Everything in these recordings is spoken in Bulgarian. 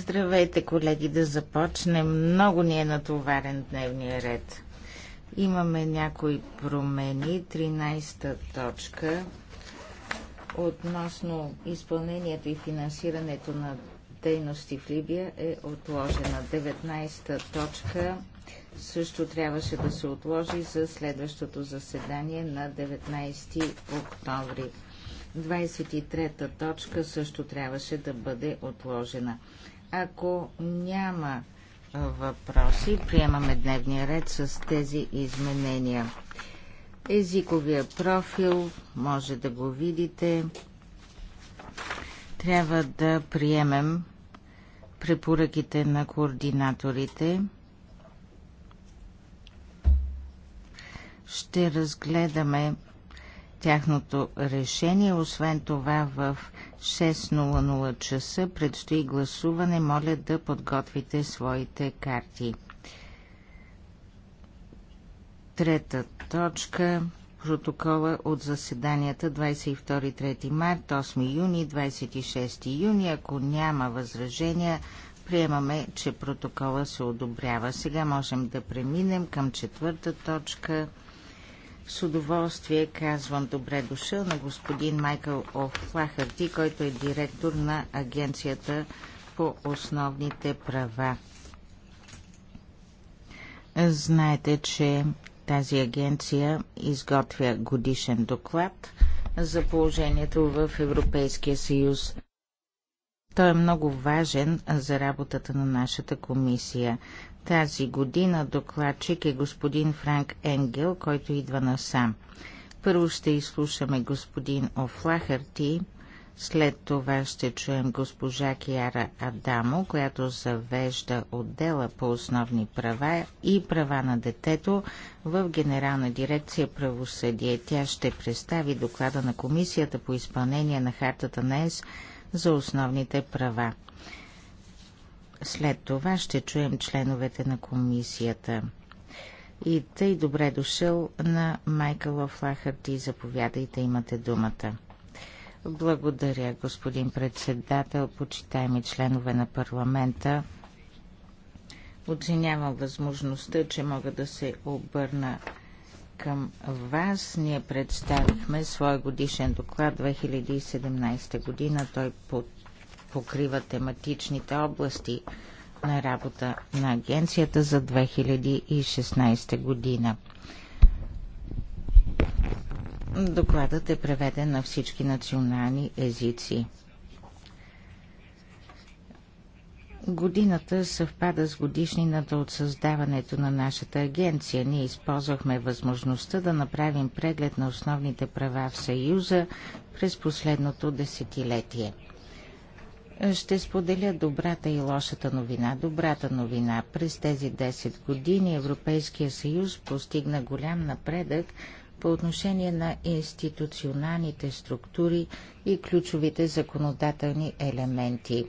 Здравейте, колеги, да започнем. Много ни е натоварен дневния ред. Имаме някои промени. 13-та точка относно изпълнението и финансирането на дейности в Либия е отложена. 19-та точка също трябваше да се отложи за следващото заседание на 19 октомври. 23-та точка също трябваше да бъде отложена. Ако няма въпроси, приемаме дневния ред с тези изменения. Езиковия профил може да го видите. Трябва да приемем препоръките на координаторите. Ще разгледаме тяхното решение. Освен това в 6.00 часа предстои гласуване. Моля да подготвите своите карти. Трета точка протокола от заседанията 22-3 март, 8 юни, 26 юни. Ако няма възражения, приемаме, че протокола се одобрява. Сега можем да преминем към четвърта точка – с удоволствие казвам добре дошъл на господин Майкъл О'Флахърти, който е директор на Агенцията по основните права. Знаете, че тази агенция изготвя годишен доклад за положението в Европейския съюз. Той е много важен за работата на нашата комисия. Тази година докладчик е господин Франк Енгел, който идва насам. Първо ще изслушаме господин Офлахърти, след това ще чуем госпожа Киара Адамо, която завежда отдела по основни права и права на детето в Генерална дирекция правосъдие. Тя ще представи доклада на Комисията по изпълнение на Хартата на ЕС за основните права. След това ще чуем членовете на комисията. И тъй добре дошъл на Майкъл Офлахарти. Заповядайте, имате думата. Благодаря, господин председател, почитаеми членове на парламента. Оценявам възможността, че мога да се обърна към вас. Ние представихме своя годишен доклад 2017 година. Той под покрива тематичните области на работа на агенцията за 2016 година. Докладът е преведен на всички национални езици. Годината съвпада с годишнината от създаването на нашата агенция. Ние използвахме възможността да направим преглед на основните права в Съюза през последното десетилетие – ще споделя добрата и лошата новина. Добрата новина. През тези 10 години Европейския съюз постигна голям напредък по отношение на институционалните структури и ключовите законодателни елементи.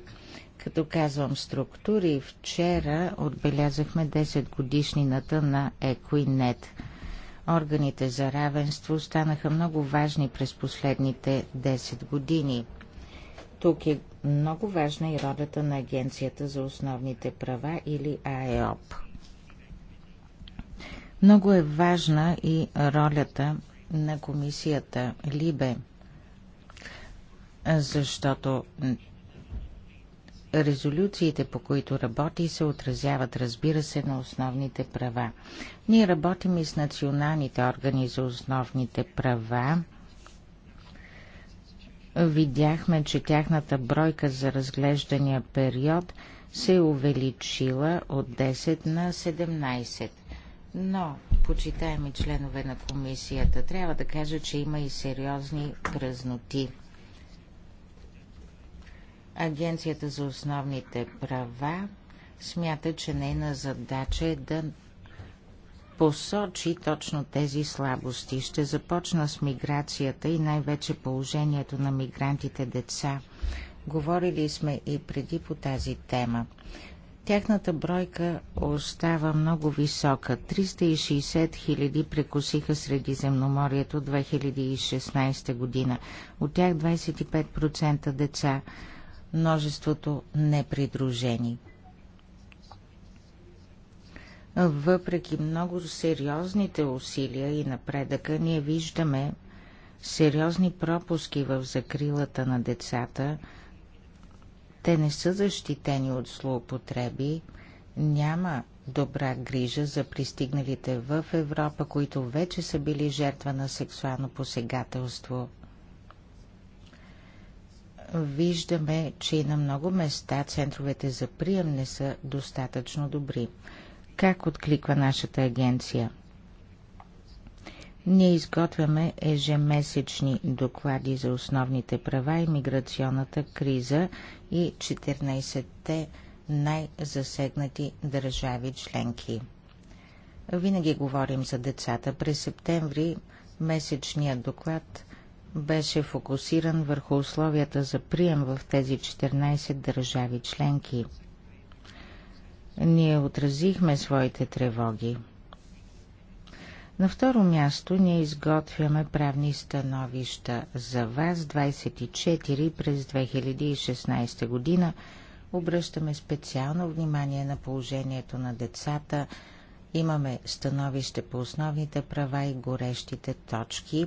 Като казвам структури, вчера отбелязахме 10 годишнината на Equinet. Органите за равенство станаха много важни през последните 10 години – тук е много важна и ролята на Агенцията за основните права или АЕОП. Много е важна и ролята на комисията Либе, защото резолюциите, по които работи, се отразяват, разбира се, на основните права. Ние работим и с националните органи за основните права, видяхме, че тяхната бройка за разглеждания период се е увеличила от 10 на 17. Но, почитаеми членове на комисията, трябва да кажа, че има и сериозни празноти. Агенцията за основните права смята, че нейна задача е да посочи точно тези слабости. Ще започна с миграцията и най-вече положението на мигрантите деца. Говорили сме и преди по тази тема. Тяхната бройка остава много висока. 360 хиляди прекусиха Средиземноморието 2016 година. От тях 25% деца, множеството непридружени. Въпреки много сериозните усилия и напредъка, ние виждаме сериозни пропуски в закрилата на децата. Те не са защитени от злоупотреби, няма добра грижа за пристигналите в Европа, които вече са били жертва на сексуално посегателство. Виждаме, че и на много места центровете за прием не са достатъчно добри. Как откликва нашата агенция? Ние изготвяме ежемесечни доклади за основните права и миграционната криза и 14-те най-засегнати държави членки. Винаги говорим за децата. През септември месечният доклад беше фокусиран върху условията за прием в тези 14 държави членки – ние отразихме своите тревоги. На второ място ние изготвяме правни становища за вас 24 през 2016 година. Обръщаме специално внимание на положението на децата. Имаме становище по основните права и горещите точки.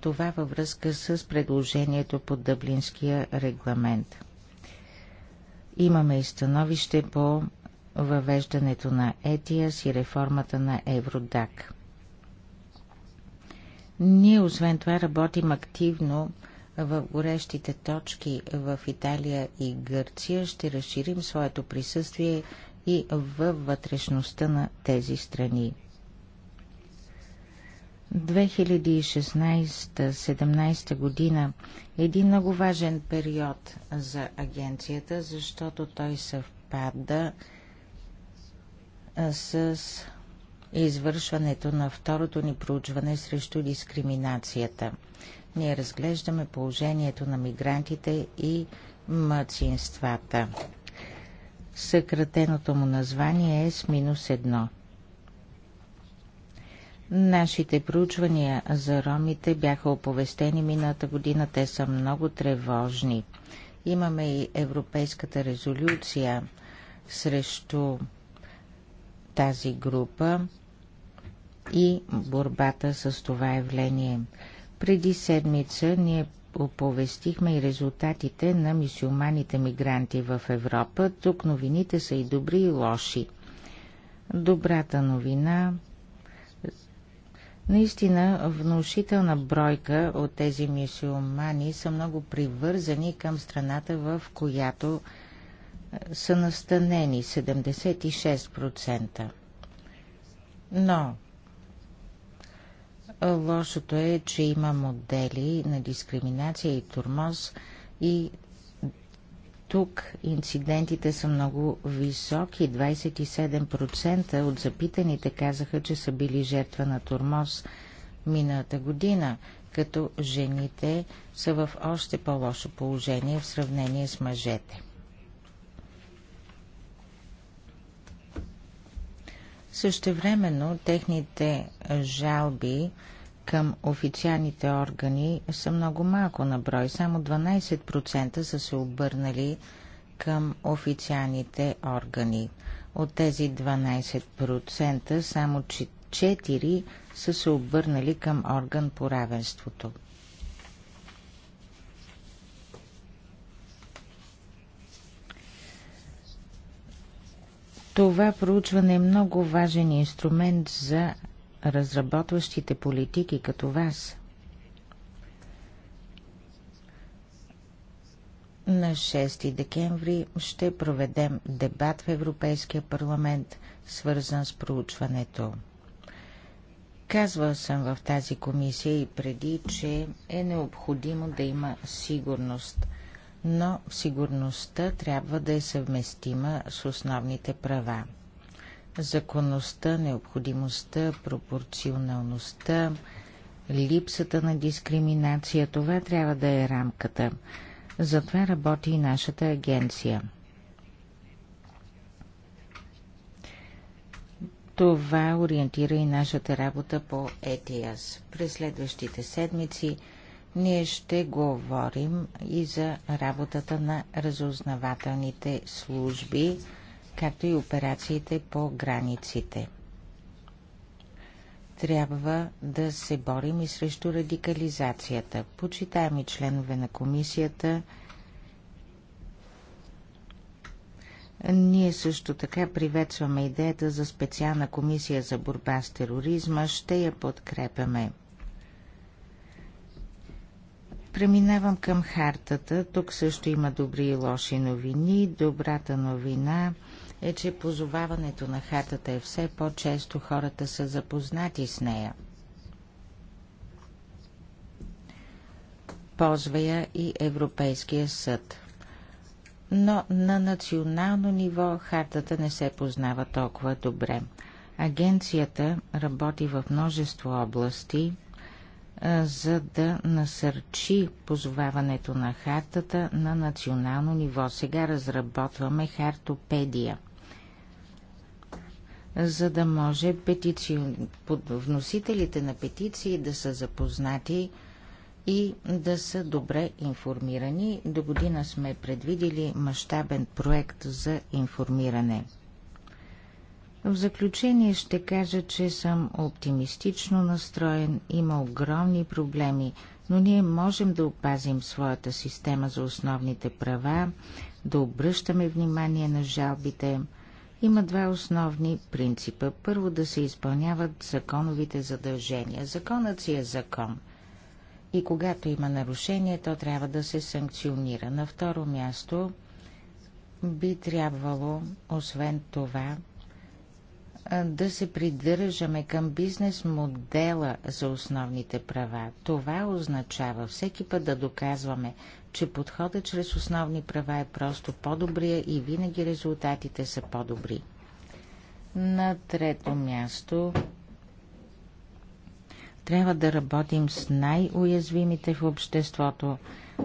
Това във връзка с предложението по Дъблинския регламент. Имаме и становище по въвеждането на ЕТИАС и реформата на Евродак. Ние освен това работим активно в горещите точки в Италия и Гърция. Ще разширим своето присъствие и във вътрешността на тези страни. 2016-17 година е един много важен период за агенцията, защото той съвпада с извършването на второто ни проучване срещу дискриминацията. Ние разглеждаме положението на мигрантите и мъцинствата. Съкратеното му название е С-1. Нашите проучвания за ромите бяха оповестени мината година. Те са много тревожни. Имаме и Европейската резолюция срещу тази група и борбата с това явление. Преди седмица ние оповестихме и резултатите на мисюлманите мигранти в Европа. Тук новините са и добри и лоши. Добрата новина Наистина, внушителна бройка от тези мисиомани са много привързани към страната, в която са настанени 76%. Но лошото е, че има модели на дискриминация и турмоз и тук инцидентите са много високи. 27% от запитаните казаха, че са били жертва на турмоз миналата година, като жените са в още по-лошо положение в сравнение с мъжете. Същевременно техните жалби към официалните органи са много малко на брой. Само 12% са се обърнали към официалните органи. От тези 12% само 4 са се обърнали към орган по равенството. Това проучване е много важен инструмент за разработващите политики като вас. На 6 декември ще проведем дебат в Европейския парламент, свързан с проучването. Казвал съм в тази комисия и преди, че е необходимо да има сигурност – но сигурността трябва да е съвместима с основните права. Законността, необходимостта, пропорционалността, липсата на дискриминация – това трябва да е рамката. Затова работи и нашата агенция. Това ориентира и нашата работа по ETIAS. Е През следващите седмици – ние ще говорим и за работата на разузнавателните служби, както и операциите по границите. Трябва да се борим и срещу радикализацията. Почитаеми членове на комисията, Ние също така приветстваме идеята за специална комисия за борба с тероризма, ще я подкрепяме. Преминавам към хартата. Тук също има добри и лоши новини. Добрата новина е, че позоваването на хартата е все по-често хората са запознати с нея. Ползва и Европейския съд. Но на национално ниво хартата не се познава толкова добре. Агенцията работи в множество области – за да насърчи позоваването на хартата на национално ниво. Сега разработваме хартопедия за да може петицион... вносителите на петиции да са запознати и да са добре информирани. До година сме предвидили мащабен проект за информиране. В заключение ще кажа, че съм оптимистично настроен, има огромни проблеми, но ние можем да опазим своята система за основните права, да обръщаме внимание на жалбите. Има два основни принципа. Първо да се изпълняват законовите задължения. Законът си е закон. И когато има нарушение, то трябва да се санкционира. На второ място би трябвало, освен това, да се придържаме към бизнес модела за основните права. Това означава всеки път да доказваме, че подходът чрез основни права е просто по-добрия и винаги резултатите са по-добри. На трето място трябва да работим с най-уязвимите в обществото,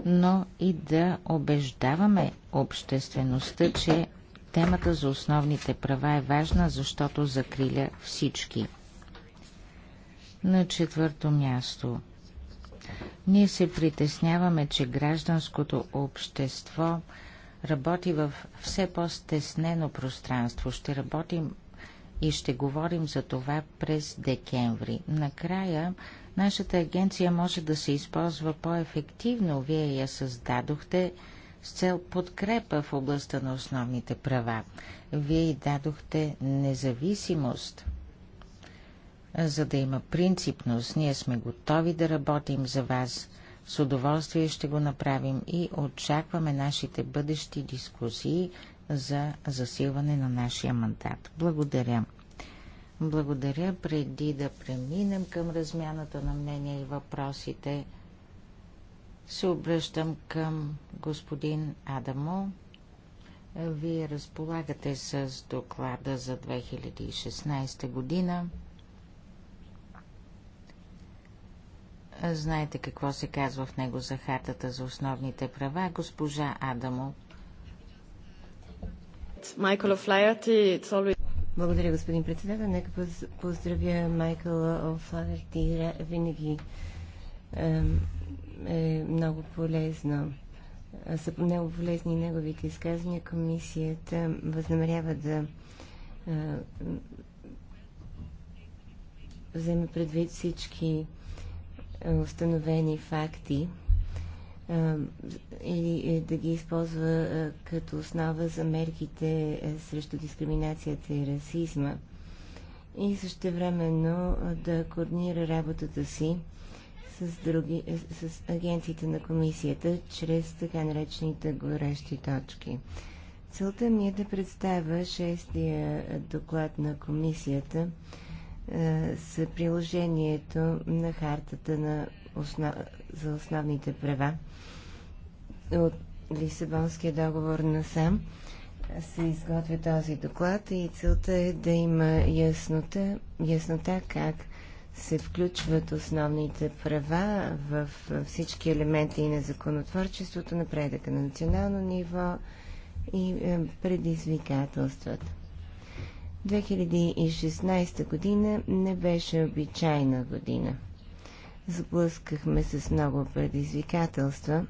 но и да убеждаваме обществеността, че Темата за основните права е важна, защото закриля всички. На четвърто място. Ние се притесняваме, че гражданското общество работи в все по-стеснено пространство. Ще работим и ще говорим за това през декември. Накрая, нашата агенция може да се използва по-ефективно. Вие я създадохте с цел подкрепа в областта на основните права. Вие и дадохте независимост, за да има принципност. Ние сме готови да работим за вас. С удоволствие ще го направим и очакваме нашите бъдещи дискусии за засилване на нашия мандат. Благодаря. Благодаря. Преди да преминем към размяната на мнения и въпросите, се обръщам към господин Адамо. Вие разполагате с доклада за 2016 година. Знаете какво се казва в него за хартата за основните права, госпожа Адамо. Майкъл Флайерти, благодаря, господин председател. Нека поздравя Майкъл Офлайерти Винаги е много полезно. Са много полезни неговите изказвания. Комисията възнамерява да е, вземе предвид всички е, установени факти е, и да ги използва като основа за мерките срещу дискриминацията и расизма и също времено да координира работата си с, други, е, с агенциите на комисията чрез така наречените горещи точки. Целта ми е да представя шестия доклад на комисията е, с приложението на хартата на основ... за основните права от Лисабонския договор насам се изготвя този доклад и целта е да има яснота, яснота как се включват основните права в всички елементи и на законотворчеството, напредъка на национално ниво и е, предизвикателствата. 2016 година не беше обичайна година. Сблъскахме се с много предизвикателства.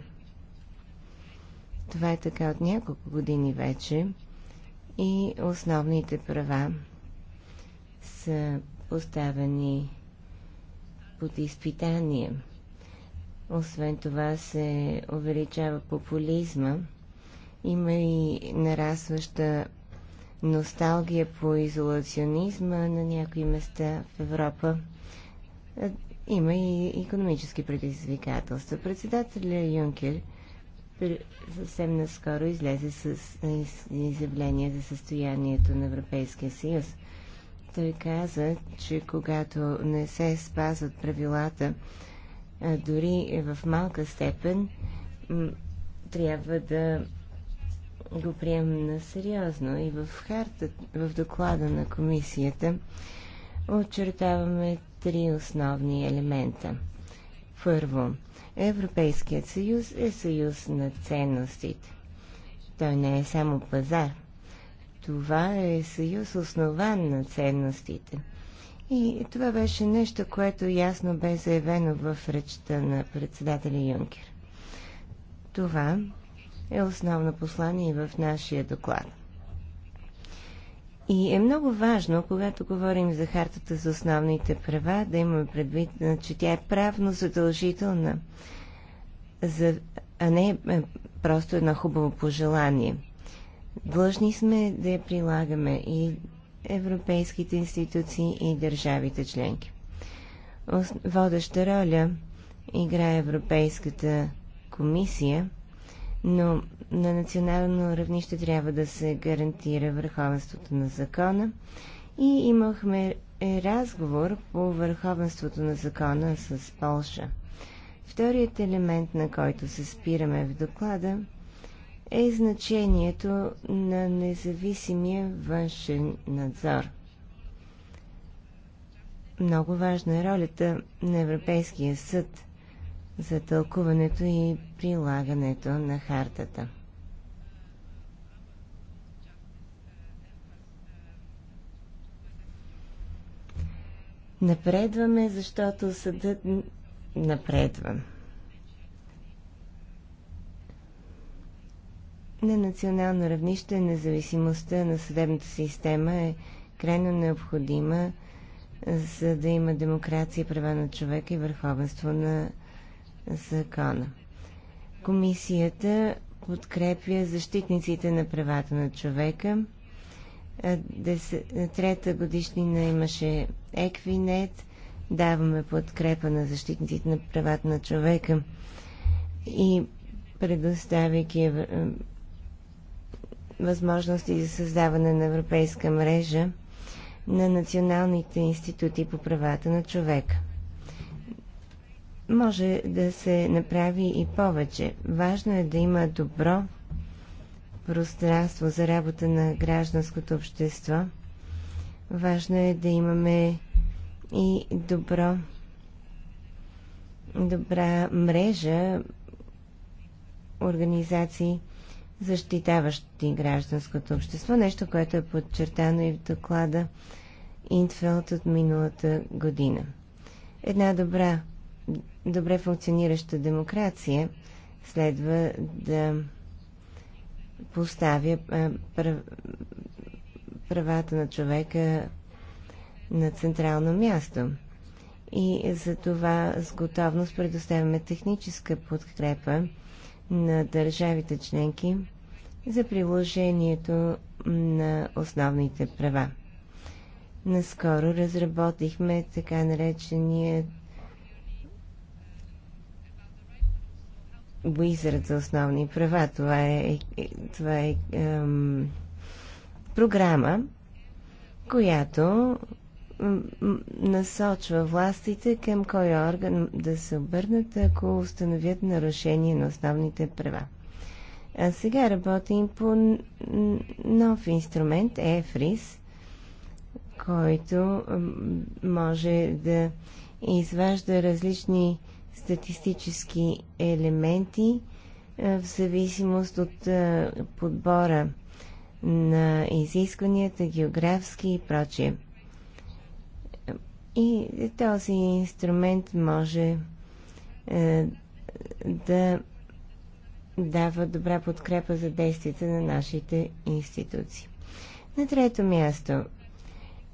Това е така от няколко години вече и основните права са поставени под изпитание. Освен това се увеличава популизма. Има и нарастваща носталгия по изолационизма на някои места в Европа. Има и економически предизвикателства. Председателя Юнкер съвсем наскоро излезе с изявление за състоянието на Европейския съюз. Той каза, че когато не се спазват правилата, дори в малка степен, трябва да го приемем на сериозно. И в харта, в доклада на комисията, очертаваме три основни елемента. Първо, Европейският съюз е съюз на ценностите. Той не е само пазар – това е съюз основан на ценностите. И това беше нещо, което ясно бе заявено в речта на председателя Юнкер. Това е основно послание и в нашия доклад. И е много важно, когато говорим за хартата за основните права, да имаме предвид, че тя е правно задължителна, а не е, просто едно хубаво пожелание – Длъжни сме да я прилагаме и европейските институции и държавите членки. Водеща роля играе Европейската комисия, но на национално равнище трябва да се гарантира върховенството на закона и имахме разговор по върховенството на закона с Полша. Вторият елемент, на който се спираме в доклада, е значението на независимия външен надзор. Много важна е ролята на Европейския съд за тълкуването и прилагането на хартата. Напредваме, защото съдът напредва. на национално равнище независимостта на съдебната система е крайно необходима, за да има демокрация, права на човека и върховенство на закона. Комисията подкрепя защитниците на правата на човека. Трета годишнина имаше Еквинет. Даваме подкрепа на защитниците на правата на човека и предоставяйки възможности за създаване на европейска мрежа на националните институти по правата на човека. Може да се направи и повече. Важно е да има добро пространство за работа на гражданското общество. Важно е да имаме и добро, добра мрежа организации, защитаващи гражданското общество, нещо, което е подчертано и в доклада Интфелд от миналата година. Една добра, добре функционираща демокрация следва да поставя правата на човека на централно място. И за това с готовност предоставяме техническа подкрепа на държавите членки за приложението на основните права. Наскоро разработихме така наречения Уизърд за основни права. Това е, това е, е, е програма, която насочва властите към кой орган да се обърнат, ако установят нарушение на основните права. А сега работим по нов инструмент, ЕФРИС, който може да изважда различни статистически елементи в зависимост от подбора на изискванията, географски и прочие. И този инструмент може е, да дава добра подкрепа за действията на нашите институции. На трето място,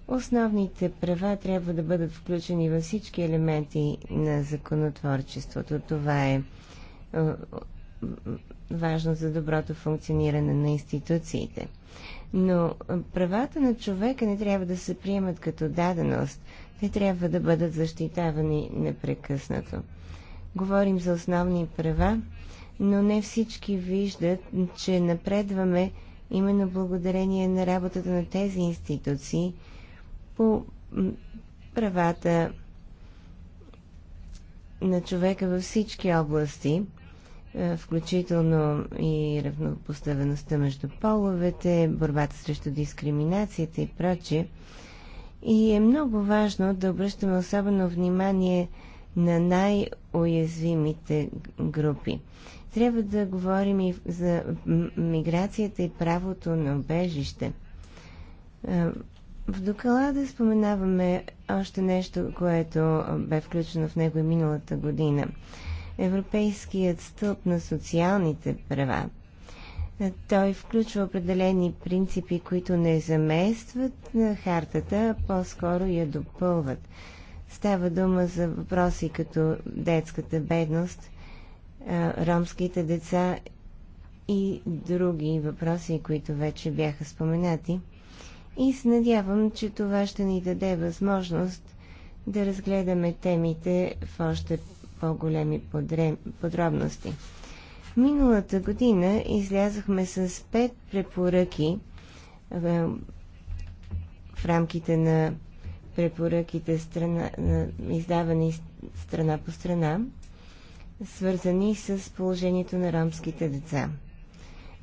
основните права трябва да бъдат включени във всички елементи на законотворчеството. Това е важно за доброто функциониране на институциите. Но правата на човека не трябва да се приемат като даденост – те трябва да бъдат защитавани непрекъснато. Говорим за основни права, но не всички виждат, че напредваме именно благодарение на работата на тези институции по правата на човека във всички области, е, включително и равнопоставеността между половете, борбата срещу дискриминацията и прочие. И е много важно да обръщаме особено внимание на най-уязвимите групи. Трябва да говорим и за миграцията и правото на убежище. В доклада споменаваме още нещо, което бе включено в него и миналата година. Европейският стълб на социалните права – той включва определени принципи, които не заместват на хартата, а по-скоро я допълват. Става дума за въпроси като детската бедност, ромските деца и други въпроси, които вече бяха споменати. И се надявам, че това ще ни даде възможност да разгледаме темите в още по-големи подробности. Миналата година излязахме с пет препоръки в, в рамките на препоръките страна, издавани страна по страна, свързани с положението на ромските деца.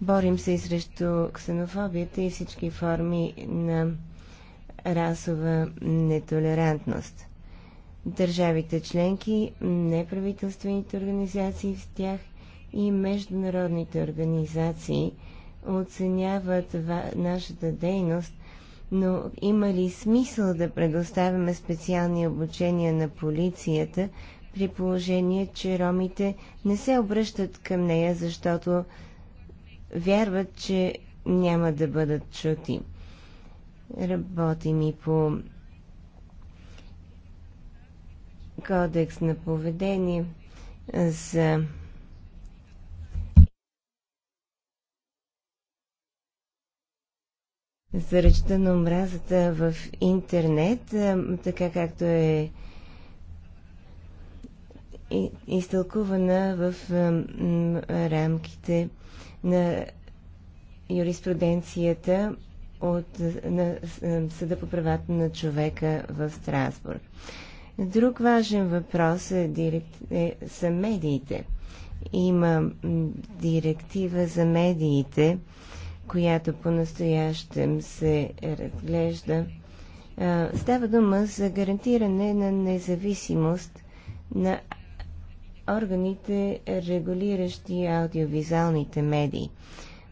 Борим се и срещу ксенофобията и всички форми на расова нетолерантност. Държавите членки, неправителствените организации в тях и международните организации оценяват нашата дейност, но има ли смисъл да предоставяме специални обучения на полицията, при положение, че ромите не се обръщат към нея, защото вярват, че няма да бъдат чути. Работим и по кодекс на поведение за за речта на омразата в интернет, така както е изтълкувана в рамките на юриспруденцията от на Съда по правата на човека в Страсбург. Друг важен въпрос е, директ, е, са медиите. Има директива за медиите, която по-настоящем се разглежда. Става дума за гарантиране на независимост на органите, регулиращи аудиовизуалните медии.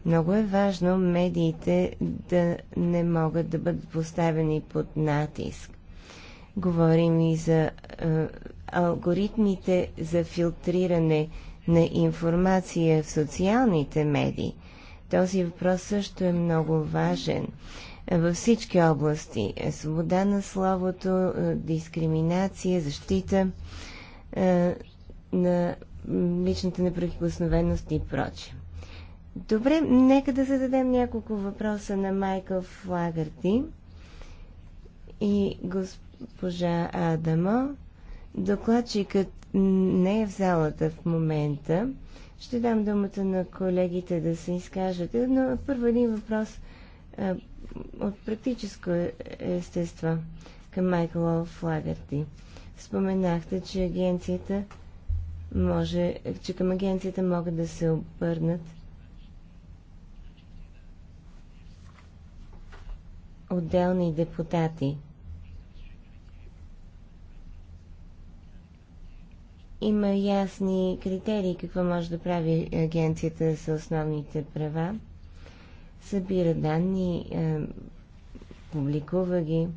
Много е важно медиите да не могат да бъдат поставени под натиск. Говорим и за е, алгоритмите за филтриране на информация в социалните медии – този въпрос също е много важен. Във всички области е свобода на словото, е, дискриминация, защита е, на личната неприкосновеност и прочее. Добре, нека да зададем няколко въпроса на Майкъл Флагърти и госпожа Адамо. Докладчикът не е в залата в момента. Ще дам думата на колегите да се изкажат. Но първо един въпрос а, от практическо естество към Майкъл Флагърти. Споменахте, че агенцията може, че към агенцията могат да се обърнат отделни депутати. има ясни критерии какво може да прави Агенцията за основните права. Събира данни, е, публикува ги.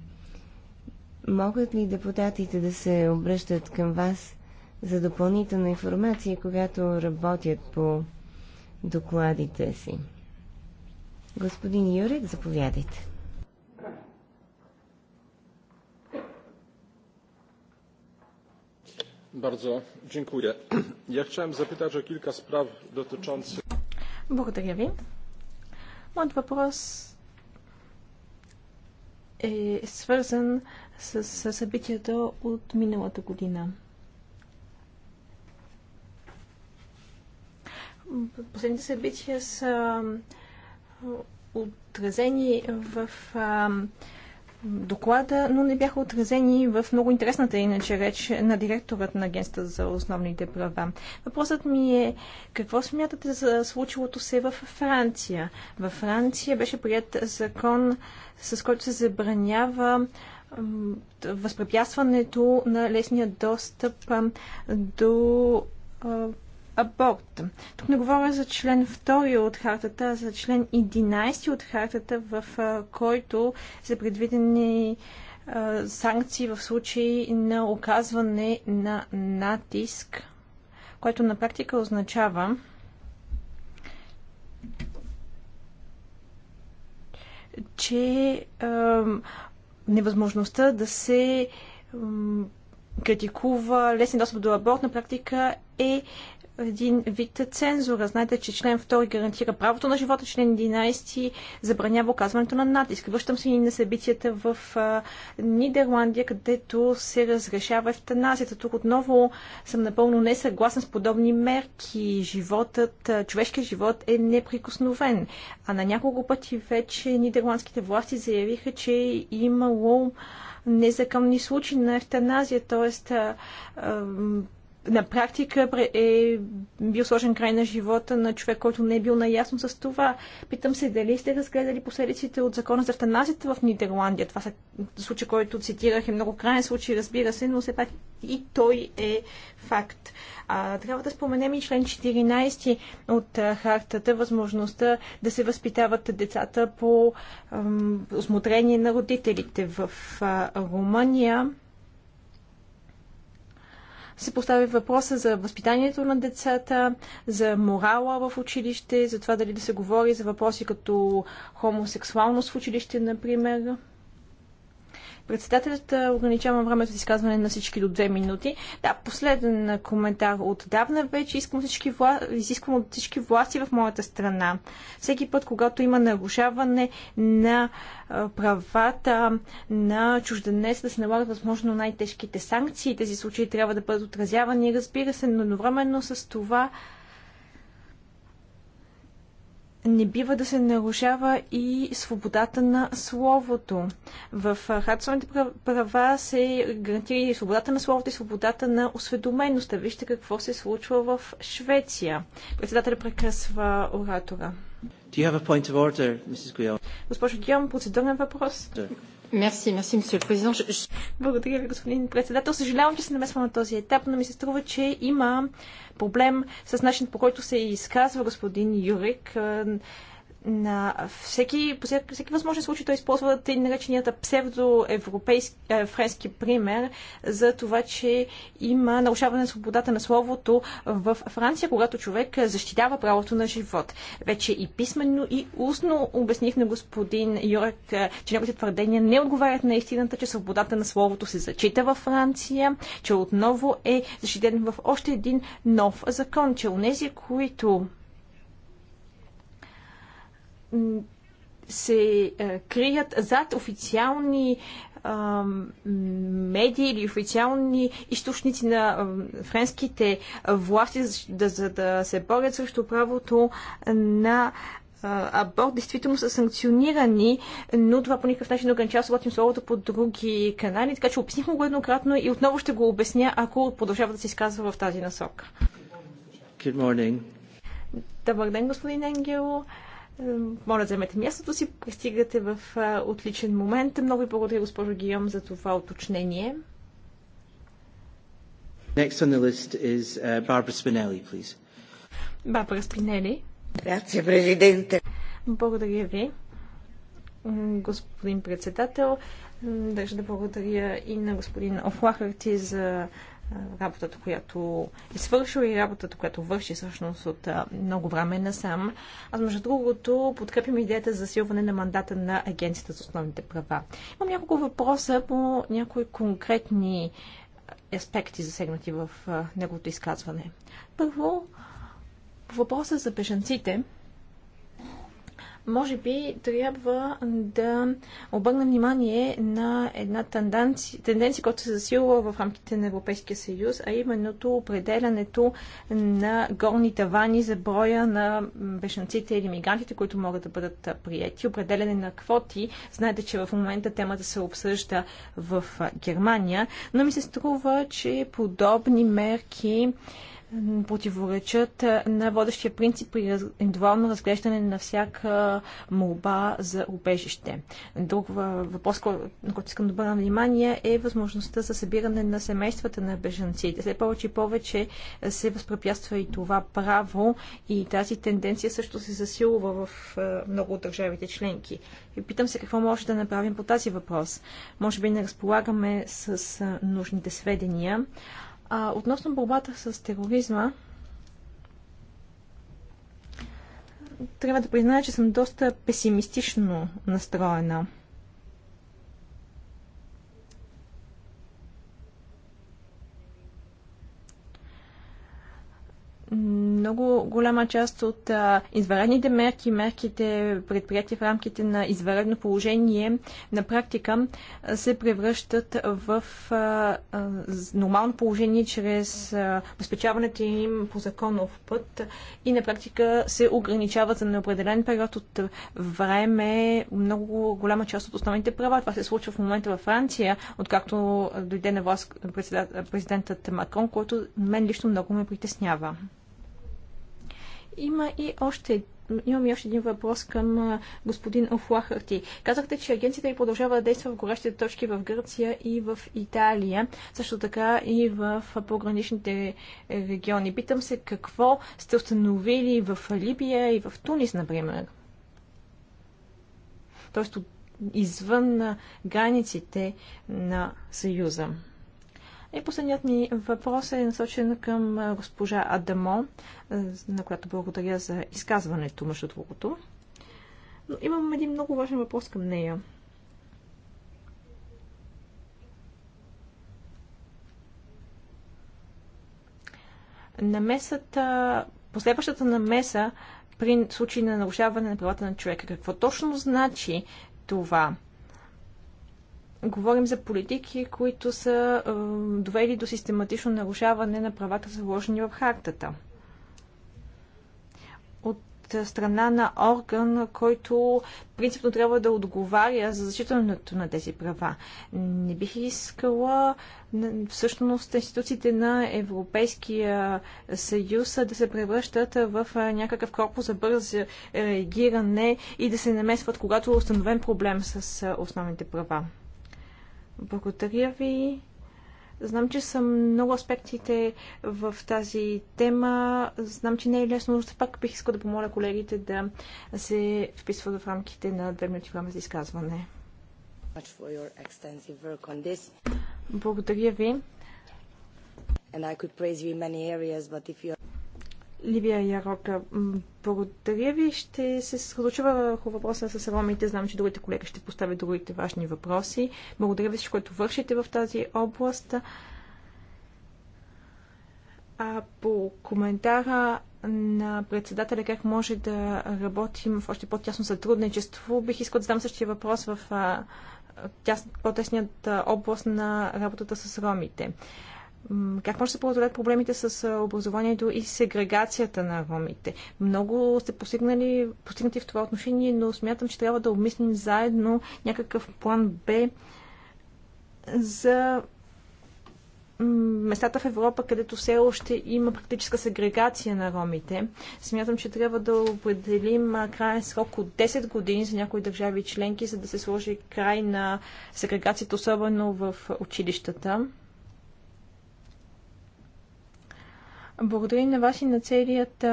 Могат ли депутатите да се обръщат към вас за допълнителна информация, когато работят по докладите си? Господин Юрик, заповядайте. Bardzo dziękuję. Ja chciałem zapytać o kilka spraw dotyczących. Благодаря ви. Моят въпрос е свързан с, с събитията от миналата година. Последните събития са отразени в а, доклада, но не бяха отразени в много интересната иначе реч на директорът на Агенцията за основните права. Въпросът ми е какво смятате за случилото се в Франция? Във Франция беше прият закон, с който се забранява възпрепятстването на лесния достъп до аборт. Тук не говоря за член 2 от хартата, а за член 11 от хартата, в който са предвидени санкции в случай на оказване на натиск, което на практика означава, че е, невъзможността да се е, критикува лесен достъп до аборт на практика е един вид цензура. Знаете, че член 2 гарантира правото на живота, член 11 забранява оказването на натиск. Връщам се и на събитията в Нидерландия, където се разрешава Ефтаназията. Тук отново съм напълно несъгласен с подобни мерки. Животът, човешкият живот е неприкосновен. А на няколко пъти вече нидерландските власти заявиха, че е имало незаконни случаи на Ефтаназия, т.е на практика е бил сложен край на живота на човек, който не е бил наясно с това. Питам се дали сте разгледали последиците от закона за евтаназията в Нидерландия. Това са случай, който цитирах е много крайен случай, разбира се, но все пак и той е факт. А, трябва да споменем и член 14 от а, хартата, възможността да се възпитават децата по осмотрение на родителите в а, Румъния се постави въпроса за възпитанието на децата, за морала в училище, за това дали да се говори за въпроси като хомосексуалност в училище, например. Председателят ограничава времето за изказване на всички до две минути. Да, последен коментар отдавна вече искам, всички вла... изисквам от всички власти в моята страна. Всеки път, когато има нарушаване на правата на чужденец да се налагат възможно най-тежките санкции, тези случаи трябва да бъдат отразявани, разбира се, но едновременно с това не бива да се нарушава и свободата на словото. В хартсонните права се гарантира и свободата на словото и свободата на осведомеността. Вижте какво се случва в Швеция. Председателя прекъсва оратора. Do you have a point of order, Mrs. Госпожо Гиом, процедурен въпрос. Мерси, мерси, мисъл президент. Благодаря ви, господин председател. Съжалявам, че се намесвам на този етап, но ми се струва, че има проблем с начин по който се изказва господин Юрик на всеки, всеки, всеки възможен случай той използва тъй нареченията псевдоевропейски е, пример за това, че има нарушаване на свободата на словото в Франция, когато човек защитава правото на живот. Вече и писменно, и устно обясних на господин Юрек, е, че неговите твърдения не отговарят на истината, че свободата на словото се зачита във Франция, че отново е защитен в още един нов закон, че у нези, които се е, крият зад официални медии или официални източници на френските власти, за да се борят срещу правото на аборт, действително са санкционирани, но това по никакъв начин не ограничава свободата им словото по други канали, така че обясних го еднократно и отново ще го обясня, ако продължава да се изказва в тази насока. Good morning. Добър ден, господин Енгело. Моля, вземете мястото си, пристигате в отличен момент. Много ви благодаря, госпожо Гийом, за това уточнение. Next on the list is uh, Barbara Spinelli, please. Барбара Спинели. Грация, президенте. Благодаря ви, господин председател. Държа да благодаря и на господин Офлахарти за работата, която е свършил и работата, която върши всъщност от много време насам. Аз, между другото, подкрепим идеята за засилване на мандата на Агенцията за основните права. Имам няколко въпроса по някои конкретни аспекти, засегнати в неговото изказване. Първо, по въпроса за бежанците – може би трябва да обърна внимание на една тенденция, тенденция, която се засилва в рамките на Европейския съюз, а именно определянето на горни тавани за броя на бешенците или мигрантите, които могат да бъдат приети, определяне на квоти. Знаете, че в момента темата се обсъжда в Германия, но ми се струва, че подобни мерки противоречат на водещия принцип при индивидуално разглеждане на всяка молба за убежище. Друг въпрос, на който искам да обърна внимание, е възможността за събиране на семействата на бежанците. Все повече и повече се възпрепятства и това право и тази тенденция също се засилва в е, много от държавите членки. И питам се какво може да направим по тази въпрос. Може би не разполагаме с е, нужните сведения, а, относно борбата с тероризма, трябва да призная, че съм доста песимистично настроена. много голяма част от извънредните мерки, мерките предприяти в рамките на извънредно положение, на практика се превръщат в нормално положение чрез обезпечаването им по законов път и на практика се ограничават за неопределен период от време много голяма част от основните права. Това се случва в момента във Франция, откакто дойде на власт президентът Макрон, който мен лично много ме притеснява. Има и още имам и още един въпрос към господин Офлахарти. Казахте, че агенцията ви продължава да действа в горещите точки в Гърция и в Италия, също така и в пограничните региони. Питам се какво сте установили в Либия и в Тунис, например. Тоест извън границите на Съюза. И последният ми въпрос е насочен към госпожа Адамо, на която благодаря за изказването, между другото. Но имам един много важен въпрос към нея. Намесата, последващата намеса при случай на нарушаване на правата на човека. Какво точно значи това? говорим за политики, които са е, довели до систематично нарушаване на правата, заложени в хартата. От страна на орган, който принципно трябва да отговаря за защитането на тези права. Не бих искала всъщност институциите на Европейския съюз да се превръщат в е, някакъв корпус за бърз реагиране и да се намесват, когато е установен проблем с е, основните права. Благодаря ви. Знам, че са много аспектите в тази тема. Знам, че не е лесно, но все пак бих искал да помоля колегите да се вписват в рамките на две минути време за изказване. Благодаря ви. Areas, Ливия Ярока. Благодаря ви. Ще се случва върху въпроса с ромите. Знам, че другите колеги ще поставят другите важни въпроси. Благодаря ви всичко, което вършите в тази област. А по коментара на председателя как може да работим в още по-тясно сътрудничество, бих искал да задам същия въпрос в по-тесният област на работата с ромите как може да се преодолят проблемите с образованието и сегрегацията на ромите? Много сте постигнали, постигнати в това отношение, но смятам, че трябва да обмислим заедно някакъв план Б за местата в Европа, където все още има практическа сегрегация на ромите. Смятам, че трябва да определим крайен срок от 10 години за някои държави членки, за да се сложи край на сегрегацията, особено в училищата. Благодарим на вас и на целият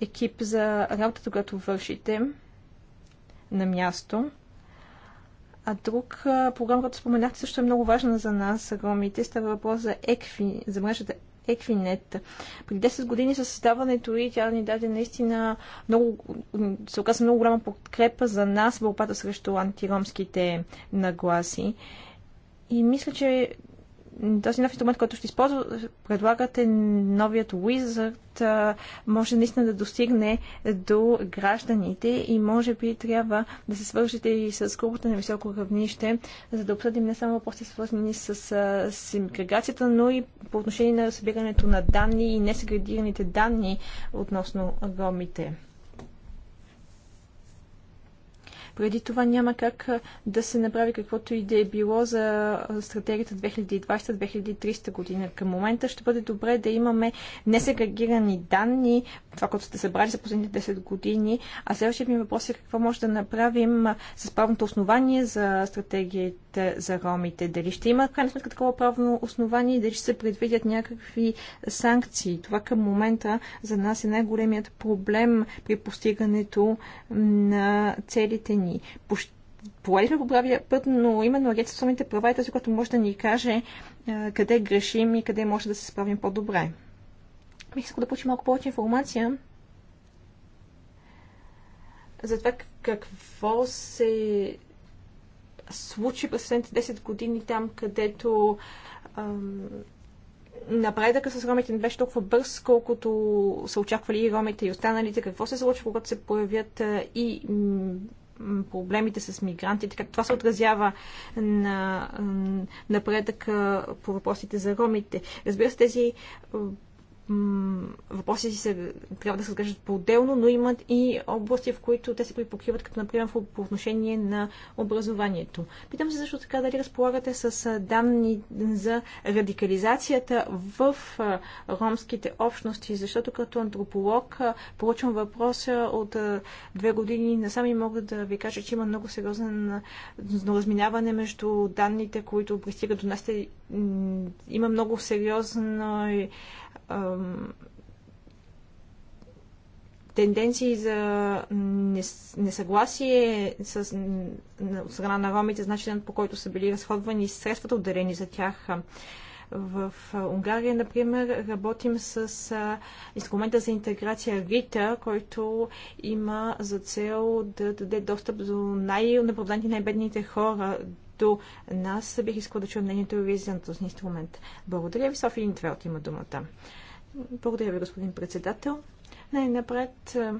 екип за работата, която вършите на място. А друг програм, който споменахте, също е много важна за нас, ромите. Става въпрос за, екви, за мрежата Еквинет. Преди 10 години със създаването и тя ни даде наистина много, се оказа много голяма подкрепа за нас в борбата срещу антиромските нагласи. И мисля, че този нов инструмент, който ще използва, предлагате новият Wizard, може наистина да достигне до гражданите и може би трябва да се свържете и с групата на високо равнище, за да обсъдим не само въпроси свързани с, сегрегацията, но и по отношение на събирането на данни и несегрегираните данни относно ромите. Преди това няма как да се направи каквото и да е било за стратегията 2020-2030 година. Към момента ще бъде добре да имаме несегрегирани данни, това, което сте събрали за последните 10 години. А следващия ми въпрос е какво може да направим с правното основание за стратегията регламента за ромите. Дали ще има крайна сметка такова правно основание и дали ще се предвидят някакви санкции. Това към момента за нас е най-големият проблем при постигането на целите ни. поедихме по правия път, но именно Агенция за основните права е тази, която може да ни каже къде грешим и къде може да се справим по-добре. Бих искал да получи малко повече информация за това какво се случи през последните 10 години там, където ам, напредъка с ромите не беше толкова бърз, колкото са очаквали и ромите и останалите. Какво се случва, когато се появят и проблемите с мигрантите, как това се отразява на напредък по въпросите за ромите. Разбира се, тези въпроси се, трябва да се разглеждат по-отделно, но имат и области, в които те се припокриват, като например по отношение на образованието. Питам се също така дали разполагате с данни за радикализацията в ромските общности, защото като антрополог получвам въпроса от две години насам и мога да ви кажа, че има много сериозно разминаване между данните, които пристигат до нас. Има много сериозно тенденции за несъгласие с, страна на ромите, начинът по който са били разходвани средствата, отделени за тях. В Унгария, например, работим с инструмента за интеграция РИТА, който има за цел да даде достъп до най-неправданите, най-бедните хора като нас. Бих искал да чуя мнението ви за този инструмент. Благодаря ви, София Интвелт има думата. Благодаря ви, господин председател. Най-напред е,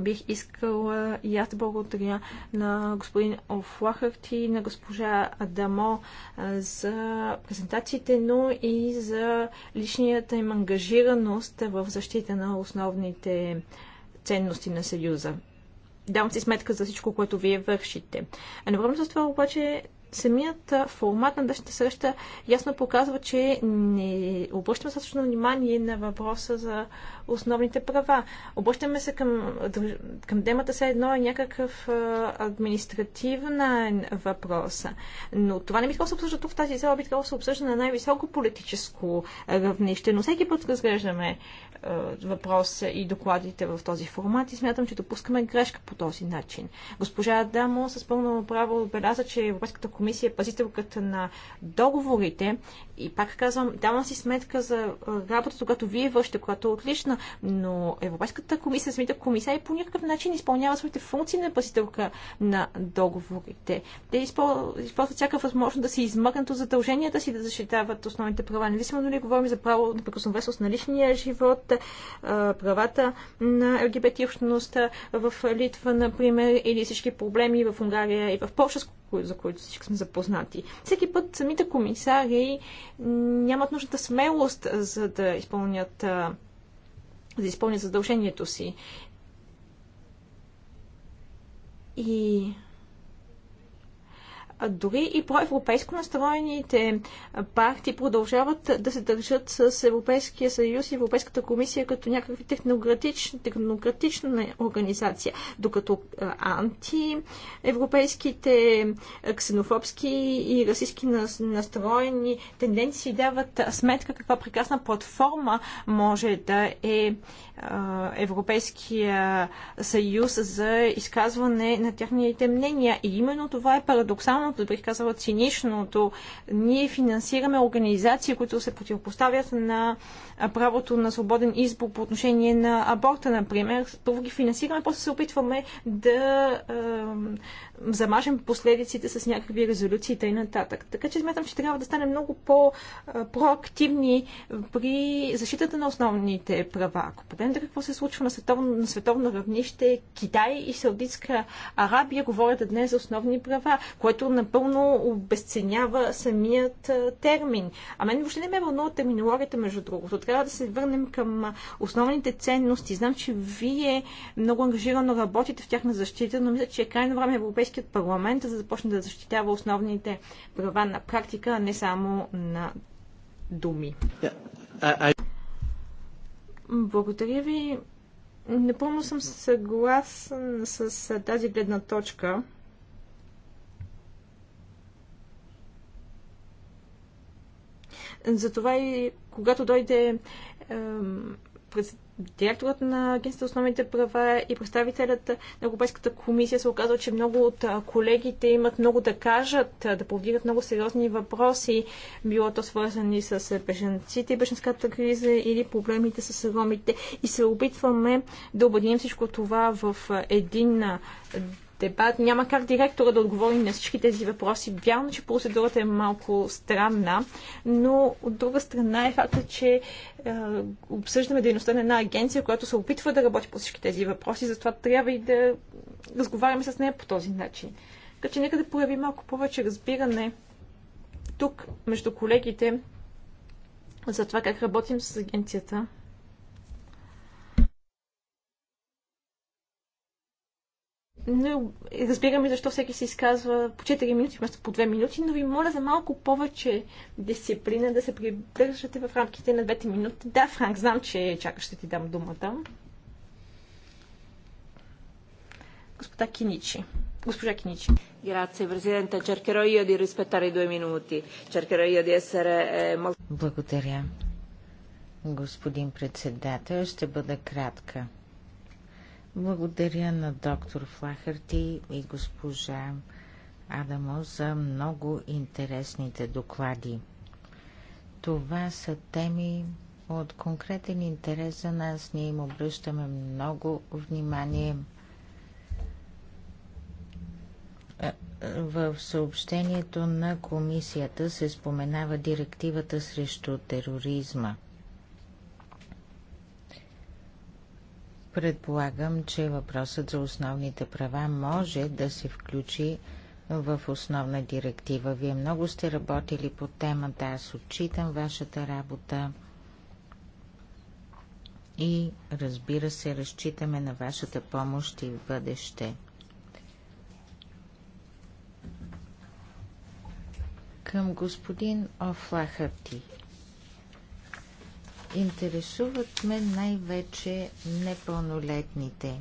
бих искала и аз да благодаря на господин Офлахърт и на госпожа Адамо е, за презентациите, но и за личнията им ангажираност в защита на основните ценности на Съюза. Давам си сметка за всичко, което вие вършите. Едновременно с това обаче самият формат на днешната среща ясно показва, че не обръщаме същото внимание на въпроса за основните права. Обръщаме се към, към темата се едно е някакъв административен въпрос. Но това не би трябвало да се обсъжда тук в тази зала, би трябвало да се обсъжда на най-високо политическо равнище. Но всеки път разглеждаме е, въпрос и докладите в този формат и смятам, че допускаме грешка по този начин. Госпожа Адамо с пълно право отбеляза, че Европейската комисия е пазителката на договорите и пак казвам, давам си сметка за работата, която вие вършите, която е отлична, но Европейската комисия, самите и по някакъв начин изпълнява своите функции на пасителка на договорите. Те използват всяка възможност да се измъкнат от задълженията си да защитават основните права. Независимо дали говорим за право на прекосновесност на личния живот, правата на ЛГБТ общността в Литва, например, или всички проблеми в Унгария и в Польша, за които всички сме запознати. Всеки път самите комисари нямат нужната смелост за да изпълнят да изпълнят задължението си. И дори и проевропейско настроените партии продължават да се държат с Европейския съюз и Европейската комисия като някакви технократична, технократична организация, докато антиевропейските, ксенофобски и расистски настроени тенденции дават сметка каква прекрасна платформа може да е Европейския съюз за изказване на техните мнения. И именно това е парадоксално безумното, бих казала циничното. Ние финансираме организации, които се противопоставят на правото на свободен избор по отношение на аборта, например. Първо ги финансираме, после се опитваме да замажем последиците с някакви резолюции и нататък. Така че смятам, че трябва да стане много по-проактивни при защитата на основните права. Ако погледнете какво се случва на световно, на световно равнище, Китай и Саудитска Арабия говорят днес за основни права, което напълно обесценява самият термин. А мен въобще не ме вълнува терминологията, между другото. Трябва да се върнем към основните ценности. Знам, че вие много ангажирано работите в тяхна защита, но мисля, че е крайно време Европейският парламент за да започне да защитява основните права на практика, а не само на думи. Благодаря ви. Непълно съм съгласен с тази гледна точка. Затова и когато дойде е, директорът на Агенцията основните права и представителят на Европейската комисия се оказва, че много от колегите имат много да кажат, да повдигат много сериозни въпроси, било то свързани с беженците и беженската криза или проблемите с ромите. И се опитваме да обединим всичко това в един дебат. Няма как директора да отговори на всички тези въпроси. Вярно, че процедурата е малко странна, но от друга страна е факта, че е, обсъждаме дейността на една агенция, която се опитва да работи по всички тези въпроси, затова трябва и да разговаряме с нея по този начин. Така че нека да прояви малко повече разбиране тук между колегите за това как работим с агенцията. но е, разбираме защо всеки се изказва по 4 минути вместо по 2 минути, но ви моля за малко повече дисциплина да се придържате в рамките на 2 минути. Да, Франк, знам, че чакаш ще ти дам думата. Господа Киничи. Госпожа Киничи. Grazie Presidente, cercherò io di rispettare i due minuti, cercherò io di essere molto... Благодаря. Господин председател, ще бъда кратка. Благодаря на доктор Флахърти и госпожа Адамо за много интересните доклади. Това са теми от конкретен интерес за нас. Ние им обръщаме много внимание. В съобщението на комисията се споменава директивата срещу тероризма – Предполагам, че въпросът за основните права може да се включи в основна директива. Вие много сте работили по темата, аз отчитам вашата работа и разбира се, разчитаме на вашата помощ и в бъдеще. Към господин Офлахарти Интересуват ме най-вече непълнолетните.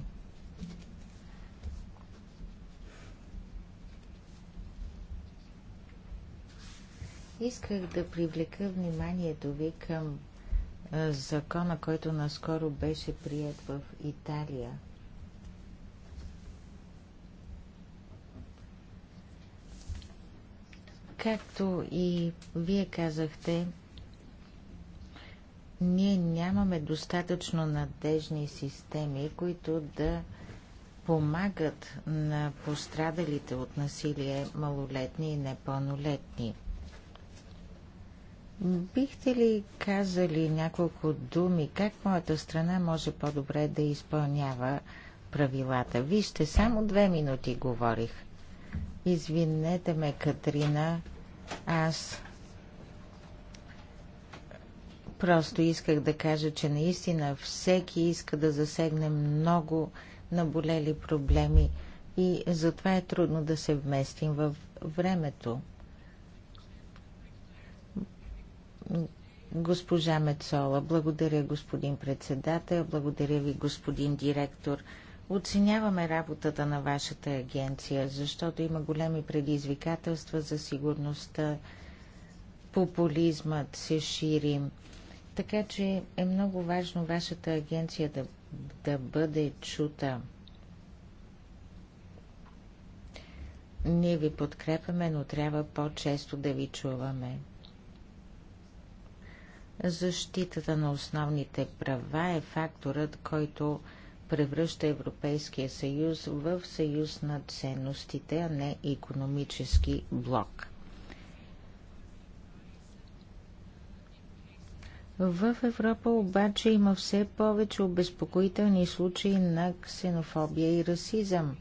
Исках да привлека вниманието ви към закона, който наскоро беше прият в Италия. Както и вие казахте, ние нямаме достатъчно надежни системи, които да помагат на пострадалите от насилие малолетни и непълнолетни. Бихте ли казали няколко думи как моята страна може по-добре да изпълнява правилата? Вижте, само две минути говорих. Извинете ме, Катрина, аз Просто исках да кажа, че наистина всеки иска да засегне много наболели проблеми и затова е трудно да се вместим във времето. Госпожа Мецола, благодаря господин председател, благодаря ви господин директор. Оценяваме работата на вашата агенция, защото има големи предизвикателства за сигурността, популизмът се шири. Така че е много важно вашата агенция да, да бъде чута. Ние ви подкрепяме, но трябва по-често да ви чуваме. Защитата на основните права е факторът, който превръща Европейския съюз в съюз на ценностите, а не економически блок. В Европа обаче има все повече обезпокоителни случаи на ксенофобия и расизъм.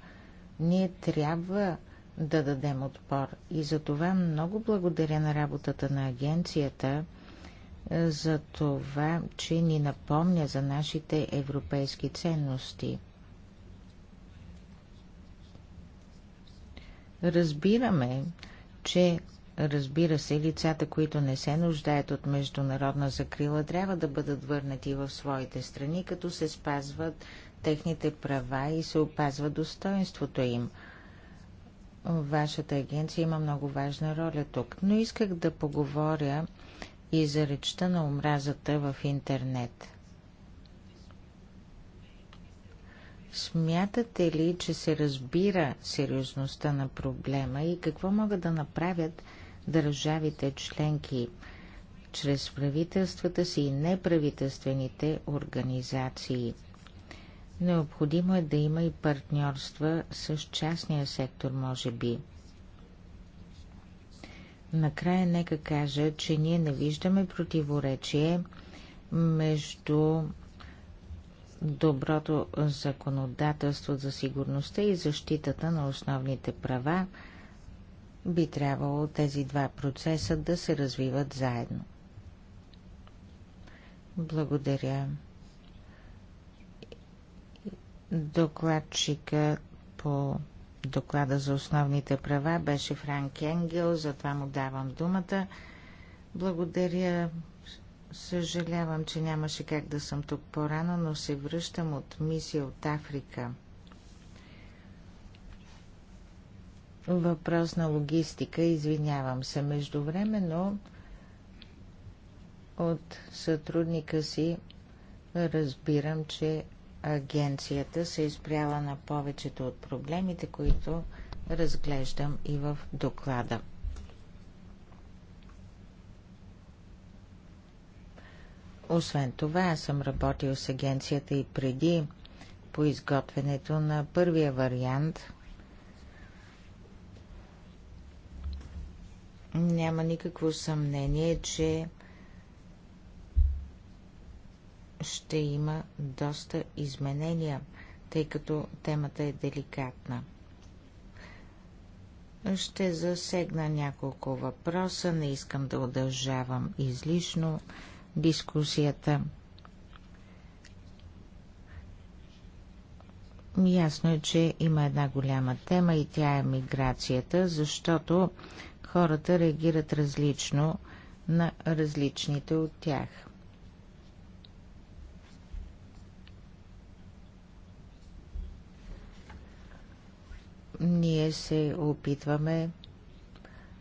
Ние трябва да дадем отпор и за това много благодаря на работата на агенцията е, за това, че ни напомня за нашите европейски ценности. Разбираме, че Разбира се, лицата, които не се нуждаят от международна закрила, трябва да бъдат върнати в своите страни, като се спазват техните права и се опазва достоинството им. Вашата агенция има много важна роля тук, но исках да поговоря и за речта на омразата в интернет. Смятате ли, че се разбира сериозността на проблема и какво могат да направят държавите членки чрез правителствата си и неправителствените организации. Необходимо е да има и партньорства с частния сектор, може би. Накрая нека кажа, че ние не виждаме противоречие между доброто законодателство за сигурността и защитата на основните права, би трябвало тези два процеса да се развиват заедно. Благодаря. Докладчика по доклада за основните права беше Франк Енгел, затова му давам думата. Благодаря. Съжалявам, че нямаше как да съм тук по-рано, но се връщам от мисия от Африка – Въпрос на логистика, извинявам се. Междувременно от сътрудника си разбирам, че агенцията се изпрява на повечето от проблемите, които разглеждам и в доклада. Освен това, аз съм работил с агенцията и преди по изготвянето на първия вариант няма никакво съмнение, че ще има доста изменения, тъй като темата е деликатна. Ще засегна няколко въпроса, не искам да удължавам излишно дискусията. Ясно е, че има една голяма тема и тя е миграцията, защото хората реагират различно на различните от тях. Ние се опитваме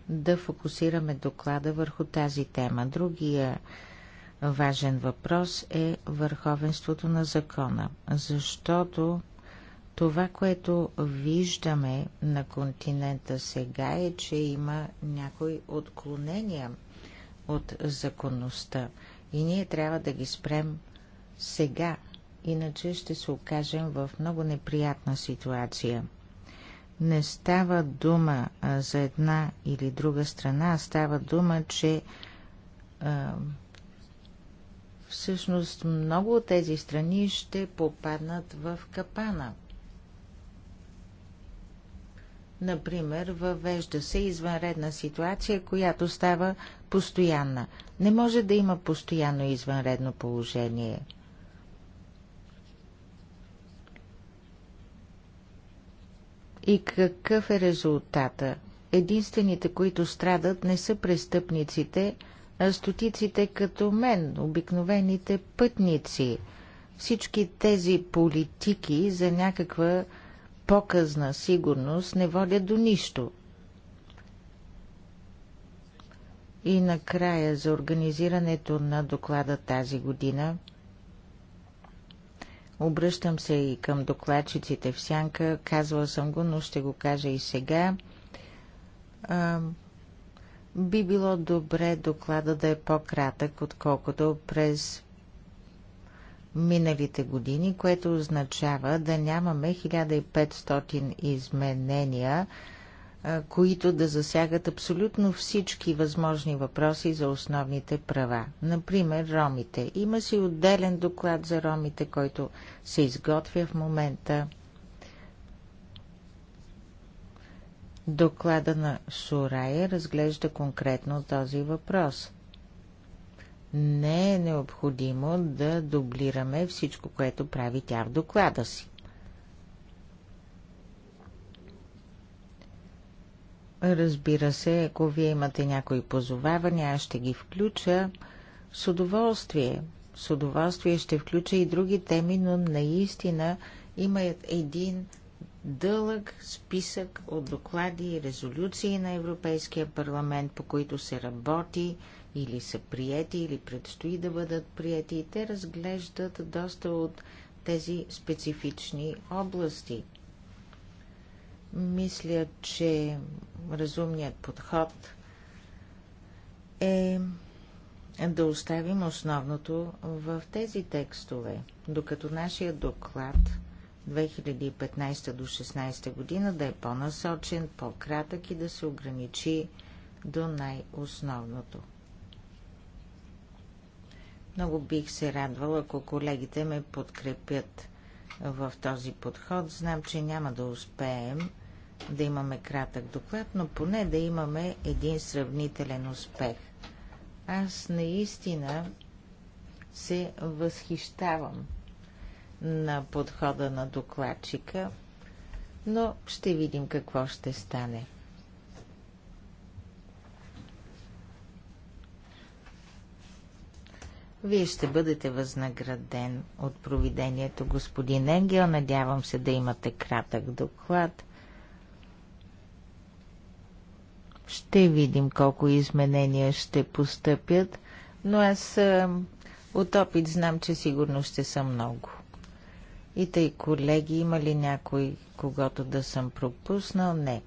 да фокусираме доклада върху тази тема. Другия важен въпрос е върховенството на закона, защото това, което виждаме на континента сега е, че има някои отклонения от законността и ние трябва да ги спрем сега, иначе ще се окажем в много неприятна ситуация. Не става дума за една или друга страна, а става дума, че а, всъщност много от тези страни ще попаднат в капана – Например, въвежда се извънредна ситуация, която става постоянна. Не може да има постоянно извънредно положение. И какъв е резултата? Единствените, които страдат, не са престъпниците, а стотиците като мен, обикновените пътници. Всички тези политики за някаква показна сигурност не водят до нищо. И накрая за организирането на доклада тази година обръщам се и към докладчиците в сянка, казвала съм го, но ще го кажа и сега. А, би било добре доклада да е по-кратък, отколкото през миналите години, което означава да нямаме 1500 изменения, които да засягат абсолютно всички възможни въпроси за основните права. Например, ромите. Има си отделен доклад за ромите, който се изготвя в момента. Доклада на Сурая разглежда конкретно този въпрос – не е необходимо да дублираме всичко, което прави тя в доклада си. Разбира се, ако вие имате някои позовавания, аз ще ги включа с удоволствие. С удоволствие ще включа и други теми, но наистина има един дълъг списък от доклади и резолюции на Европейския парламент, по които се работи – или са приети, или предстои да бъдат приети и те разглеждат доста от тези специфични области. Мисля, че разумният подход е да оставим основното в тези текстове, докато нашия доклад 2015 до 16 година да е по-насочен, по-кратък и да се ограничи до най-основното. Много бих се радвала, ако колегите ме подкрепят в този подход. Знам, че няма да успеем да имаме кратък доклад, но поне да имаме един сравнителен успех. Аз наистина се възхищавам на подхода на докладчика, но ще видим какво ще стане. Вие ще бъдете възнаграден от провидението, господин Енгел. Надявам се да имате кратък доклад. Ще видим колко изменения ще постъпят, но аз от опит знам, че сигурно ще съм много. И тъй, колеги, има ли някой, когато да съм пропуснал? Не.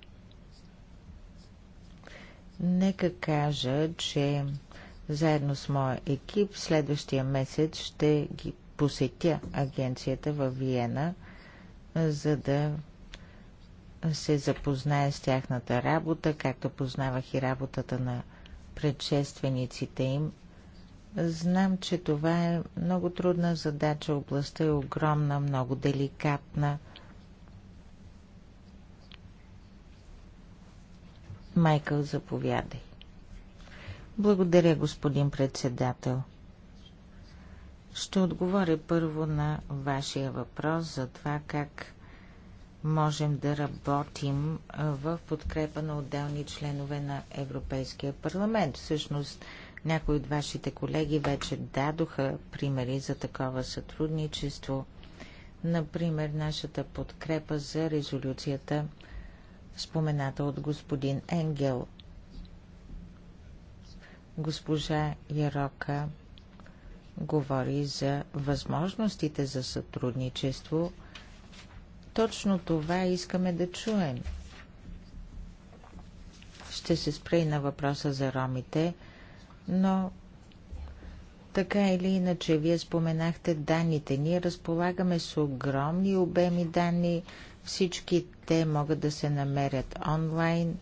Нека кажа, че заедно с моя екип следващия месец ще ги посетя агенцията в Виена, за да се запозная с тяхната работа, както познавах и работата на предшествениците им. Знам, че това е много трудна задача, областта е огромна, много деликатна. Майкъл, заповядай. Благодаря, господин председател. Ще отговоря първо на вашия въпрос за това как можем да работим в подкрепа на отделни членове на Европейския парламент. Всъщност, някои от вашите колеги вече дадоха примери за такова сътрудничество. Например, нашата подкрепа за резолюцията, спомената от господин Енгел – Госпожа Ярока говори за възможностите за сътрудничество. Точно това искаме да чуем. Ще се спре и на въпроса за ромите, но така или иначе, вие споменахте данните. Ние разполагаме с огромни обеми данни. Всички те могат да се намерят онлайн,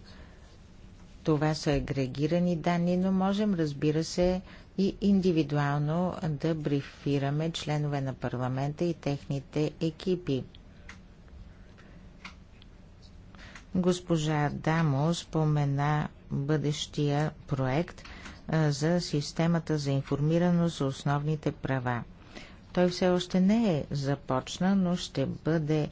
това са агрегирани данни, но можем, разбира се, и индивидуално да брифираме членове на парламента и техните екипи. Госпожа Дамо спомена бъдещия проект за системата за информираност за основните права. Той все още не е започна, но ще бъде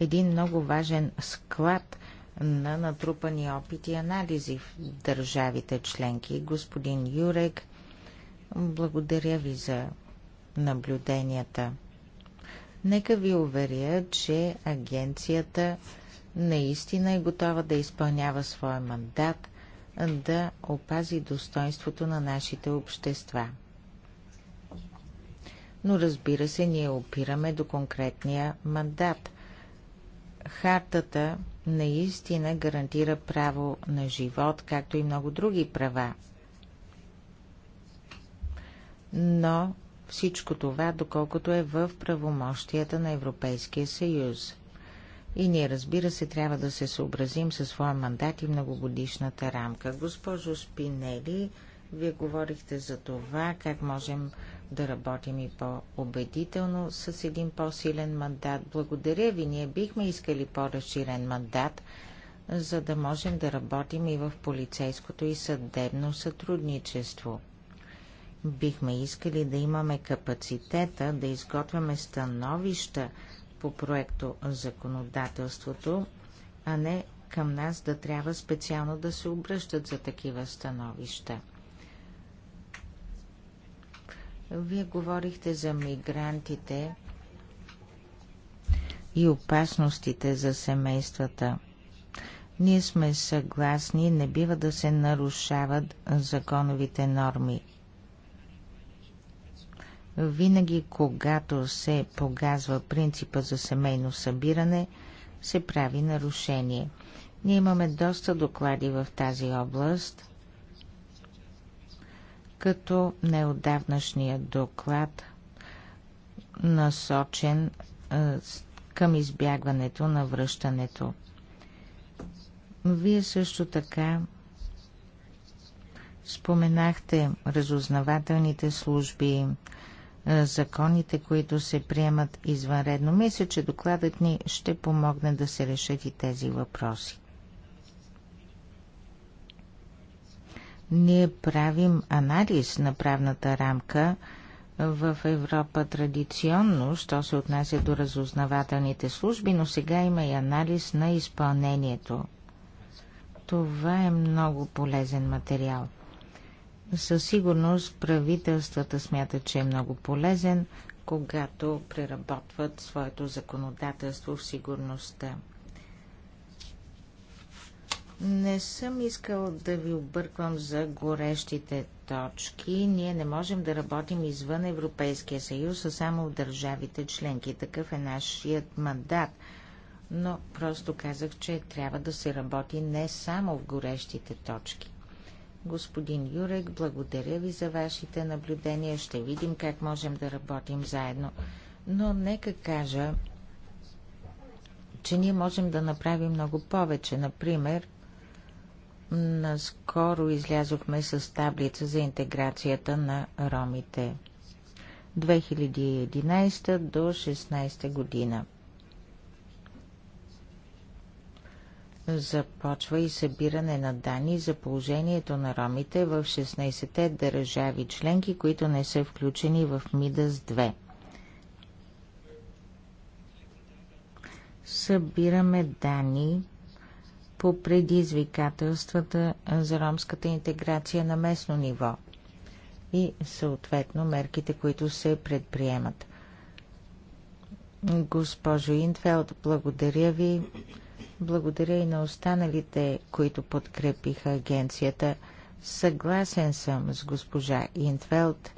един много важен склад на натрупани опити и анализи в държавите членки. Господин Юрек, благодаря ви за наблюденията. Нека ви уверя, че агенцията наистина е готова да изпълнява своя мандат, да опази достоинството на нашите общества. Но разбира се, ние опираме до конкретния мандат – Хартата наистина гарантира право на живот, както и много други права. Но всичко това, доколкото е в правомощията на Европейския съюз. И ние, разбира се, трябва да се съобразим със своя мандат и многогодишната рамка. Госпожо Спинели, вие говорихте за това, как можем да работим и по-убедително с един по-силен мандат. Благодаря ви, ние бихме искали по-разширен мандат, за да можем да работим и в полицейското и съдебно сътрудничество. Бихме искали да имаме капацитета да изготвяме становища по проекто законодателството, а не към нас да трябва специално да се обръщат за такива становища. Вие говорихте за мигрантите и опасностите за семействата. Ние сме съгласни, не бива да се нарушават законовите норми. Винаги, когато се погазва принципа за семейно събиране, се прави нарушение. Ние имаме доста доклади в тази област като неотдавнашния доклад насочен към избягването на връщането. Вие също така споменахте разузнавателните служби, законите, които се приемат извънредно. Мисля, че докладът ни ще помогне да се решат и тези въпроси. Ние правим анализ на правната рамка в Европа традиционно, що се отнася до разузнавателните служби, но сега има и анализ на изпълнението. Това е много полезен материал. Със сигурност правителствата смятат, че е много полезен, когато преработват своето законодателство в сигурността. Не съм искал да ви обърквам за горещите точки. Ние не можем да работим извън Европейския съюз, а само в държавите членки. Такъв е нашият мандат. Но просто казах, че трябва да се работи не само в горещите точки. Господин Юрек, благодаря ви за вашите наблюдения. Ще видим как можем да работим заедно. Но нека кажа, че ние можем да направим много повече. Например, Наскоро излязохме с таблица за интеграцията на ромите. 2011 до 16 година. Започва и събиране на данни за положението на ромите в 16-те държави членки, които не са включени в МИДАС 2. Събираме данни по предизвикателствата за ромската интеграция на местно ниво и съответно мерките, които се предприемат. Госпожо Инфелд, благодаря ви. Благодаря и на останалите, които подкрепиха агенцията. Съгласен съм с госпожа Инфелд.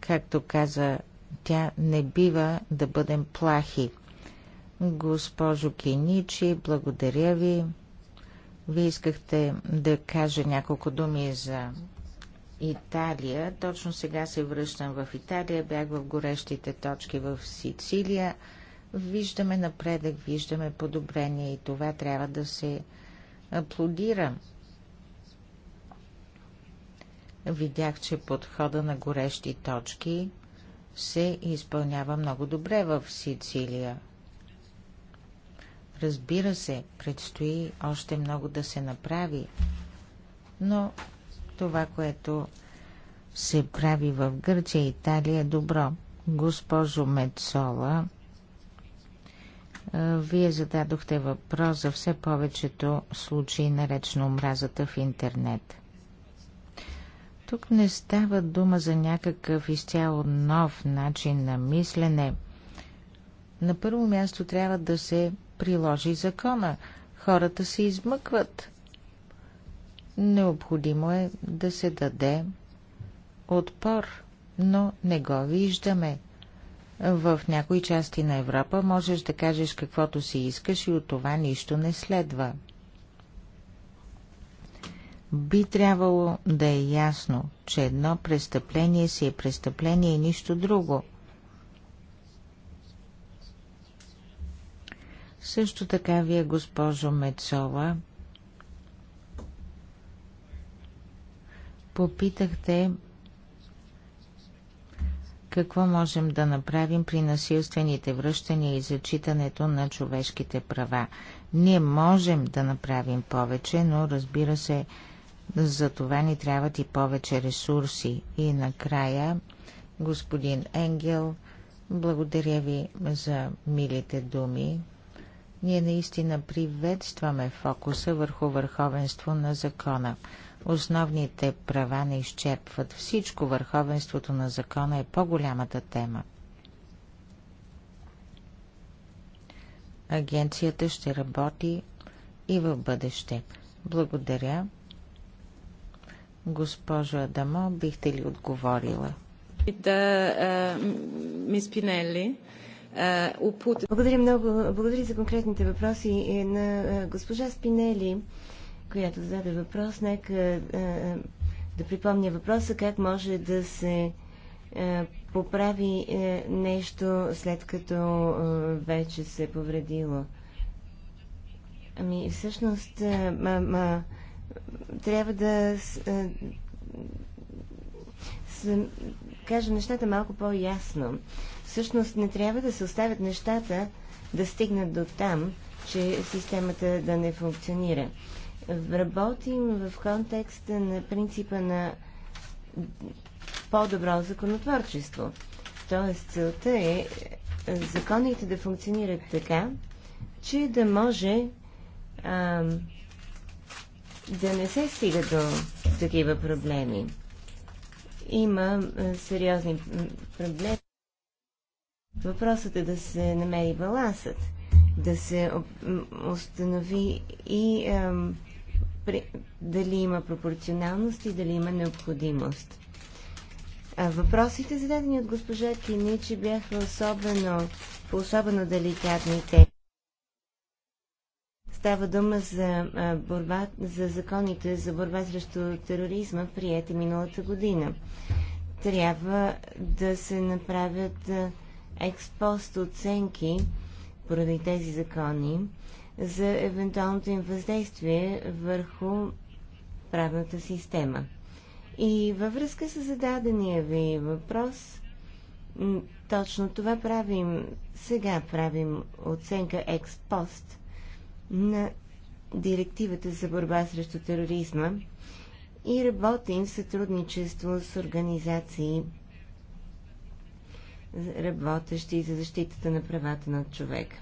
Както каза, тя не бива да бъдем плахи. Госпожо Киничи, благодаря ви. Вие искахте да кажа няколко думи за Италия. Точно сега се връщам в Италия. Бях в горещите точки в Сицилия. Виждаме напредък, виждаме подобрение и това трябва да се аплодира. Видях, че подхода на горещи точки се изпълнява много добре в Сицилия. Разбира се, предстои още много да се направи, но това, което се прави в Гърция и Италия е добро. Госпожо Медсола, вие зададохте въпрос за все повечето случаи на речно омразата в интернет. Тук не става дума за някакъв изцяло нов начин на мислене. На първо място трябва да се приложи закона. Хората се измъкват. Необходимо е да се даде отпор, но не го виждаме. В някои части на Европа можеш да кажеш каквото си искаш и от това нищо не следва. Би трябвало да е ясно, че едно престъпление си е престъпление и нищо друго – Също така вие, госпожо Мецова, попитахте какво можем да направим при насилствените връщания и зачитането на човешките права. Ние можем да направим повече, но разбира се, за това ни трябват и повече ресурси. И накрая, господин Енгел, благодаря ви за милите думи. Ние наистина приветстваме фокуса върху върховенство на закона. Основните права не изчерпват всичко. Върховенството на закона е по-голямата тема. Агенцията ще работи и в бъдеще. Благодаря. Госпожо Адамо, бихте ли отговорила? Да, мис Пинелли. Е, Благодаря много. Благодаря за конкретните въпроси е, на е, госпожа Спинели, която зададе въпрос. Нека да припомня въпроса как може да се поправи нещо след като вече се е повредило. Ами, всъщност, ма, ма, трябва да с, с, кажа нещата малко по-ясно. Всъщност не трябва да се оставят нещата да стигнат до там, че системата да не функционира. Работим в контекста на принципа на по-добро законотворчество. Тоест целта е законите да функционират така, че да може а, да не се стига до такива проблеми. Има а, сериозни проблеми. Въпросът е да се намери балансът, да се установи и ам, при, дали има пропорционалност и дали има необходимост. А въпросите, зададени от госпожа Киничи, бяха особено, по особено деликатни теми. Става дума за, а, борба, за законите за борба срещу тероризма, приети миналата година. Трябва да се направят а, експост оценки поради тези закони за евентуалното им въздействие върху правната система. И във връзка с зададения ви въпрос, точно това правим сега, правим оценка експост на директивата за борба срещу тероризма и работим в сътрудничество с организации работещи за защитата на правата на човека.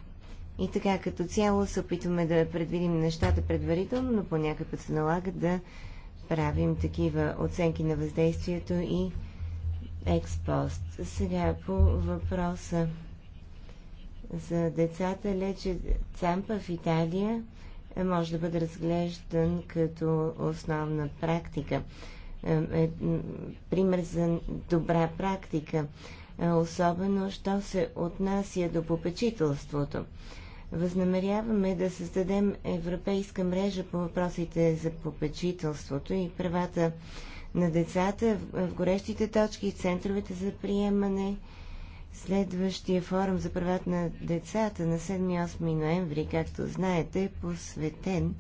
И така, като цяло се опитваме да предвидим нещата предварително, но по някакъв се налага да правим такива оценки на въздействието и експост. Сега по въпроса за децата лече Цампа в Италия може да бъде разглеждан като основна практика. Е, пример за добра практика. Е, особено що се отнася до попечителството. Възнамеряваме да създадем европейска мрежа по въпросите за попечителството и правата на децата в горещите точки, центровете за приемане. Следващия форум за правата на децата на 7-8 ноември, както знаете, е посветен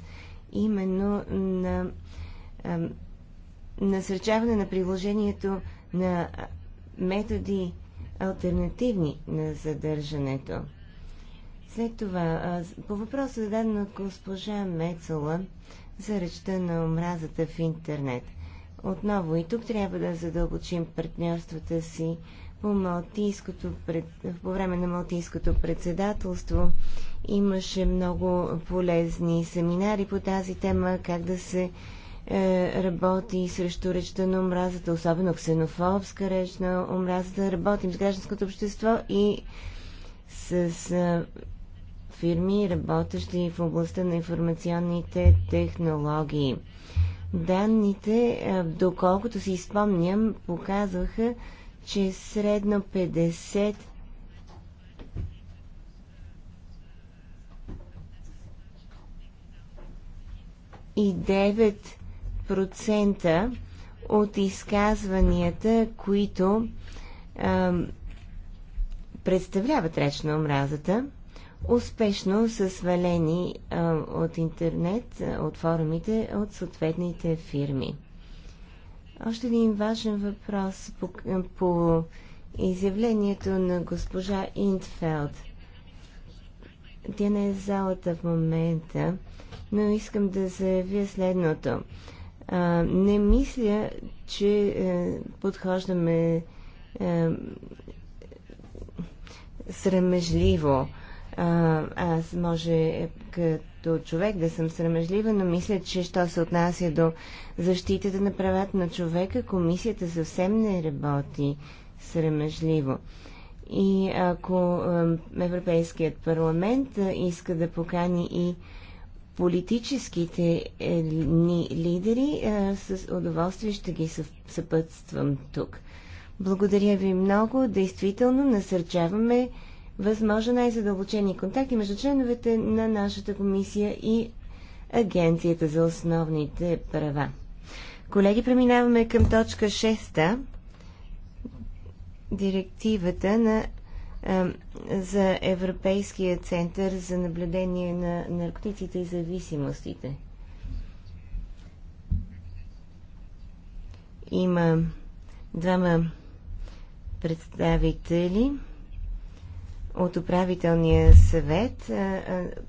именно на насърчаване на приложението на методи альтернативни на задържането. След това, по въпроса зададен от госпожа Мецела за речта на омразата в интернет. Отново и тук трябва да задълбочим партньорствата си по, Малтийското, по време на Малтийското председателство. Имаше много полезни семинари по тази тема, как да се е, работи срещу речта на омразата, особено ксенофобска реч на омразата. Работим с гражданското общество и с е, фирми, работещи в областта на информационните технологии. Данните, доколкото си изпомням, показваха, че средно 50 и девет процента от изказванията, които а, представляват реч на омразата, успешно са свалени а, от интернет, а, от форумите, от съответните фирми. Още един важен въпрос по, по изявлението на госпожа Интфелд. Тя не е залата в момента, но искам да заявя следното. А, не мисля, че е, подхождаме е, срамежливо. А, аз може е, като човек да съм срамежлива, но мисля, че що се отнася до защитата на правата на човека, комисията съвсем не работи срамежливо. И ако е, Европейският парламент е, иска да покани и политическите е, ни лидери, е, с удоволствие ще ги съпътствам тук. Благодаря ви много. Действително насърчаваме възможно най-задълбочени контакти между членовете на нашата комисия и Агенцията за основните права. Колеги, преминаваме към точка 6. Директивата на за Европейския център за наблюдение на наркотиците и зависимостите. Има двама представители от управителния съвет,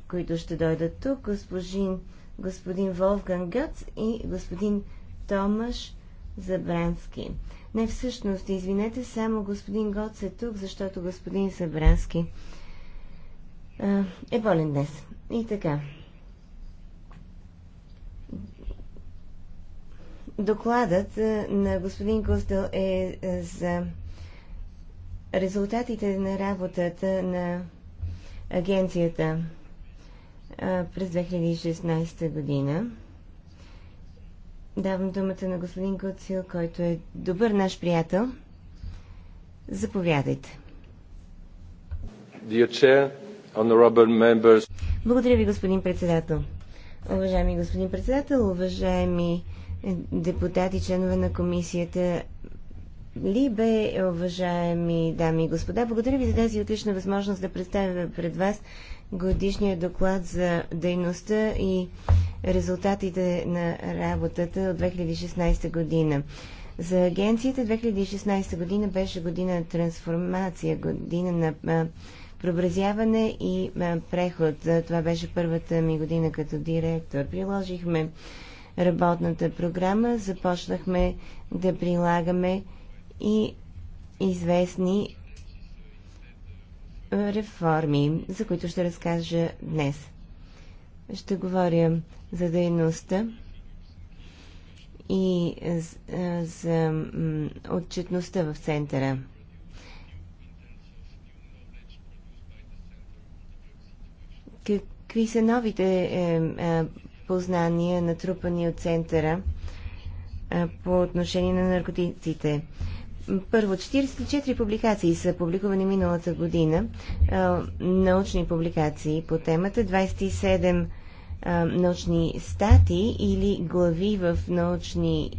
които ще дойдат тук, господин, господин Волфган Гъц и господин Томаш Забрански. Не, всъщност, извинете, само господин Гоц е тук, защото господин а, е болен днес. И така. Докладът на господин Костел е, е за резултатите на работата на агенцията през 2016 година. Давам думата на господин Гоцил, който е добър наш приятел. Заповядайте. Благодаря ви, господин председател. Уважаеми господин председател, уважаеми депутати, членове на комисията Либе, уважаеми дами и господа, благодаря ви за тази отлична възможност да представя пред вас годишния доклад за дейността и резултатите на работата от 2016 година. За агенцията 2016 година беше година на трансформация, година на преобразяване и преход. Това беше първата ми година като директор. Приложихме работната програма, започнахме да прилагаме и известни реформи, за които ще разкажа днес. Ще говоря за дейността и за отчетността в центъра. Какви са новите е, е, познания, натрупани от центъра по отношение на наркотиците? Първо, 44 публикации са публикувани миналата година, научни публикации по темата, 27 научни стати или глави в научни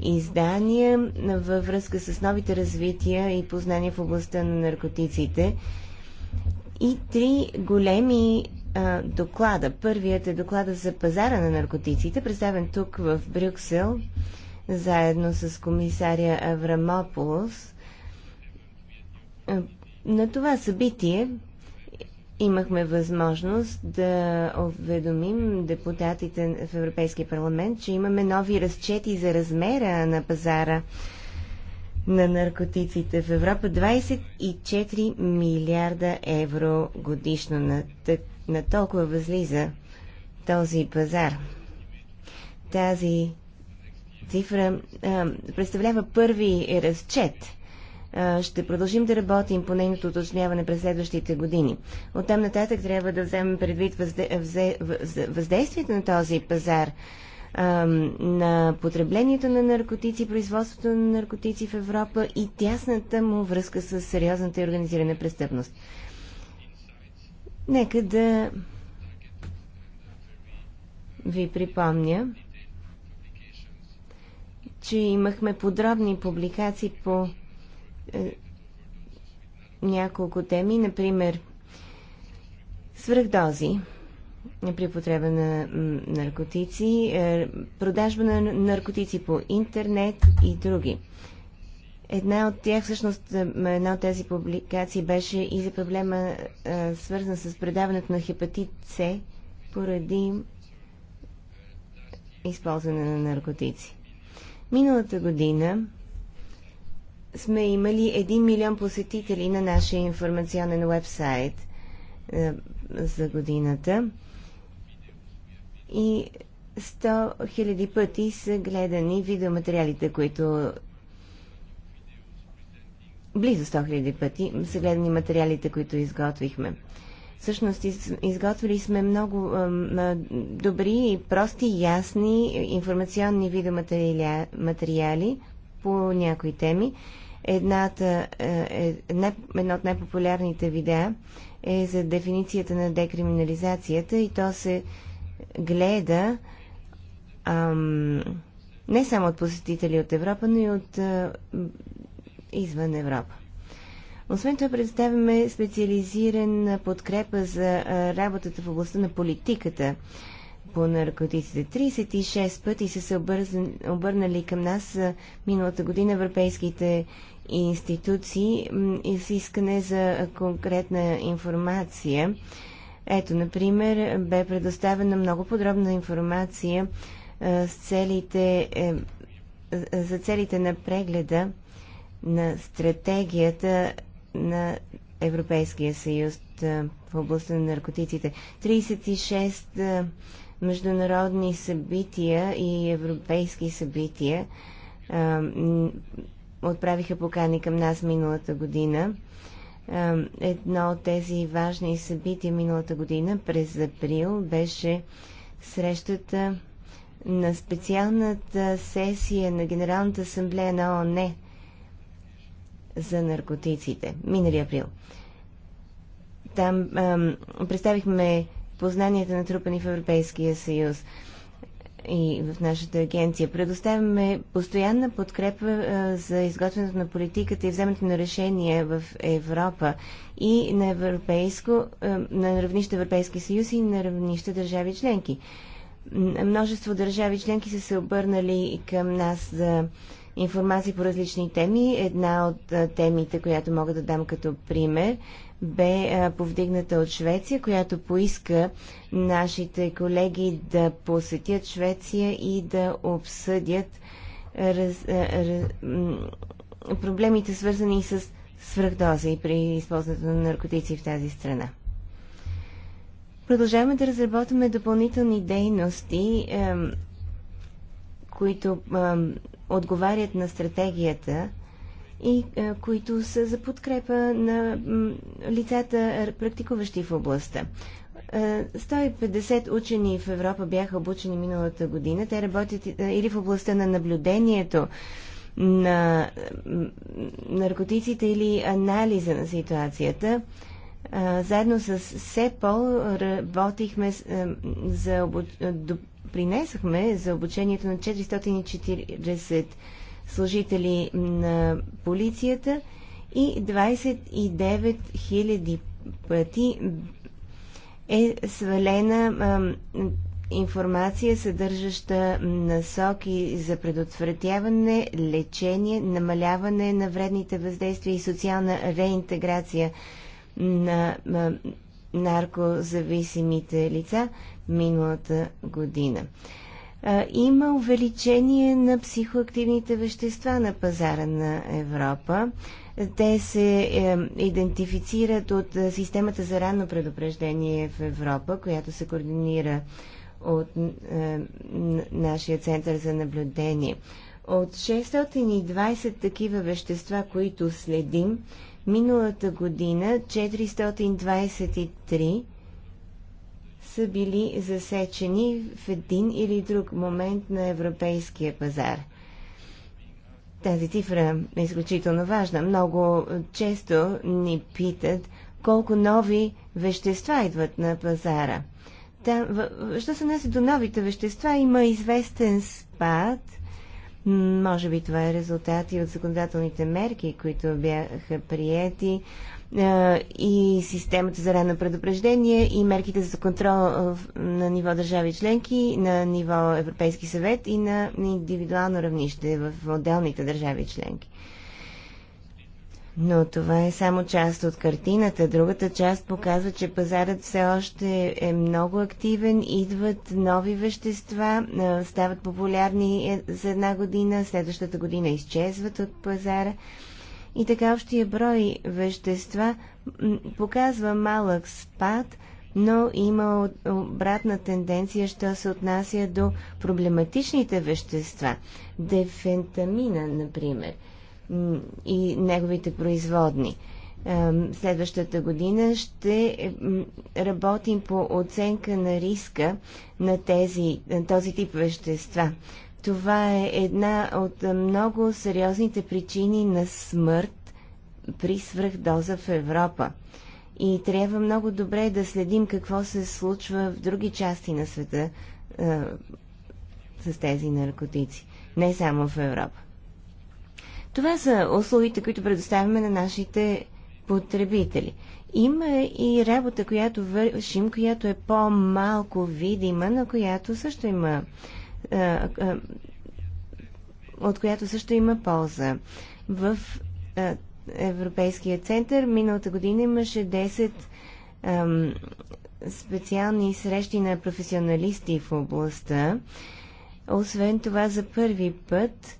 издания във връзка с новите развития и познания в областта на наркотиците и три големи доклада. Първият е доклада за пазара на наркотиците, представен тук в Брюксел заедно с комисаря Аврамополос. Е, на това събитие имахме възможност да уведомим депутатите в Европейския парламент, че имаме нови разчети за размера на пазара на наркотиците в Европа 24 милиарда евро годишно. На, на толкова възлиза този пазар. Тази цифра а, представлява първи разчет. А, ще продължим да работим по нейното уточняване през следващите години. От там нататък трябва да вземем предвид възде... въздействието на този пазар а, на потреблението на наркотици, производството на наркотици в Европа и тясната му връзка с сериозната и организирана престъпност. Нека да ви припомня, че имахме подробни публикации по е, няколко теми, например свръхдози при потреба на наркотици, е, продажба на наркотици по интернет и други. Една от тях, всъщност, е, една от тези публикации беше и за проблема е, свързан с предаването на хепатит С поради използване на наркотици. Миналата година сме имали 1 милион посетители на нашия информационен вебсайт е, за годината и 100 000 пъти са гледани видеоматериалите, които близо 100 хиляди пъти са гледани материалите, които изготвихме. Всъщност изготвили сме много добри, и прости, ясни информационни видеоматериали по някои теми. Едната, е, е едно от най-популярните видеа е за дефиницията на декриминализацията и то се гледа ам, не само от посетители от Европа, но и от а, извън Европа. Освен това представяме специализирана подкрепа за работата в областта на политиката по наркотиците. 36 пъти са се обърнали към нас миналата година европейските институции и с искане за конкретна информация. Ето, например, бе предоставена много подробна информация с целите, е, за целите на прегледа на стратегията на Европейския съюз в областта на наркотиците. 36 международни събития и европейски събития отправиха покани към нас миналата година. едно от тези важни събития миналата година през април беше срещата на специалната сесия на Генералната асамблея на ОНЕ за наркотиците. Минали април. Там ам, представихме познанията натрупани в Европейския съюз и в нашата агенция. Предоставяме постоянна подкрепа а, за изготвянето на политиката и вземането на решения в Европа и на, европейско, а, на равнище Европейски съюз и на равнище държави членки. Множество държави членки са се обърнали към нас за информация по различни теми. Една от темите, която мога да дам като пример, бе повдигната от Швеция, която поиска нашите колеги да посетят Швеция и да обсъдят раз, раз, проблемите, свързани с свръхдоза и при използването на наркотици в тази страна. Продължаваме да разработваме допълнителни дейности, които отговарят на стратегията и е, които са за подкрепа на лицата, практикуващи в областта. 150 е, учени в Европа бяха обучени миналата година. Те работят е, или в областта на наблюдението на наркотиците или анализа на ситуацията. Заедно с СЕПОЛ работихме за допринесахме за обучението на 440 служители на полицията и 29 000 пъти е свалена а, информация, съдържаща насоки за предотвратяване, лечение, намаляване на вредните въздействия и социална реинтеграция на а, наркозависимите лица миналата година. Има увеличение на психоактивните вещества на пазара на Европа. Те се е, идентифицират от е, системата за ранно предупреждение в Европа, която се координира от е, нашия център за наблюдение. От 620 такива вещества, които следим, Миналата година 423 са били засечени в един или друг момент на европейския пазар. Тази цифра е изключително важна. Много често ни питат колко нови вещества идват на пазара. в, що се нася до новите вещества, има известен спад – може би това е резултат и от законодателните мерки, които бяха приети и системата за ранно предупреждение и мерките за контрол на ниво държави членки, на ниво Европейски съвет и на индивидуално равнище в отделните държави членки. Но това е само част от картината. Другата част показва, че пазарът все още е много активен, идват нови вещества, стават популярни е, за една година, следващата година изчезват от пазара. И така общия брой вещества показва малък спад, но има обратна тенденция, що се отнася до проблематичните вещества. Дефентамина, например – и неговите производни. Следващата година ще работим по оценка на риска на, тези, на този тип вещества. Това е една от много сериозните причини на смърт при свръхдоза в Европа. И трябва много добре да следим какво се случва в други части на света е, с тези наркотици. Не само в Европа. Това са услугите, които предоставяме на нашите потребители. Има и работа, която вършим, която е по-малко видима, но която също има от която също има полза. В Европейския център миналата година имаше 10 специални срещи на професионалисти в областта. Освен това, за първи път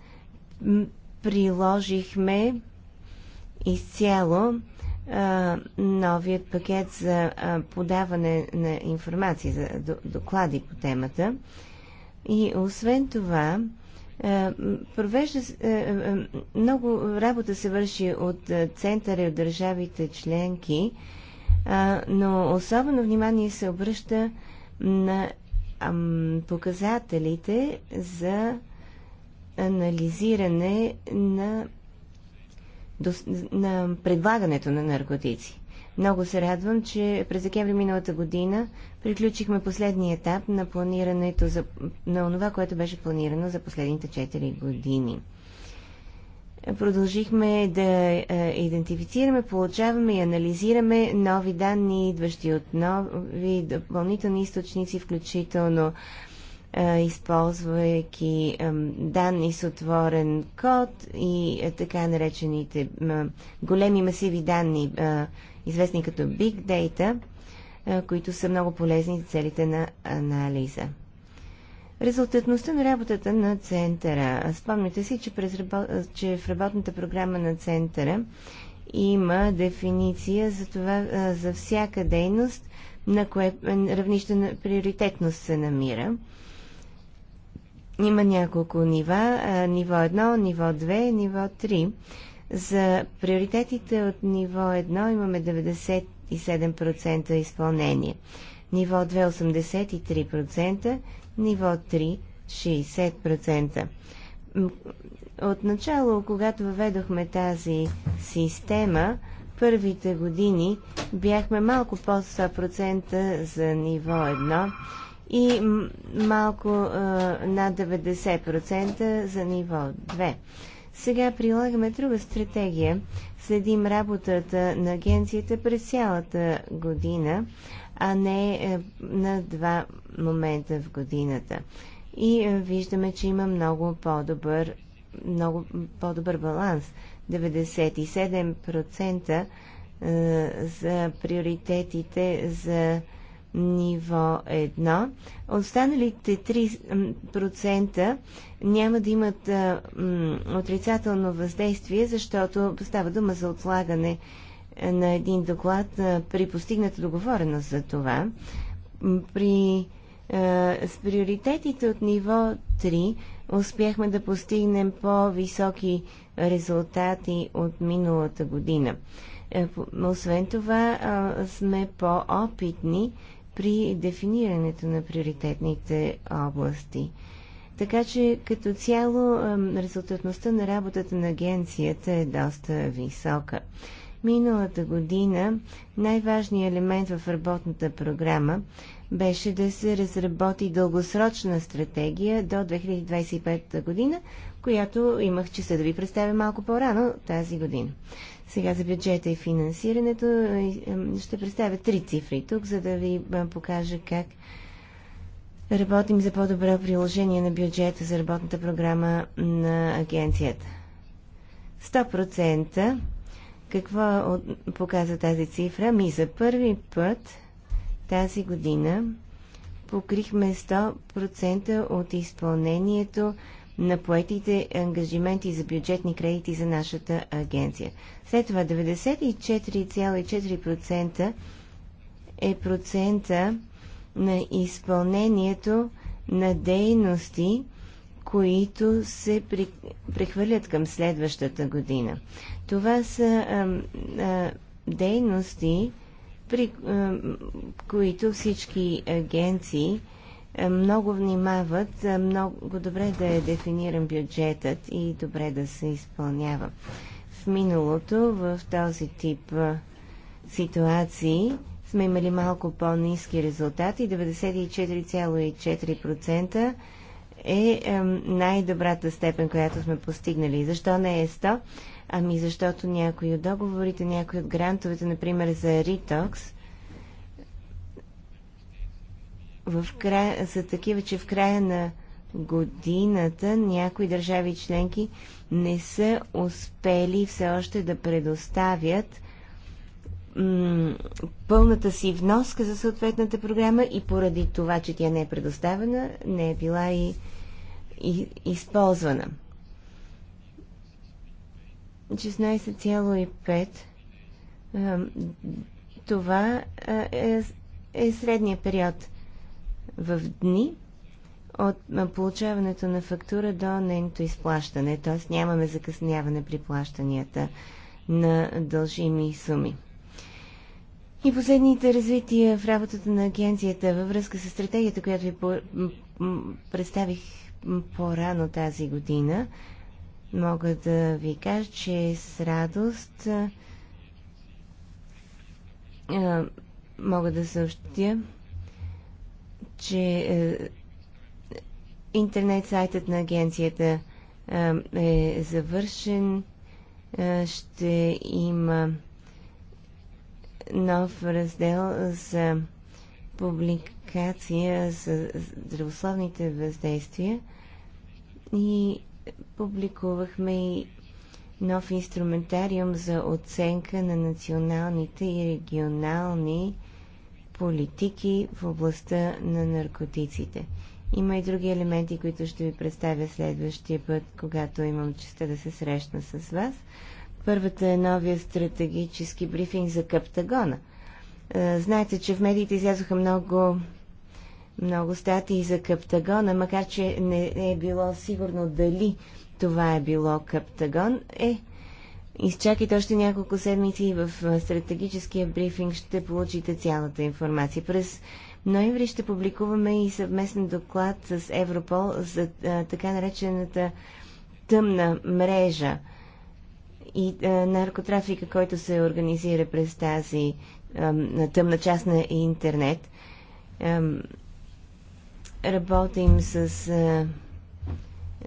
приложихме изцяло а, новият пакет за а, подаване на информация, за доклади по темата. И освен това, а, провежда, много работа се върши от центъра и от държавите членки, но особено внимание се обръща на показателите за анализиране на, на предлагането на наркотици. Много се радвам, че през декември миналата година приключихме последния етап на планирането за, на това, което беше планирано за последните 4 години. Продължихме да е, идентифицираме, получаваме и анализираме нови данни, идващи от нови допълнителни източници, включително използвайки данни с отворен код и така наречените големи масиви данни, известни като Big Data, които са много полезни за целите на анализа. Резултатността на работата на центъра. Спомните си, че, през, че в работната програма на центъра има дефиниция за, това, за всяка дейност, на кое равнище на приоритетност се намира има няколко нива. Ниво 1, ниво 2, ниво 3. За приоритетите от ниво 1 имаме 97% изпълнение. Ниво 2 83%, ниво 3 60%. Отначало, когато въведохме тази система, първите години бяхме малко по 100% за ниво 1 и малко а, над 90% за ниво 2. Сега прилагаме друга стратегия. Следим работата на агенцията през цялата година, а не е, на два момента в годината. И е, виждаме, че има много по-добър много по-добър баланс. 97% е, за приоритетите за ниво 1. Останалите 3% няма да имат отрицателно въздействие, защото става дума за отлагане на един доклад при постигната договореност за това. При с приоритетите от ниво 3 успяхме да постигнем по-високи резултати от миналата година. Е, освен това сме по-опитни при дефинирането на приоритетните области. Така че като цяло резултатността на работата на агенцията е доста висока. Миналата година най-важният елемент в работната програма беше да се разработи дългосрочна стратегия до 2025 година, която имах честа да ви представя малко по-рано тази година. Сега за бюджета и финансирането ще представя три цифри тук, за да ви е, покажа как работим за по-добро приложение на бюджета за работната програма на агенцията. 100% какво показва тази цифра? Ми за първи път тази година покрихме 100% от изпълнението на поетите ангажименти за бюджетни кредити за нашата агенция. След това 94,4% е процента на изпълнението на дейности, които се прехвърлят към следващата година. Това са а, а, дейности, при а, които всички агенции много внимават, много добре да е дефиниран бюджетът и добре да се изпълнява. В миналото, в този тип ситуации, сме имали малко по-низки резултати. 94,4% е най-добрата степен, която сме постигнали. Защо не е 100? Ами защото някои от договорите, някои от грантовете, например за Ритокс, в края, са такива, че в края на годината някои държави членки не са успели все още да предоставят пълната си вноска за съответната програма и поради това, че тя не е предоставена, не е била и, и използвана. 16,5 това е, е средния период в дни от получаването на фактура до нейното изплащане, т.е. нямаме закъсняване при плащанията на дължими суми. И последните развития в работата на агенцията във връзка с стратегията, която ви представих по-рано тази година, мога да ви кажа, че с радост мога да съобщя, че е, интернет сайтът на агенцията е, е завършен. Е, ще има нов раздел за публикация за здравословните въздействия и публикувахме и нов инструментариум за оценка на националните и регионални политики в областта на наркотиците. Има и други елементи, които ще ви представя следващия път, когато имам честа да се срещна с вас. Първата е новия стратегически брифинг за Каптагона. Е, знаете, че в медиите излязоха много, много статии за Каптагона, макар че не е било сигурно дали това е било Каптагон. Е, Изчакайте още няколко седмици и в стратегическия брифинг ще получите цялата информация. През ноември ще публикуваме и съвместен доклад с Европол за а, така наречената тъмна мрежа и а, наркотрафика, който се организира през тази а, тъмна част на интернет. А, работим с а,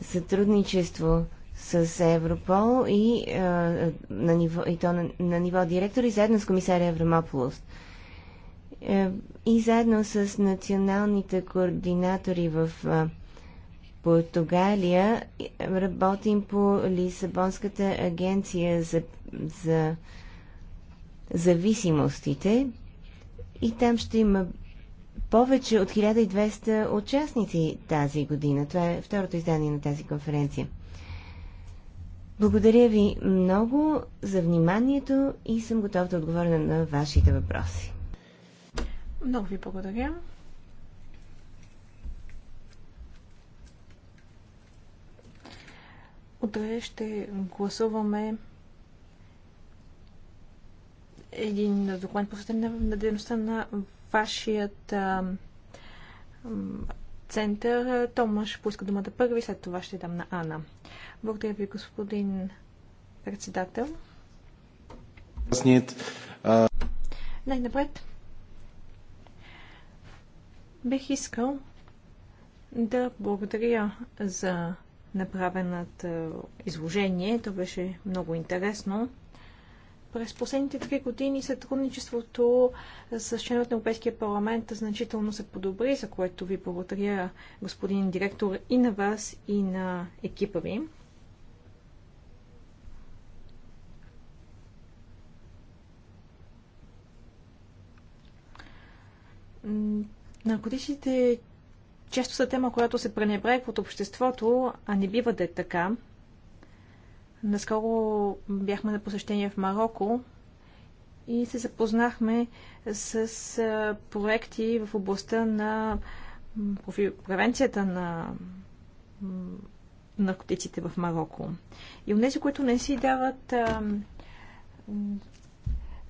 сътрудничество с Европол и, а, на ниво, и то на, на ниво директор и заедно с комисаря Евромополос. Е, и заедно с националните координатори в а, Португалия работим по Лисабонската агенция за, за зависимостите и там ще има повече от 1200 участници тази година. Това е второто издание на тази конференция. Благодаря ви много за вниманието и съм готов да отговоря на вашите въпроси. Много ви благодаря. Утре ще гласуваме един документ, посветен на дейността на вашият а, център. Томаш поиска думата първи, след това ще дам на Ана. Благодаря ви, господин председател. Най-напред бих искал да благодаря за направената изложение. То беше много интересно. През последните три години сътрудничеството с членовете на Европейския парламент значително се подобри, за което ви благодаря, господин директор, и на вас, и на екипа ви. Наркотичните често са тема, която се пренебрегва от обществото, а не бива да е така. Наскоро бяхме на посещение в Марокко и се запознахме с проекти в областта на превенцията на наркотиците в Марокко. И от тези, които не си дават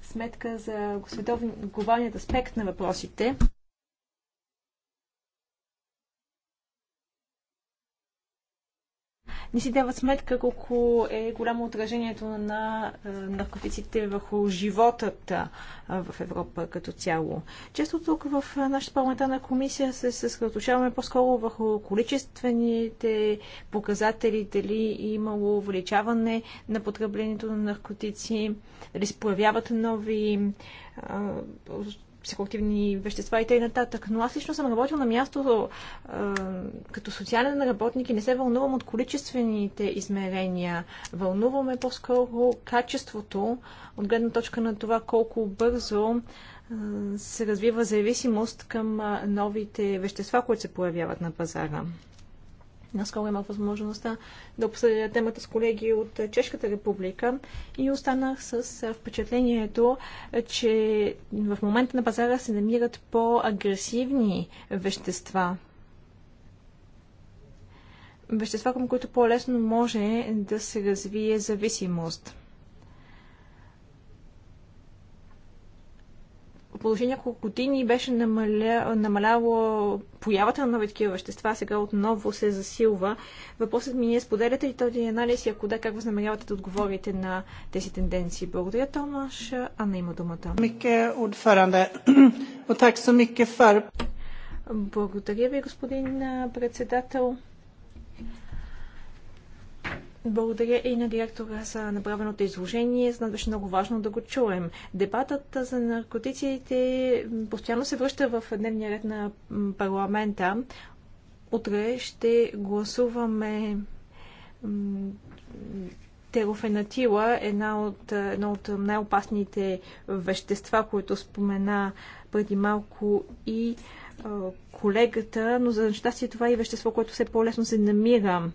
сметка за глобалният аспект на въпросите. не си дават сметка колко е голямо отражението на е, наркотиците върху живота е, в Европа като цяло. Често тук в е, нашата парламентарна комисия се съсредоточаваме по-скоро върху количествените показатели, дали имало увеличаване на потреблението на наркотици, дали се появяват нови психоактивни вещества и т.н. Но аз лично съм работил на място а, като социален работник и не се вълнувам от количествените измерения. Вълнуваме по-скоро качеството от гледна точка на това колко бързо а, се развива зависимост към новите вещества, които се появяват на пазара. Наскоро имах възможността да обсъдя темата с колеги от Чешката република и останах с впечатлението, че в момента на пазара се намират по-агресивни вещества. Вещества, към които по-лесно може да се развие зависимост – положение няколко години беше намаля, намаляло появата на нови такива вещества, сега отново се засилва. Въпросът ми е, споделяте ли този анализ и ако да, как възнамерявате да отговорите на тези тенденции? Благодаря, Томаш. Анна има думата. Благодаря ви, господин председател. Благодаря и на директора за направеното изложение. Знам, беше много важно да го чуем. Дебатът за наркотиците постоянно се връща в дневния ред на парламента. Утре ще гласуваме терофенатила, една от, едно от най-опасните вещества, които спомена преди малко и колегата, но за нещастие това е и вещество, което все по-лесно се намира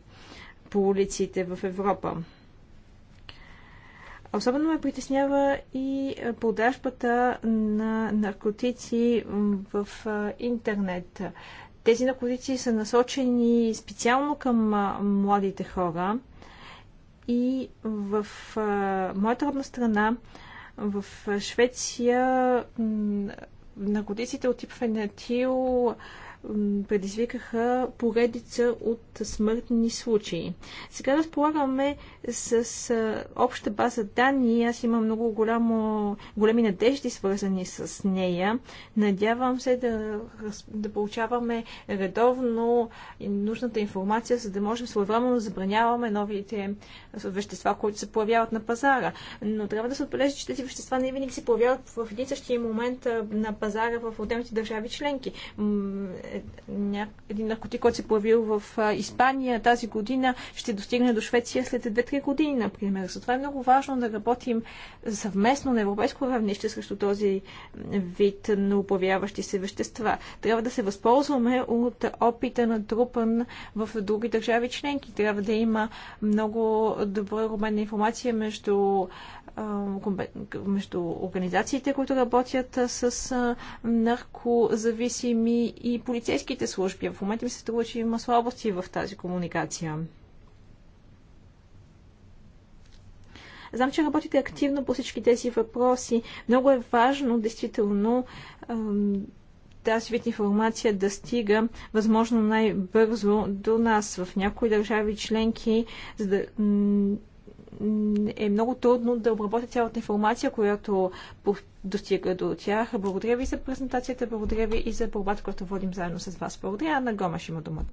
по улиците в Европа. Особено ме притеснява и продажбата на наркотици в интернет. Тези наркотици са насочени специално към младите хора и в моята родна страна, в Швеция, наркотиците от тип фенатил предизвикаха поредица от смъртни случаи. Сега разполагаме с обща база данни. Аз имам много голямо, големи надежди, свързани с нея. Надявам се да, да получаваме редовно нужната информация, за да можем своевременно да забраняваме новите вещества, които се появяват на пазара. Но трябва да се отбележи, че тези вещества не винаги се появяват в един същия момент на пазара в отделните държави членки един наркотик, който се е появил в Испания тази година, ще достигне до Швеция след 2-3 години, например. Затова е много важно да работим съвместно на европейско равнище срещу този вид на оплавяващи се вещества. Трябва да се възползваме от опита на трупан в други държави членки. Трябва да има много добра обмен информация между между организациите, които работят с наркозависими и полицейските полицейските служби. В момента ми се струва, че има слабости в тази комуникация. Знам, че работите активно по всички тези въпроси. Много е важно, действително, тази вид информация да стига възможно най-бързо до нас. В някои държави членки, за да е много трудно да обработя цялата информация, която достига до тях. Благодаря ви за презентацията, благодаря ви и за борбата, която водим заедно с вас. Благодаря. Анна Гомаш има думата.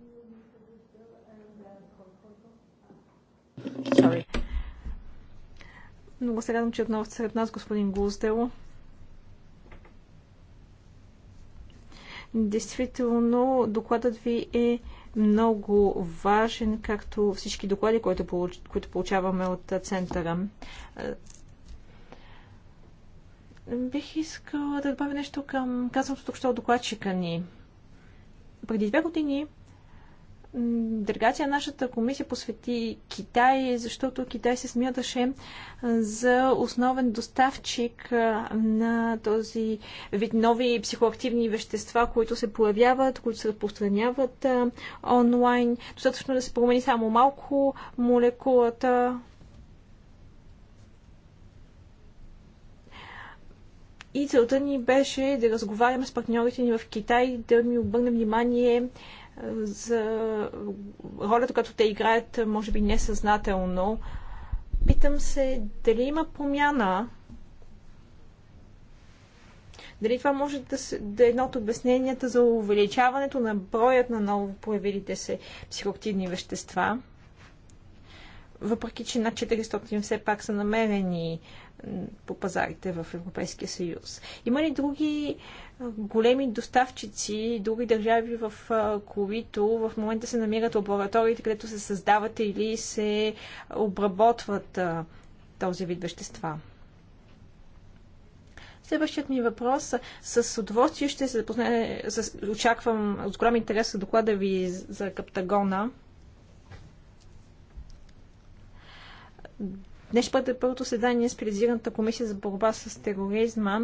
Много се радвам, че отново сред нас господин Гуздел. Действително, докладът ви е много важен, както всички доклади, които, получ... които получаваме от центъра. Е, бих искала да добавя нещо към казаното тук, що от докладчика ни. Преди две години делегация нашата комисия посвети Китай, защото Китай се смяташе за основен доставчик на този вид нови психоактивни вещества, които се появяват, които се разпространяват онлайн. Достатъчно е да се промени само малко молекулата. И целта ни беше да разговаряме с партньорите ни в Китай, да ми обърнем внимание за ролята, която те играят, може би несъзнателно. Питам се дали има промяна. Дали това може да, се, да е едно от обясненията за увеличаването на броят на ново появилите се психоактивни вещества? Въпреки, че над 400 все пак са намерени по пазарите в Европейския съюз. Има ли други големи доставчици и други държави, в които в момента се намират лабораториите, където се създават или се обработват този вид вещества. Следващият ми въпрос с удоволствие ще се запозна. с, очаквам с голям интерес с доклада ви за Каптагона. Днес ще бъде първото седание с Предизираната комисия за борба с тероризма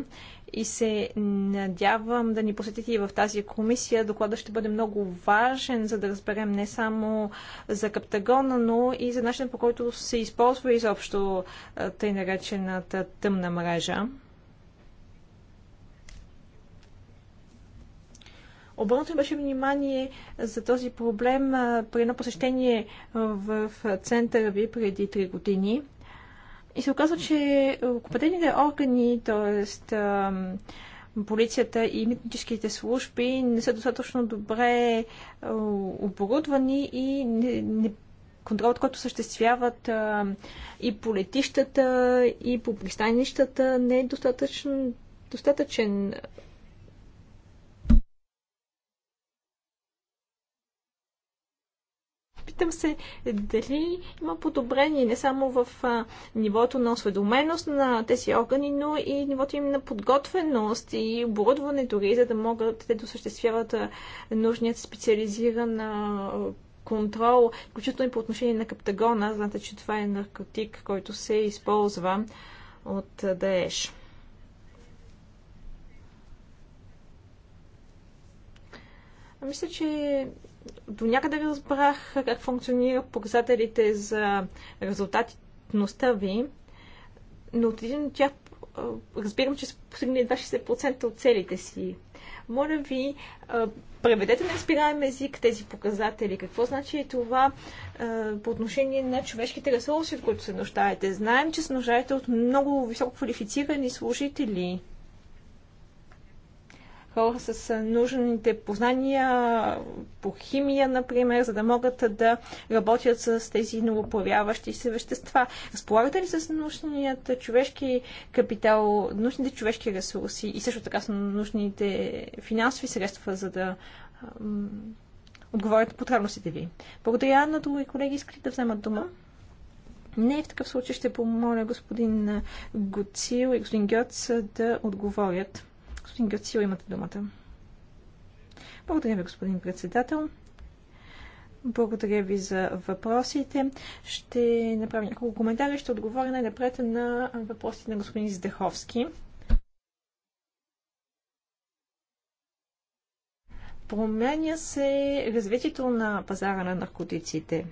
и се надявам да ни посетите и в тази комисия. Докладът ще бъде много важен, за да разберем не само за Каптагона, но и за начинът по който се използва изобщо тъй наречената тъмна мрежа. Обърнато беше внимание за този проблем при едно посещение в центъра ви преди 3 години. И се оказва, че е, компетентните органи, т.е. полицията и митническите служби не са достатъчно добре е, оборудвани и не, не контролът, който съществяват а, и по летищата, и по пристанищата, не е достатъчен, достатъчен. Питам се дали има подобрение не само в нивото на осведоменост на тези органи, но и нивото им на подготвеност и оборудване дори, за да могат те да осъществяват нужният специализиран контрол, включително и по отношение на каптагона. Знаете, че това е наркотик, който се използва от Даеш. Мисля, че до някъде разбрах как функционират показателите за резултатността ви, но от един от тях разбирам, че са постигнали 260% 60% от целите си. Моля ви, преведете на разбираем език тези показатели. Какво значи е това по отношение на човешките ресурси, от които се нуждаете? Знаем, че се нуждаете от много високо квалифицирани служители хора с нужните познания по химия, например, за да могат да работят с тези новоплавяващи се вещества. Разполагате ли с нужният човешки капитал, нужните човешки ресурси и също така с нужните финансови средства, за да отговорят потребностите ви. Благодаря на други колеги, искали да вземат дума. Не, в такъв случай ще помоля господин Гоцил и господин Гьоц да отговорят. Господин Гърцио, имате думата. Благодаря ви, господин председател. Благодаря ви за въпросите. Ще направя няколко коментари. Ще отговоря най-напред на въпросите на господин Здеховски. Променя се развитието на пазара на наркотиците.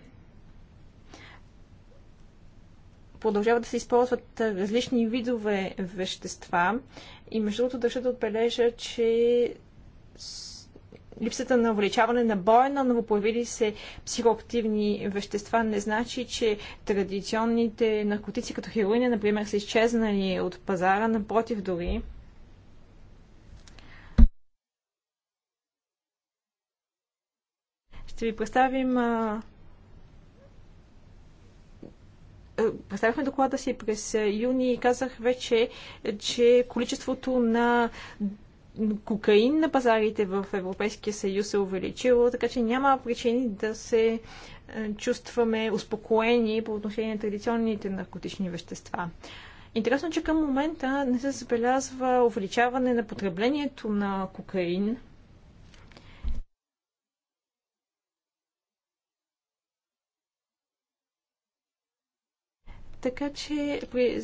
продължават да се използват различни видове вещества. И между другото държа да отбележа, че липсата на увеличаване на боя на новопоявили се психоактивни вещества не значи, че традиционните наркотици като хероина, например, са изчезнали от пазара, напротив дори. Ще ви представим Представяхме доклада си през юни и казах вече, че количеството на кокаин на пазарите в Европейския съюз се е увеличило, така че няма причини да се чувстваме успокоени по отношение на традиционните наркотични вещества. Интересно, че към момента не се забелязва увеличаване на потреблението на кокаин – Така че при,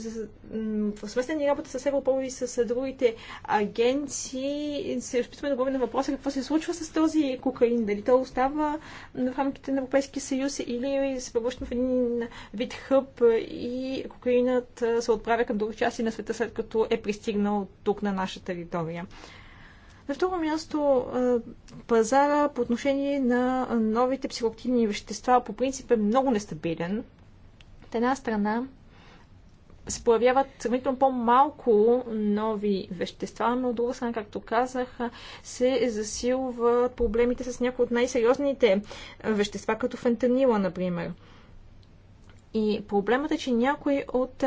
в съвместна ни работа с Европол и с другите агенции се опитваме да говорим на въпроса какво се случва с този кокаин. Дали то остава в рамките на Европейския съюз или се превръща в един вид хъб и кокаинът се отправя към други части на света, след като е пристигнал тук на наша територия. На второ място, пазара по отношение на новите психоактивни вещества по принцип е много нестабилен. От една страна се появяват сравнително по-малко нови вещества, но от друга страна, както казах, се засилват проблемите с някои от най-сериозните вещества, като фентанила, например. И проблемът е, че някои от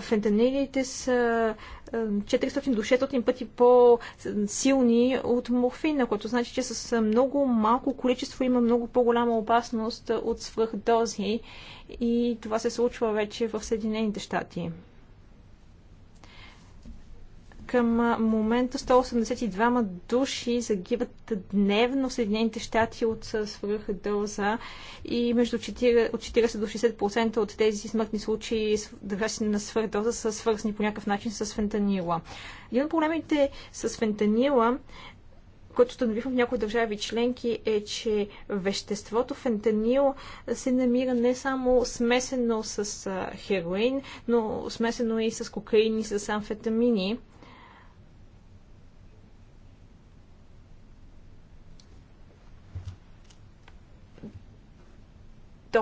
фентанилите са 400 до 600 пъти по-силни от морфина, което значи, че с много малко количество има много по-голяма опасност от свръхдози и това се случва вече в Съединените щати. Към момента 182 души загиват дневно в Съединените щати от дълза и между 40, от 40 до 60% от тези смъртни случаи, на на дълза са свързани по някакъв начин с фентанила. Един от проблемите с фентанила който установихме в някои държави членки, е, че веществото фентанил се намира не само смесено с хероин, но смесено и с кокаин и с амфетамини.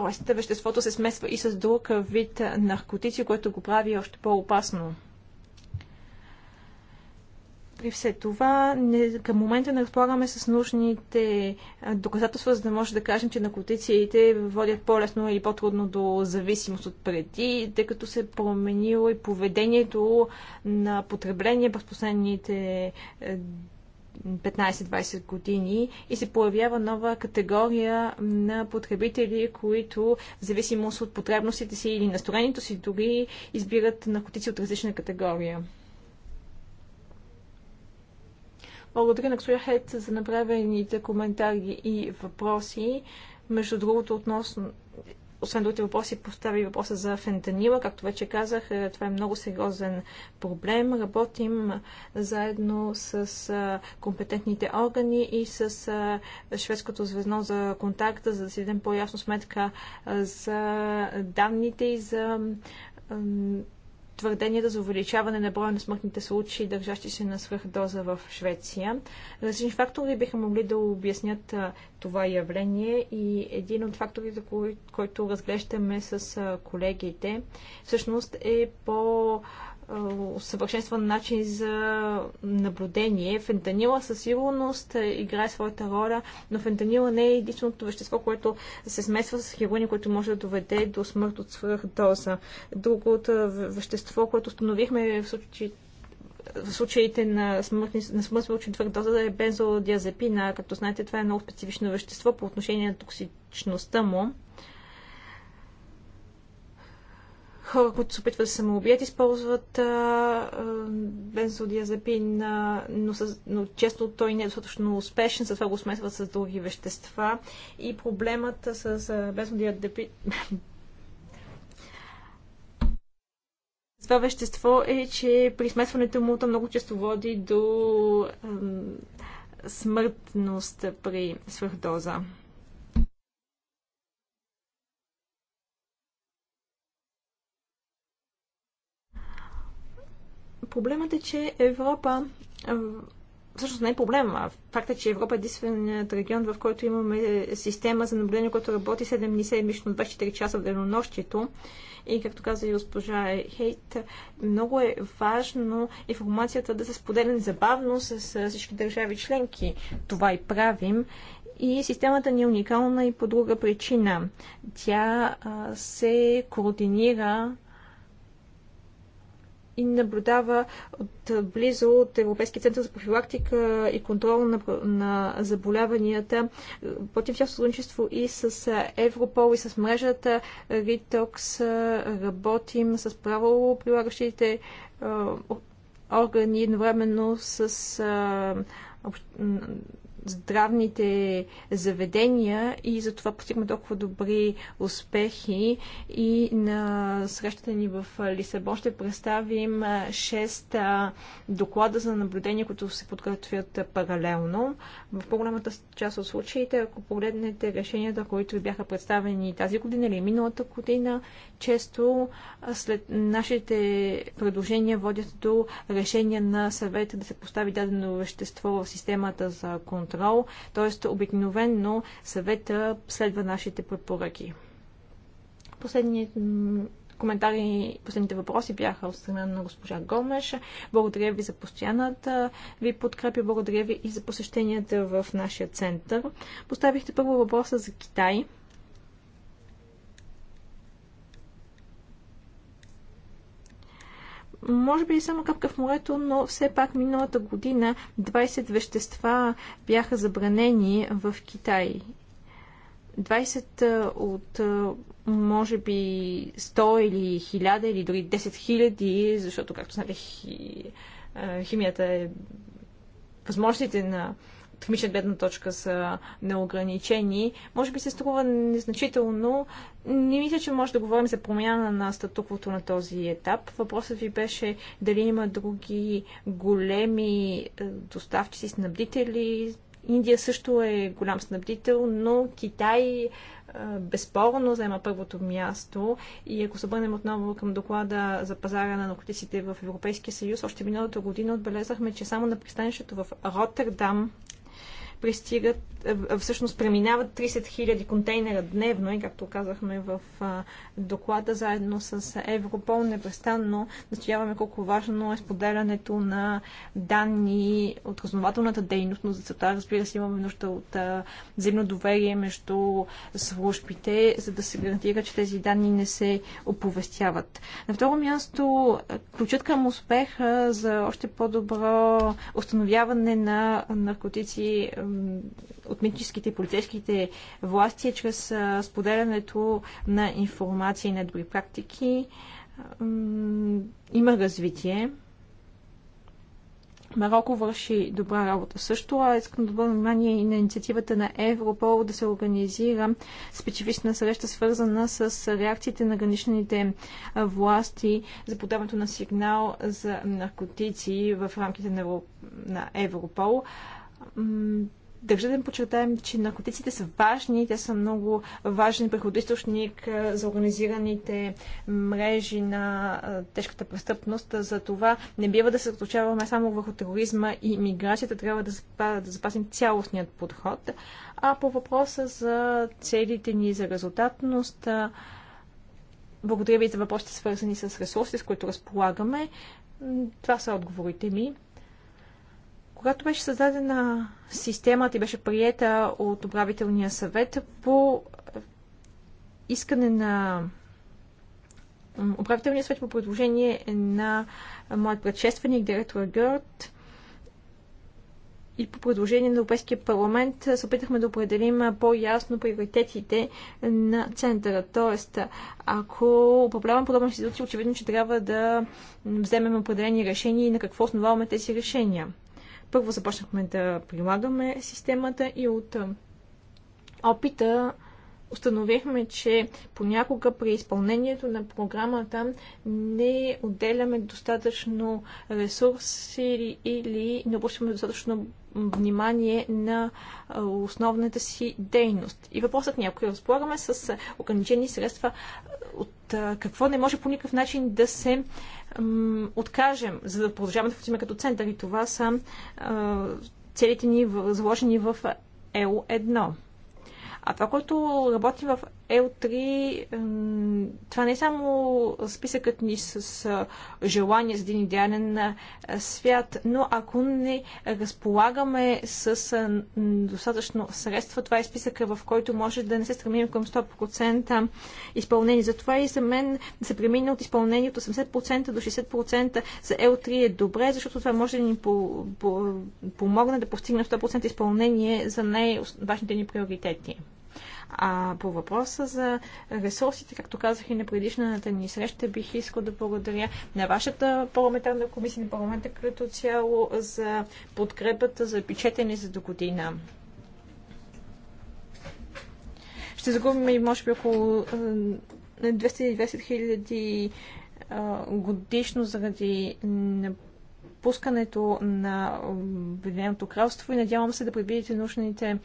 Тоест, веществото се смесва и с друг вид наркотици, което го прави още по-опасно. При все това, не, към момента не разполагаме с нужните доказателства, за да може да кажем, че наркотиците водят по-лесно или по-трудно до зависимост от преди, тъй като се е променило и поведението на потребление през последните е, 15-20 години и се появява нова категория на потребители, които в зависимост от потребностите си или настроението си дори избират наркотици от различна категория. Благодаря на Ксуя Хет за направените коментари и въпроси. Между другото, относно освен другите въпроси, постави въпроса за фентанила. Както вече казах, е, това е много сериозен проблем. Работим заедно с компетентните органи и с Шведското звездно за контакта, за да си дадем по-ясно сметка за данните и за твърденията за увеличаване на броя на смъртните случаи, държащи се на свръхдоза в Швеция. Различни фактори биха могли да обяснят това явление и един от факторите, който разглеждаме с колегите, всъщност е по е, усъвършенстван начин за наблюдение. Фентанила със сигурност играе своята роля, но фентанила не е единственото вещество, което се смесва с хероини, което може да доведе до смърт от свръхдоза. Другото е, вещество, което установихме в случай, в случаите на смъртни, на смъртни четвърт доза е бензодиазепина. Като знаете, това е много специфично вещество по отношение на токсичността му хора, които се опитват да се самоубият, използват а, а, бензодиазепин, а, но, с, но често той не е достатъчно успешен, затова го смесват с други вещества. И проблемът с а, бензодиазепин... Това вещество е, че при смесването му то много често води до а, смъртност при свърхдоза. Проблемът е, че Европа всъщност не е проблем, а факта, е, че Европа е единственият регион, в който имаме система за наблюдение, която работи 7 дни седмично, 24 часа в денонощието. И както каза и госпожа Хейт, много е важно информацията да се споделя незабавно с всички държави членки. Това и правим. И системата ни е уникална и по друга причина. Тя се координира и наблюдава от близо от Европейския център за профилактика и контрол на, на заболяванията. Работим в сътрудничество и с Европол и с мрежата Retox Работим с право прилагащите органи едновременно с здравните заведения и за това постигна толкова добри успехи и на срещата ни в Лисабон ще представим 6 доклада за наблюдения, които се подготвят паралелно. В по-голямата част от случаите, ако погледнете решенията, които ви бяха представени тази година или миналата година, често след нашите предложения водят до решения на съвета да се постави дадено вещество в системата за контрол контрол, т.е. обикновенно съвета следва нашите препоръки. Последният коментари и последните въпроси бяха от страна на госпожа Гомеш. Благодаря ви за постоянната ви подкрепя. Благодаря ви и за посещенията в нашия център. Поставихте първо въпроса за Китай. може би е само капка в морето, но все пак миналата година 20 вещества бяха забранени в Китай. 20 от може би 100 или 1000 или дори 10 000, защото, както знаете, химията е възможностите на технична гледна точка са неограничени, може би се струва незначително. Не мисля, че може да говорим за промяна на статуквото на този етап. Въпросът ви беше дали има други големи е, доставчици, снабдители. Индия също е голям снабдител, но Китай е, безспорно заема първото място. И ако се обърнем отново към доклада за пазара на наркотиците в Европейския съюз, още миналата година отбелязахме, че само на пристанището в Роттердам пристигат, е, всъщност преминават 30 000 контейнера дневно и както казахме в доклада заедно с Европол непрестанно настояваме колко важно е споделянето на данни от разнователната дейност, но за това разбира се имаме нужда от взаимно доверие между службите, за да се гарантира, че тези данни не се оповестяват. На второ място, ключът към успеха за още по-добро установяване на наркотици от митническите и полицейските власти е чрез споделянето на информация и на добри практики. Има развитие. Марокко върши добра работа също, а искам да обърна внимание и на инициативата на Европол да се организира специфична среща, свързана с реакциите на граничните власти за подаването на сигнал за наркотици в рамките на Европол. Държа да подчертаем, че наркотиците са важни, те са много важен приходоисточник е, за организираните мрежи на е, тежката престъпност. За това не бива да се оточаваме само върху тероризма и миграцията, трябва да, запазим цялостният подход. А по въпроса за целите ни за резултатност, е, благодаря ви за въпросите, свързани с ресурси, с които разполагаме. Това са отговорите ми. Когато беше създадена системата и беше приета от управителния съвет по искане на управителния съвет по предложение на моят предшественик, директор Гърт, и по предложение на Европейския парламент се опитахме да определим по-ясно приоритетите на центъра. Тоест, ако управляваме подобна институция, очевидно, че трябва да вземем определени решения и на какво основаваме тези решения. Първо започнахме да прилагаме системата и от опита установихме, че понякога при изпълнението на програмата не отделяме достатъчно ресурси или, или не обръщаме достатъчно внимание на основната си дейност. И въпросът някой е, разполагаме с ограничени средства от какво не може по никакъв начин да се откажем, за да продължаваме да функционираме като център. И това са целите ни, заложени в ЕО-1. А това, което работим в L3, това не е само списъкът ни с желание за един идеален свят, но ако не разполагаме с достатъчно средства, това е списъка, в който може да не се стремим към 100% изпълнение. Затова и за мен да се премине от изпълнение от 80% до 60% за L3 е добре, защото това може да ни помогне да постигнем 100% изпълнение за най-важните ни приоритети. А по въпроса за ресурсите, както казах и на предишната ни среща, бих искал да благодаря на вашата парламентарна комисия, на парламента като цяло, за подкрепата за бюджета ни за до година. Ще загубим и може би около 220 е, хиляди годишно заради пускането на Обединеното кралство и надявам се да предвидите нужните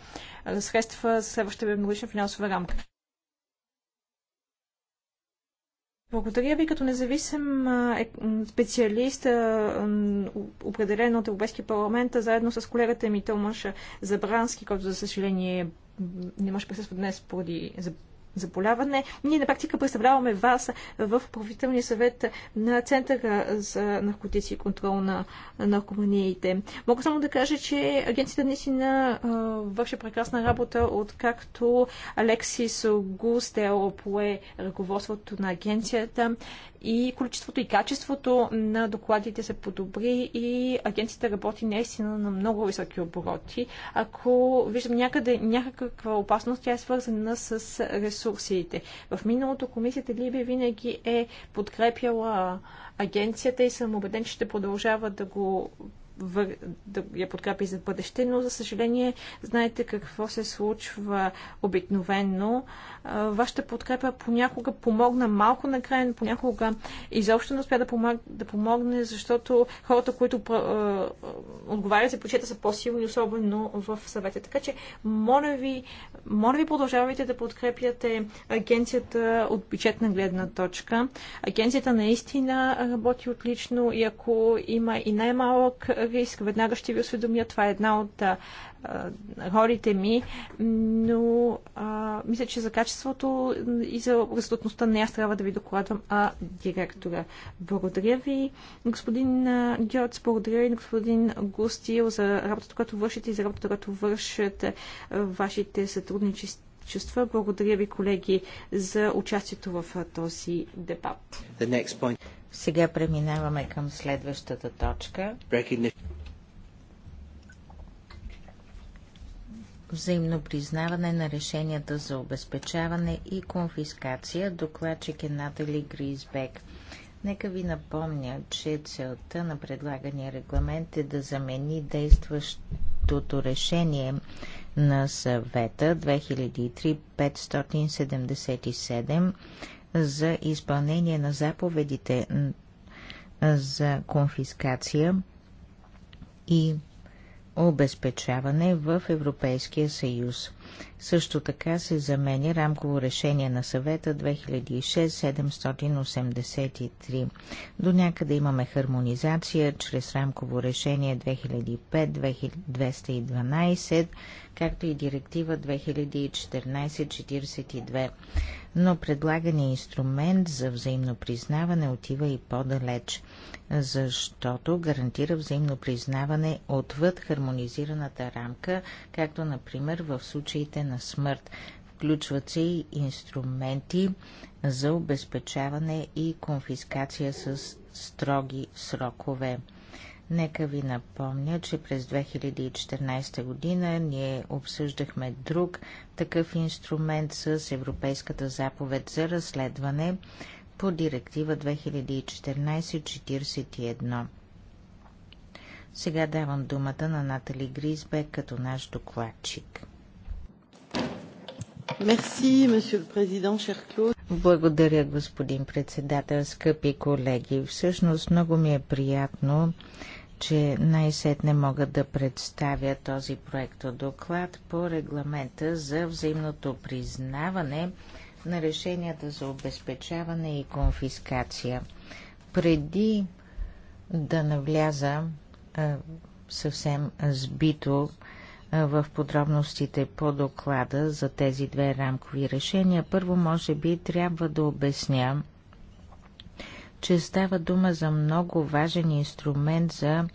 средства за следващата многогодишна финансова рамка. Благодаря ви като независим е, специалист, определен от Европейския парламент, заедно с колегата ми Томаш Забрански, който за съжаление не може да присъства днес поради заболяване. Ние на практика представляваме вас в управителния съвет на Центъра за наркотици и контрол на наркоманиите. Мога само да кажа, че агенцията наистина върши прекрасна работа, откакто Алексис Густел пое ръководството на агенцията и количеството и качеството на докладите се подобри и агенцията работи наистина на много високи обороти. Ако виждам някъде някаква опасност, тя е свързана с ресурсите. В миналото комисията Либе винаги е подкрепяла агенцията и съм убеден, че ще продължава да го вър... да я подкрепи за бъдеще, но за съжаление знаете какво се случва обикновенно. Вашата подкрепа понякога помогна малко накрая, но понякога изобщо не успя да, помаг... да помогне, защото хората, които отговарят за почета, са по-силни, особено в съвета. Така че, моля ви, моля ви продължавайте да подкрепяте агенцията от бюджетна гледна точка. Агенцията наистина работи отлично и ако има и най-малък риск. Веднага ще ви осведомя, това е една от а, ролите ми, но а, мисля, че за качеството и за резултатността не аз трябва да ви докладвам, а директора. Благодаря ви, господин Георгс, благодаря и господин Густил за работата, която вършите и за работата, която вършат вашите сътрудничества чувства. Благодаря ви, колеги, за участието в този дебат. Сега преминаваме към следващата точка. Взаимно признаване на решенията за обезпечаване и конфискация. Докладчик е Натали Гризбек. Нека ви напомня, че целта на предлагания регламент е да замени действащото решение на съвета 2003-577 за изпълнение на заповедите за конфискация и обезпечаване в Европейския съюз. Също така се заменя рамково решение на съвета 2006-783. До някъде имаме хармонизация чрез рамково решение 2005-212, както и директива 2014-42 но предлагания инструмент за взаимно признаване отива и по-далеч, защото гарантира взаимно признаване отвъд хармонизираната рамка, както например в случаите на смърт. Включват се и инструменти за обезпечаване и конфискация с строги срокове. Нека ви напомня, че през 2014 година ние обсъждахме друг такъв инструмент с Европейската заповед за разследване по директива 2014-41. Сега давам думата на Натали Гризбек като наш докладчик. Благодаря, господин председател, скъпи колеги. Всъщност много ми е приятно, че най-сетне могат да представя този проект от доклад по регламента за взаимното признаване на решенията за обезпечаване и конфискация. Преди да навляза съвсем сбито в подробностите по доклада за тези две рамкови решения, първо може би трябва да обясням че става дума за много важен инструмент за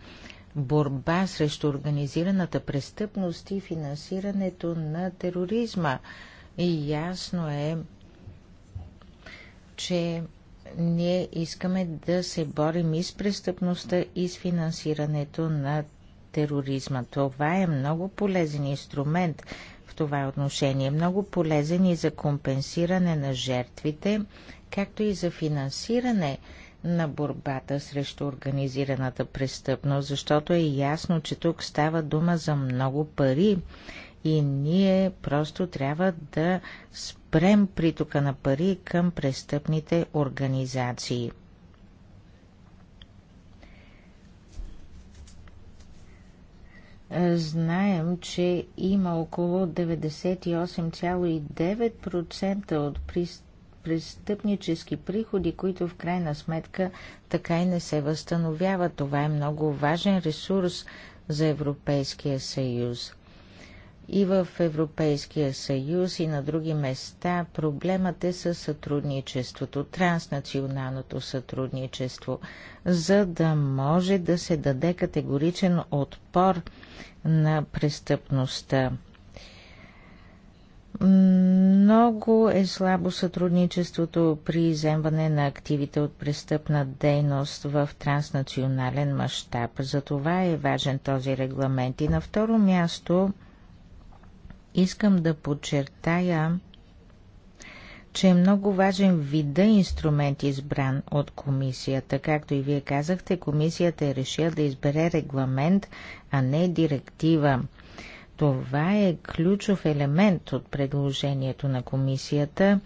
борба срещу организираната престъпност и финансирането на тероризма. И ясно е, че ние искаме да се борим и с престъпността, и с финансирането на тероризма. Това е много полезен инструмент в това отношение. Много полезен и за компенсиране на жертвите както и за финансиране на борбата срещу организираната престъпност, защото е ясно, че тук става дума за много пари и ние просто трябва да спрем притока на пари към престъпните организации. Знаем, че има около 98,9% от пристъпните престъпнически приходи, които в крайна сметка така и не се възстановяват. Това е много важен ресурс за Европейския съюз. И в Европейския съюз и на други места проблемът е със сътрудничеството, транснационалното сътрудничество, за да може да се даде категоричен отпор на престъпността. Много е слабо сътрудничеството при иземване на активите от престъпна дейност в транснационален мащаб. Затова е важен този регламент. И на второ място искам да подчертая, че е много важен вида инструмент избран от комисията. Както и вие казахте, комисията е решила да избере регламент, а не директива. Това е ключов елемент от предложението на комисията.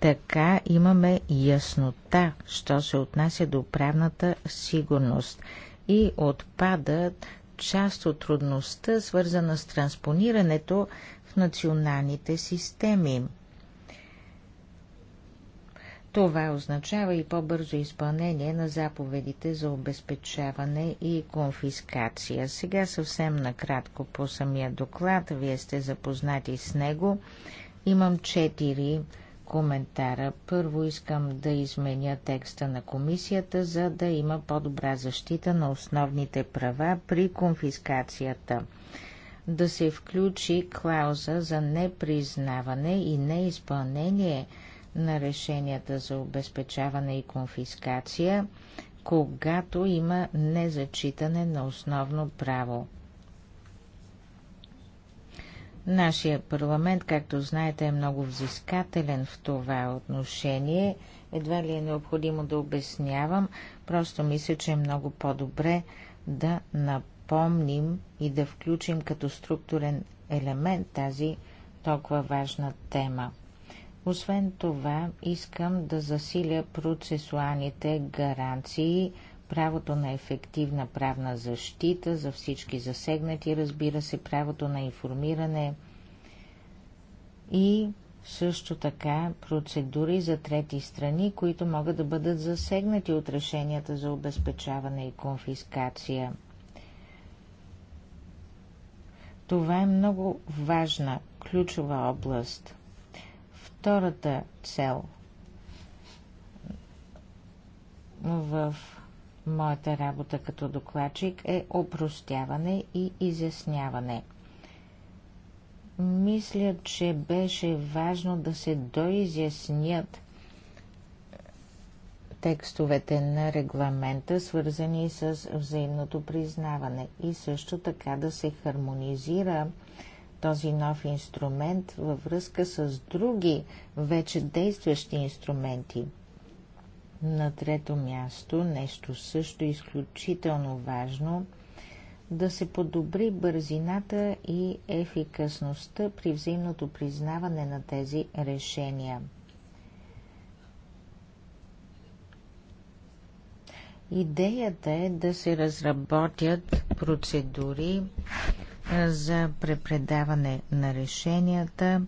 Така имаме яснота, що се отнася до правната сигурност и отпадат част от трудността, свързана с транспонирането в националните системи. Това означава и по-бързо изпълнение на заповедите за обезпечаване и конфискация. Сега съвсем накратко по самия доклад. Вие сте запознати с него. Имам четири коментара. Първо искам да изменя текста на комисията, за да има по-добра защита на основните права при конфискацията. Да се включи клауза за непризнаване и неизпълнение – на решенията за обезпечаване и конфискация, когато има незачитане на основно право. Нашия парламент, както знаете, е много взискателен в това отношение. Едва ли е необходимо да обяснявам, просто мисля, че е много по-добре да напомним и да включим като структурен елемент тази толкова важна тема. Освен това, искам да засиля процесуалните гаранции, правото на ефективна правна защита за всички засегнати, разбира се, правото на информиране и също така процедури за трети страни, които могат да бъдат засегнати от решенията за обезпечаване и конфискация. Това е много важна, ключова област – втората цел в моята работа като докладчик е опростяване и изясняване. Мисля, че беше важно да се доизяснят текстовете на регламента, свързани с взаимното признаване и също така да се хармонизира този нов инструмент във връзка с други вече действащи инструменти. На трето място, нещо също изключително важно, да се подобри бързината и ефикасността при взаимното признаване на тези решения. Идеята е да се разработят процедури е, за препредаване на решенията.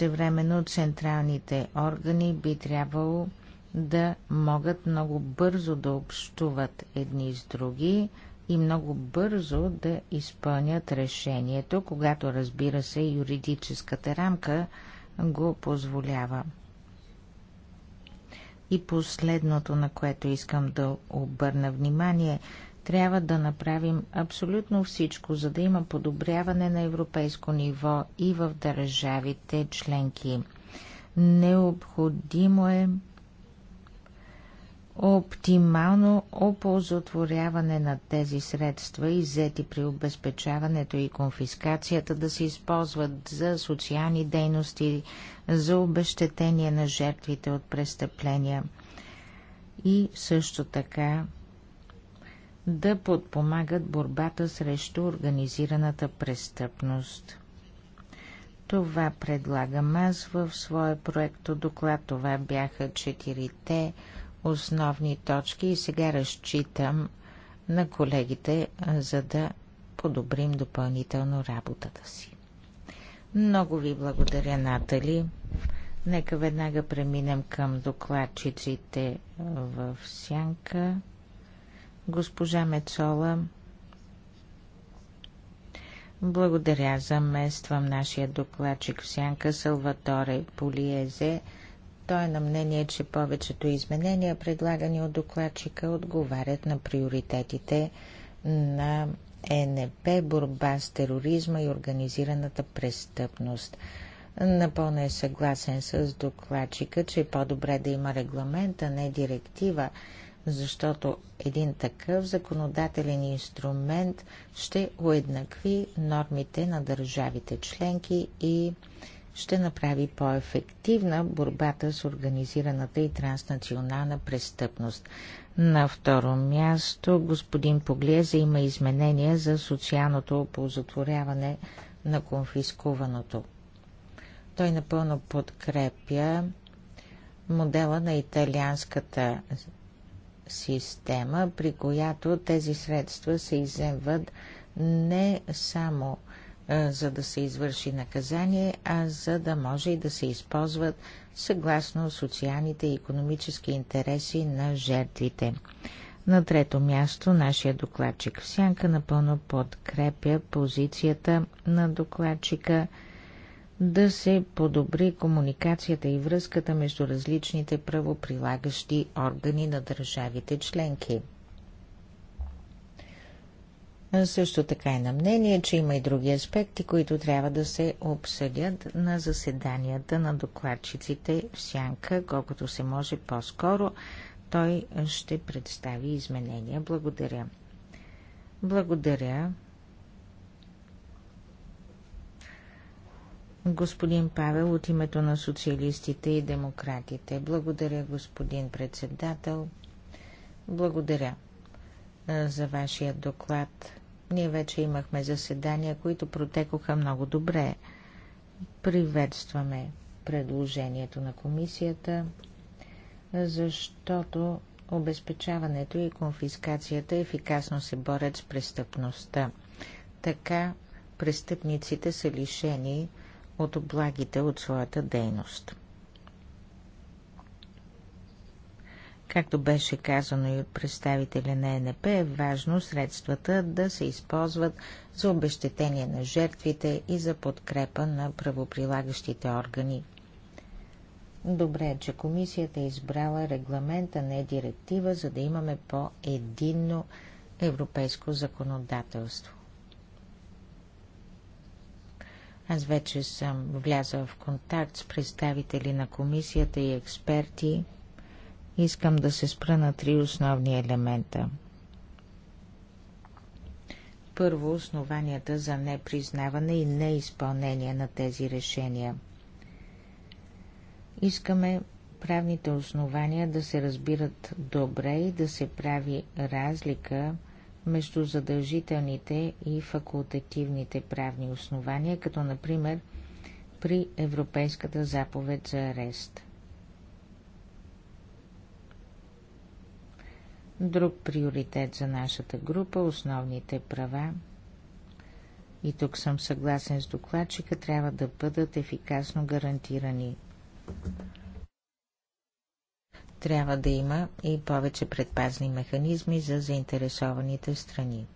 времено централните органи би трябвало да могат много бързо да общуват едни с други и много бързо да изпълнят решението, когато разбира се юридическата рамка го позволява. И последното, на което искам да обърна внимание, трябва да направим абсолютно всичко, за да има подобряване на европейско ниво и в държавите членки. Необходимо е оптимално оползотворяване на тези средства, иззети при обезпечаването и конфискацията, да се използват за социални дейности, за обещетение на жертвите от престъпления и също така да подпомагат борбата срещу организираната престъпност. Това предлагам аз в своя проект доклад. Това бяха четирите основни точки и сега разчитам на колегите, за да подобрим допълнително работата си. Много ви благодаря, Натали. Нека веднага преминем към докладчиците в сянка. Госпожа Мецола, благодаря, замествам нашия докладчик в сянка Салваторе Полиезе. Той е на мнение, че повечето изменения, предлагани от докладчика, отговарят на приоритетите на ЕНП, борба с тероризма и организираната престъпност. Напълно е съгласен с докладчика, че е по-добре да има регламент, а не директива, защото един такъв законодателен инструмент ще уеднакви нормите на държавите членки и ще направи по-ефективна борбата с организираната и транснационална престъпност. На второ място господин Поглеза има изменения за социалното оползотворяване на конфискуваното. Той напълно подкрепя модела на италианската система, при която тези средства се изземват не само за да се извърши наказание, а за да може и да се използват съгласно социалните и економически интереси на жертвите. На трето място нашия докладчик в сянка напълно подкрепя позицията на докладчика да се подобри комуникацията и връзката между различните правоприлагащи органи на държавите членки. Също така е на мнение, че има и други аспекти, които трябва да се обсъдят на заседанията на докладчиците в Сянка, колкото се може по-скоро. Той ще представи изменения. Благодаря. Благодаря. Господин Павел от името на социалистите и демократите. Благодаря, господин председател. Благодаря за вашия доклад. Ние вече имахме заседания, които протекоха много добре. Приветстваме предложението на комисията, защото обезпечаването и конфискацията ефикасно се борят с престъпността. Така престъпниците са лишени от облагите от своята дейност. Както беше казано и от представителя на НП, е важно средствата да се използват за обещетение на жертвите и за подкрепа на правоприлагащите органи. Добре е, че комисията е избрала регламента, не директива, за да имаме по-единно европейско законодателство. Аз вече съм влязъл в контакт с представители на комисията и експерти – искам да се спра на три основни елемента. Първо, основанията за непризнаване и неизпълнение на тези решения. Искаме правните основания да се разбират добре и да се прави разлика между задължителните и факултативните правни основания, като например при Европейската заповед за арест – Друг приоритет за нашата група – основните права. И тук съм съгласен с докладчика, трябва да бъдат ефикасно гарантирани. Трябва да има и повече предпазни механизми за заинтересованите страни.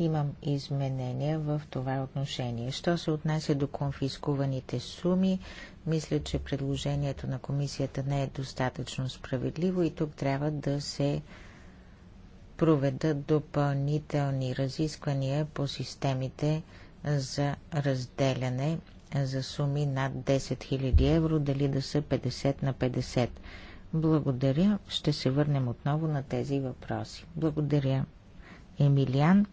имам изменения в това отношение. Що се отнася до конфискуваните суми, мисля, че предложението на комисията не е достатъчно справедливо и тук трябва да се проведат допълнителни разисквания по системите за разделяне за суми над 10 000 евро, дали да са 50 на 50. Благодаря. Ще се върнем отново на тези въпроси. Благодаря, Емилиан.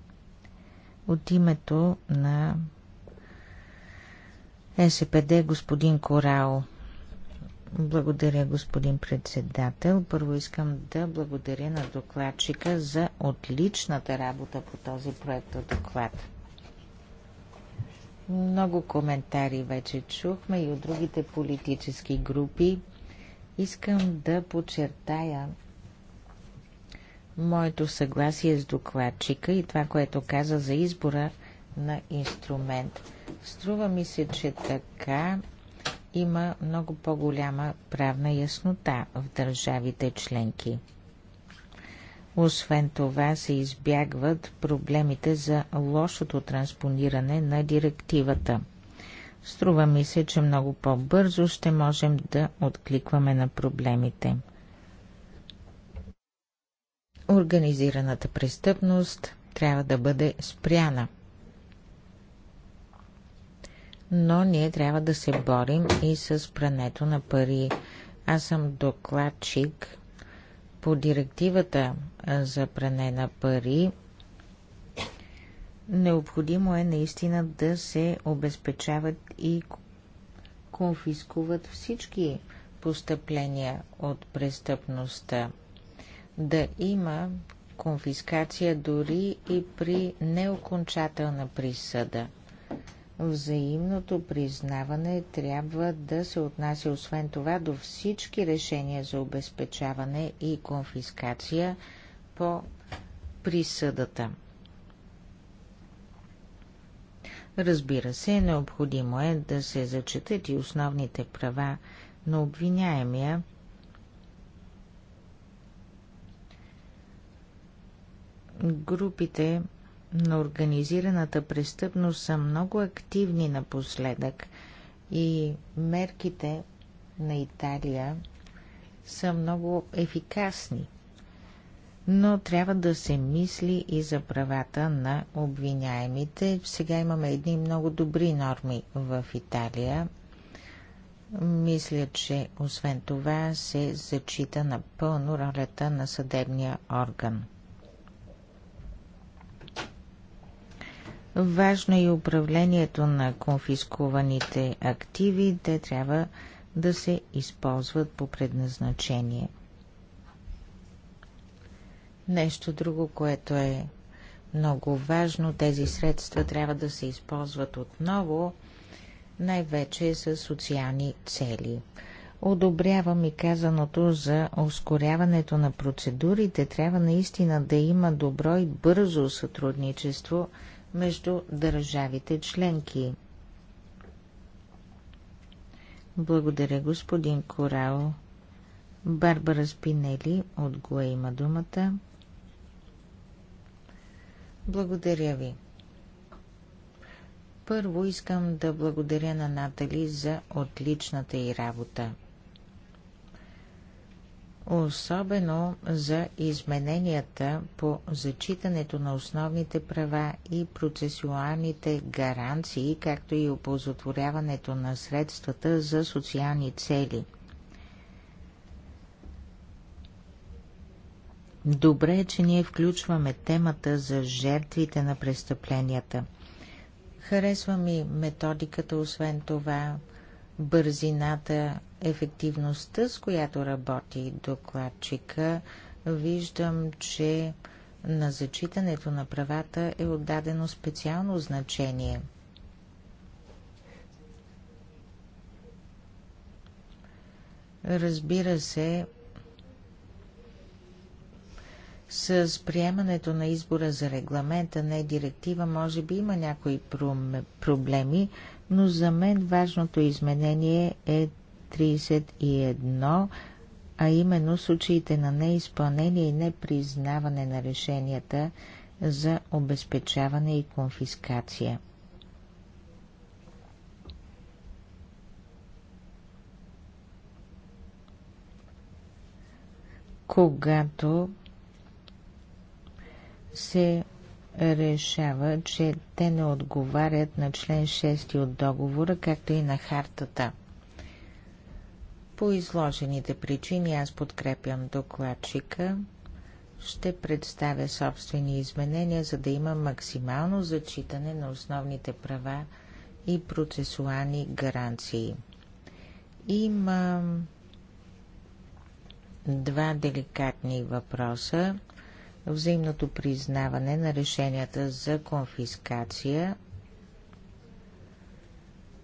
От името на е СПД господин Корао. Благодаря, господин председател. Първо искам да благодаря на докладчика за отличната работа по този проект от доклад. Много коментари вече чухме и от другите политически групи. Искам да подчертая моето съгласие с докладчика и това, което каза за избора – на инструмент. Струва ми се, че така има много по-голяма правна яснота в държавите членки. Освен това се избягват проблемите за лошото транспониране на директивата. Струва ми се, че много по-бързо ще можем да откликваме на проблемите. Организираната престъпност трябва да бъде спряна – но ние трябва да се борим и с прането на пари. Аз съм докладчик по директивата за пране на пари. Необходимо е наистина да се обезпечават и конфискуват всички постъпления от престъпността. Да има конфискация дори и при неокончателна присъда – Взаимното признаване трябва да се отнася освен това до всички решения за обезпечаване и конфискация по присъдата. Разбира се, необходимо е да се зачитат и основните права на обвиняемия, групите на организираната престъпност са много активни напоследък и мерките на Италия са много ефикасни. Но трябва да се мисли и за правата на обвиняемите. Сега имаме едни много добри норми в Италия. Мисля, че освен това се зачита напълно ролята на съдебния орган. Важно е и управлението на конфискуваните активи. Те трябва да се използват по предназначение. Нещо друго, което е много важно, тези средства трябва да се използват отново, най-вече за социални цели. Одобрявам и казаното за ускоряването на процедурите. Трябва наистина да има добро и бързо сътрудничество – между държавите членки. Благодаря, господин Корао. Барбара Спинели от Гуе има думата. Благодаря ви. Първо искам да благодаря на Натали за отличната й работа особено за измененията по зачитането на основните права и процесуалните гаранции, както и оползотворяването на средствата за социални цели. Добре е, че ние включваме темата за жертвите на престъпленията. Харесва ми методиката, освен това, бързината, ефективността, с която работи докладчика. Виждам, че на зачитането на правата е отдадено специално значение. Разбира се, с приемането на избора за регламента, не директива, може би има някои проблеми, но за мен важното изменение е 31, а именно случаите на неизпълнение и непризнаване на решенията за обезпечаване и конфискация. Когато се решава, че те не отговарят на член 6 от договора, както и на хартата. По изложените причини аз подкрепям докладчика. Ще представя собствени изменения, за да има максимално зачитане на основните права и процесуални гаранции. Има два деликатни въпроса взаимното признаване на решенията за конфискация,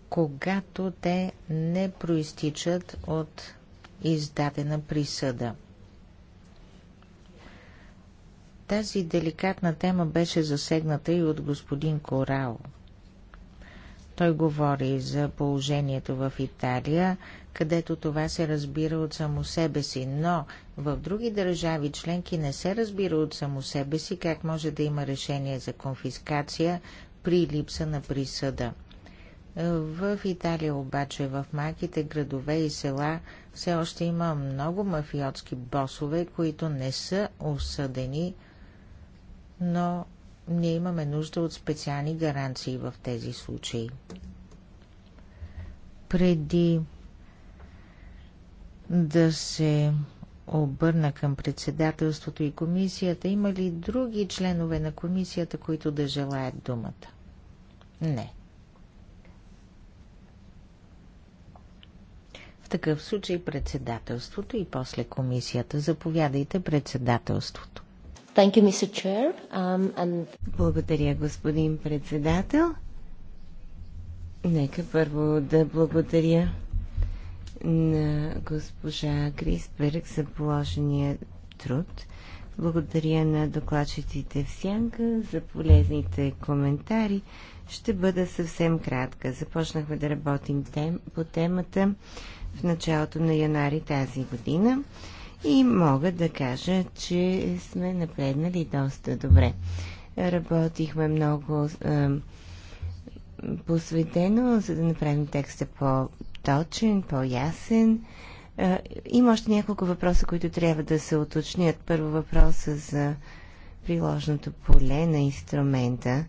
когато те не проистичат от издадена присъда. Тази деликатна тема беше засегната и от господин Корал – той говори за положението в Италия, където това се разбира от само себе си, но в други държави членки не се разбира от само себе си как може да има решение за конфискация при липса на присъда. В Италия обаче в малките градове и села все още има много мафиотски босове, които не са осъдени, но ние имаме нужда от специални гаранции в тези случаи. Преди да се обърна към председателството и комисията, има ли други членове на комисията, които да желаят думата? Не. В такъв случай председателството и после комисията. Заповядайте председателството. Thank you, Mr. Chair. Um, and... Благодаря, господин председател. Нека първо да благодаря на госпожа Крисберг за положения труд. Благодаря на докладчиците в Сянка за полезните коментари. Ще бъда съвсем кратка. Започнахме да работим тем, по темата в началото на януари тази година и мога да кажа, че сме напреднали доста добре. Работихме много е, посветено, за да направим текста по-точен, по-ясен. Е, има още няколко въпроса, които трябва да се уточнят. Първо въпроса за приложното поле на инструмента.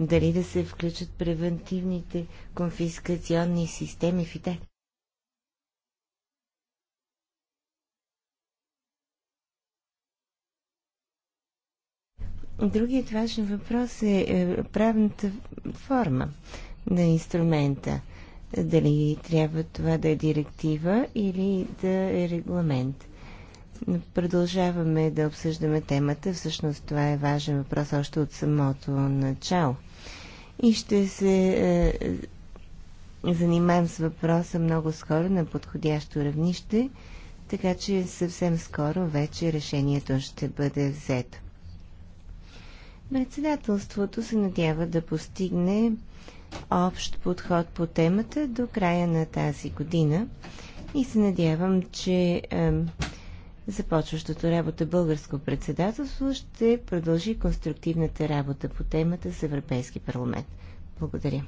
Дали да се включат превентивните конфискационни системи в Италия? Другият важен въпрос е, е правната форма на инструмента. Дали трябва това да е директива или да е регламент. Продължаваме да обсъждаме темата. Всъщност това е важен въпрос още от самото начало. И ще се е, занимаем с въпроса много скоро на подходящо равнище, така че съвсем скоро вече решението ще бъде взето. Председателството се надява да постигне общ подход по темата до края на тази година и се надявам, че е, започващото работа българско председателство ще продължи конструктивната работа по темата с Европейски парламент. Благодаря.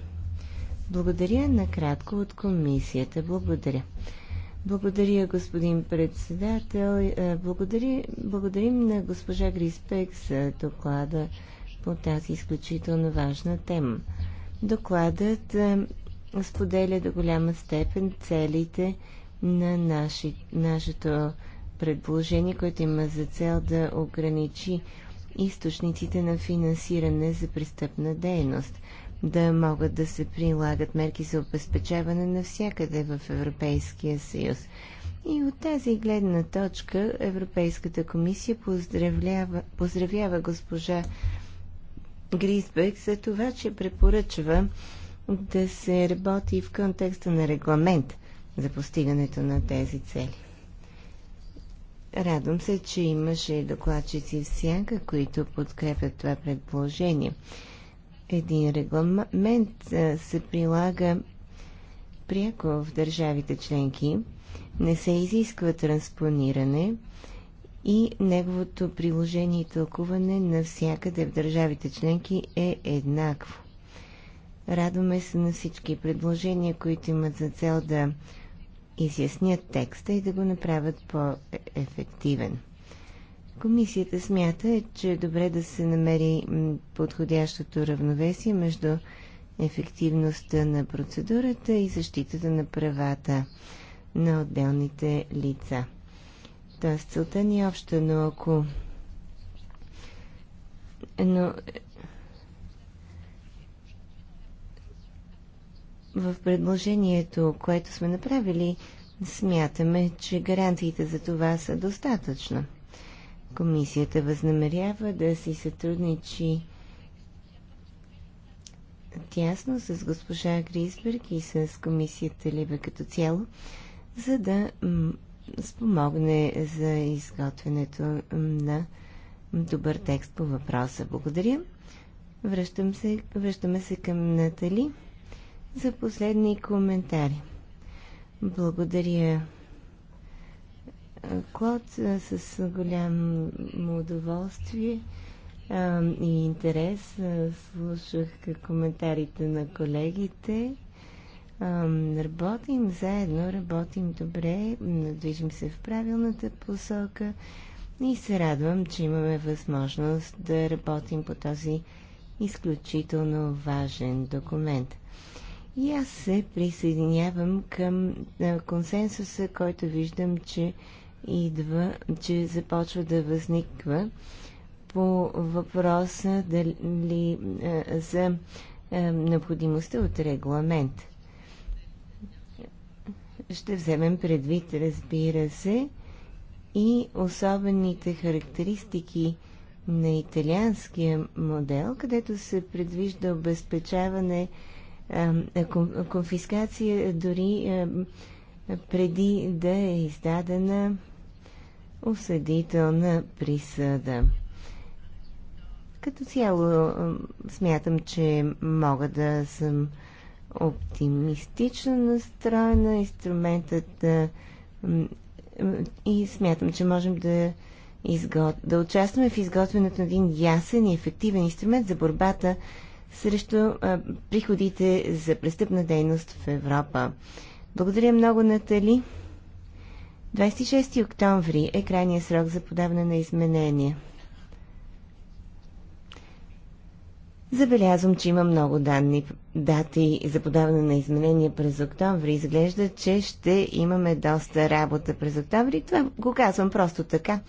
Благодаря накратко от комисията. Благодаря. Благодаря, господин председател. Е, Благодаря, благодарим на госпожа Гриспек за доклада по тази изключително важна тема. Докладът е, споделя до голяма степен целите на наши, нашето предложение, което има за цел да ограничи източниците на финансиране за престъпна дейност, да могат да се прилагат мерки за обезпечаване навсякъде в Европейския съюз. И от тази гледна точка Европейската комисия поздравява, поздравява госпожа Гризбек за това, че препоръчва да се работи в контекста на регламент за постигането на тези цели. Радвам се, че имаше докладчици в сянка, които подкрепят това предположение. Един регламент се прилага пряко в държавите членки, не се изисква транспониране, и неговото приложение и тълкуване навсякъде в държавите членки е еднакво. Радваме се на всички предложения, които имат за цел да изяснят текста и да го направят по-ефективен. Комисията смята, че е добре да се намери подходящото равновесие между ефективността на процедурата и защитата на правата на отделните лица. Тоест, целта ни е обща, но ако... Но... В предложението, което сме направили, смятаме, че гаранциите за това са достатъчно. Комисията възнамерява да си сътрудничи тясно с госпожа Грисберг и с комисията Либе като цяло, за да спомогне за изготвянето на добър текст по въпроса. Благодаря. Връщам се, връщаме се към Натали за последни коментари. Благодаря. Клод, с голямо удоволствие и интерес слушах коментарите на колегите. Работим заедно, работим добре, движим се в правилната посока и се радвам, че имаме възможност да работим по този изключително важен документ. И аз се присъединявам към консенсуса, който виждам, че идва, че започва да възниква по въпроса дали, за необходимостта от регламент ще вземем предвид, разбира се, и особените характеристики на италианския модел, където се предвижда обезпечаване, е, конфискация дори преди да е издадена осъдителна присъда. Като цяло смятам, че мога да съм оптимистично настроена. Инструментът и смятам, че можем да, изгод... да участваме в изготвянето на един ясен и ефективен инструмент за борбата срещу а, приходите за престъпна дейност в Европа. Благодаря много, Натали. 26 октомври е крайният срок за подаване на изменения. Забелязвам, че има много данни, дати за подаване на изменения през октомври. Изглежда, че ще имаме доста работа през октомври. Това го казвам просто така.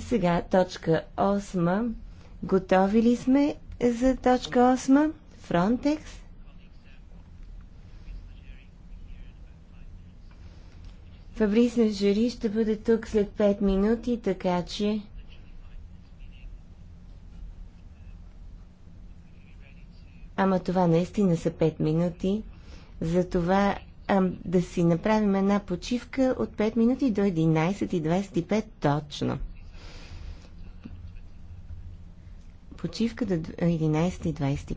Сега точка 8. Готови ли сме за точка 8? Frontex? Фабрис Жюри ще бъде тук след 5 минути, така че... Ама това наистина са 5 минути. Затова да си направим една почивка от 5 минути до 11.25 точно. Почивка до 11.25.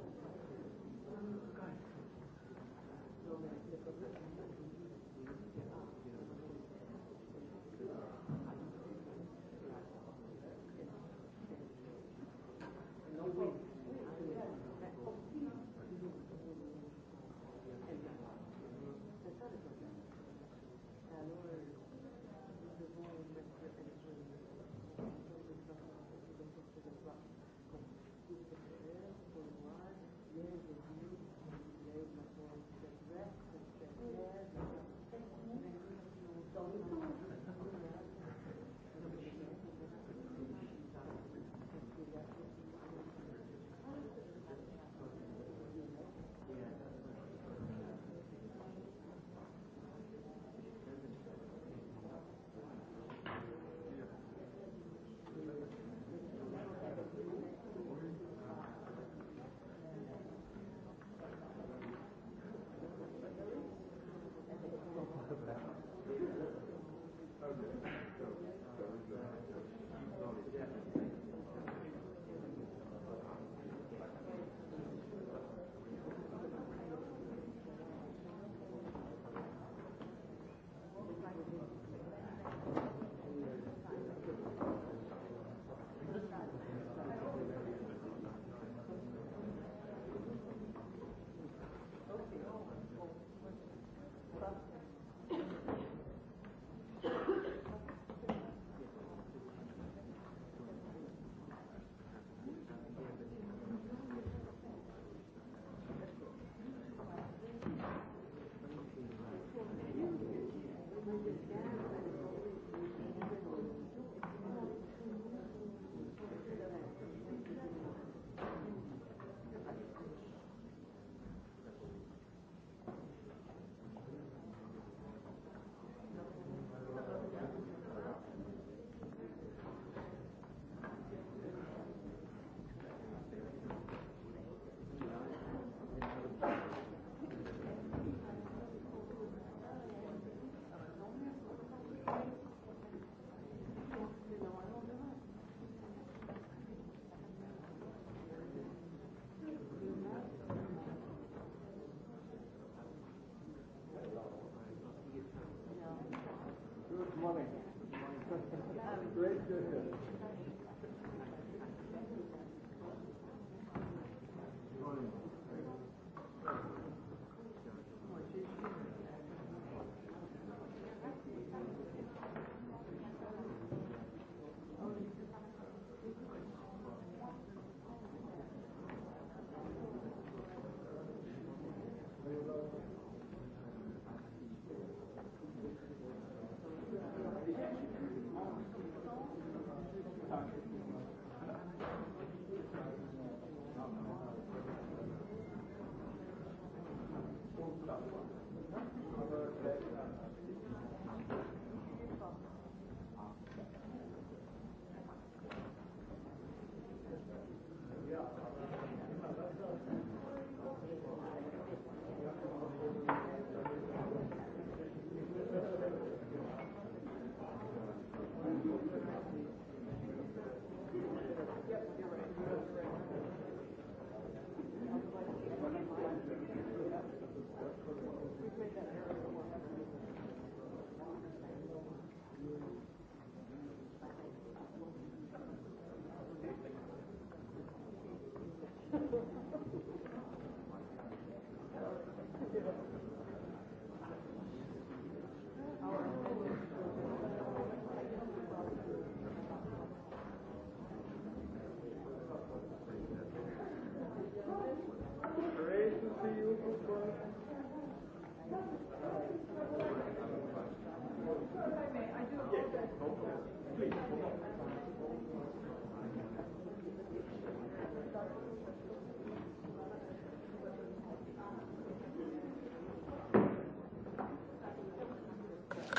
Thank you.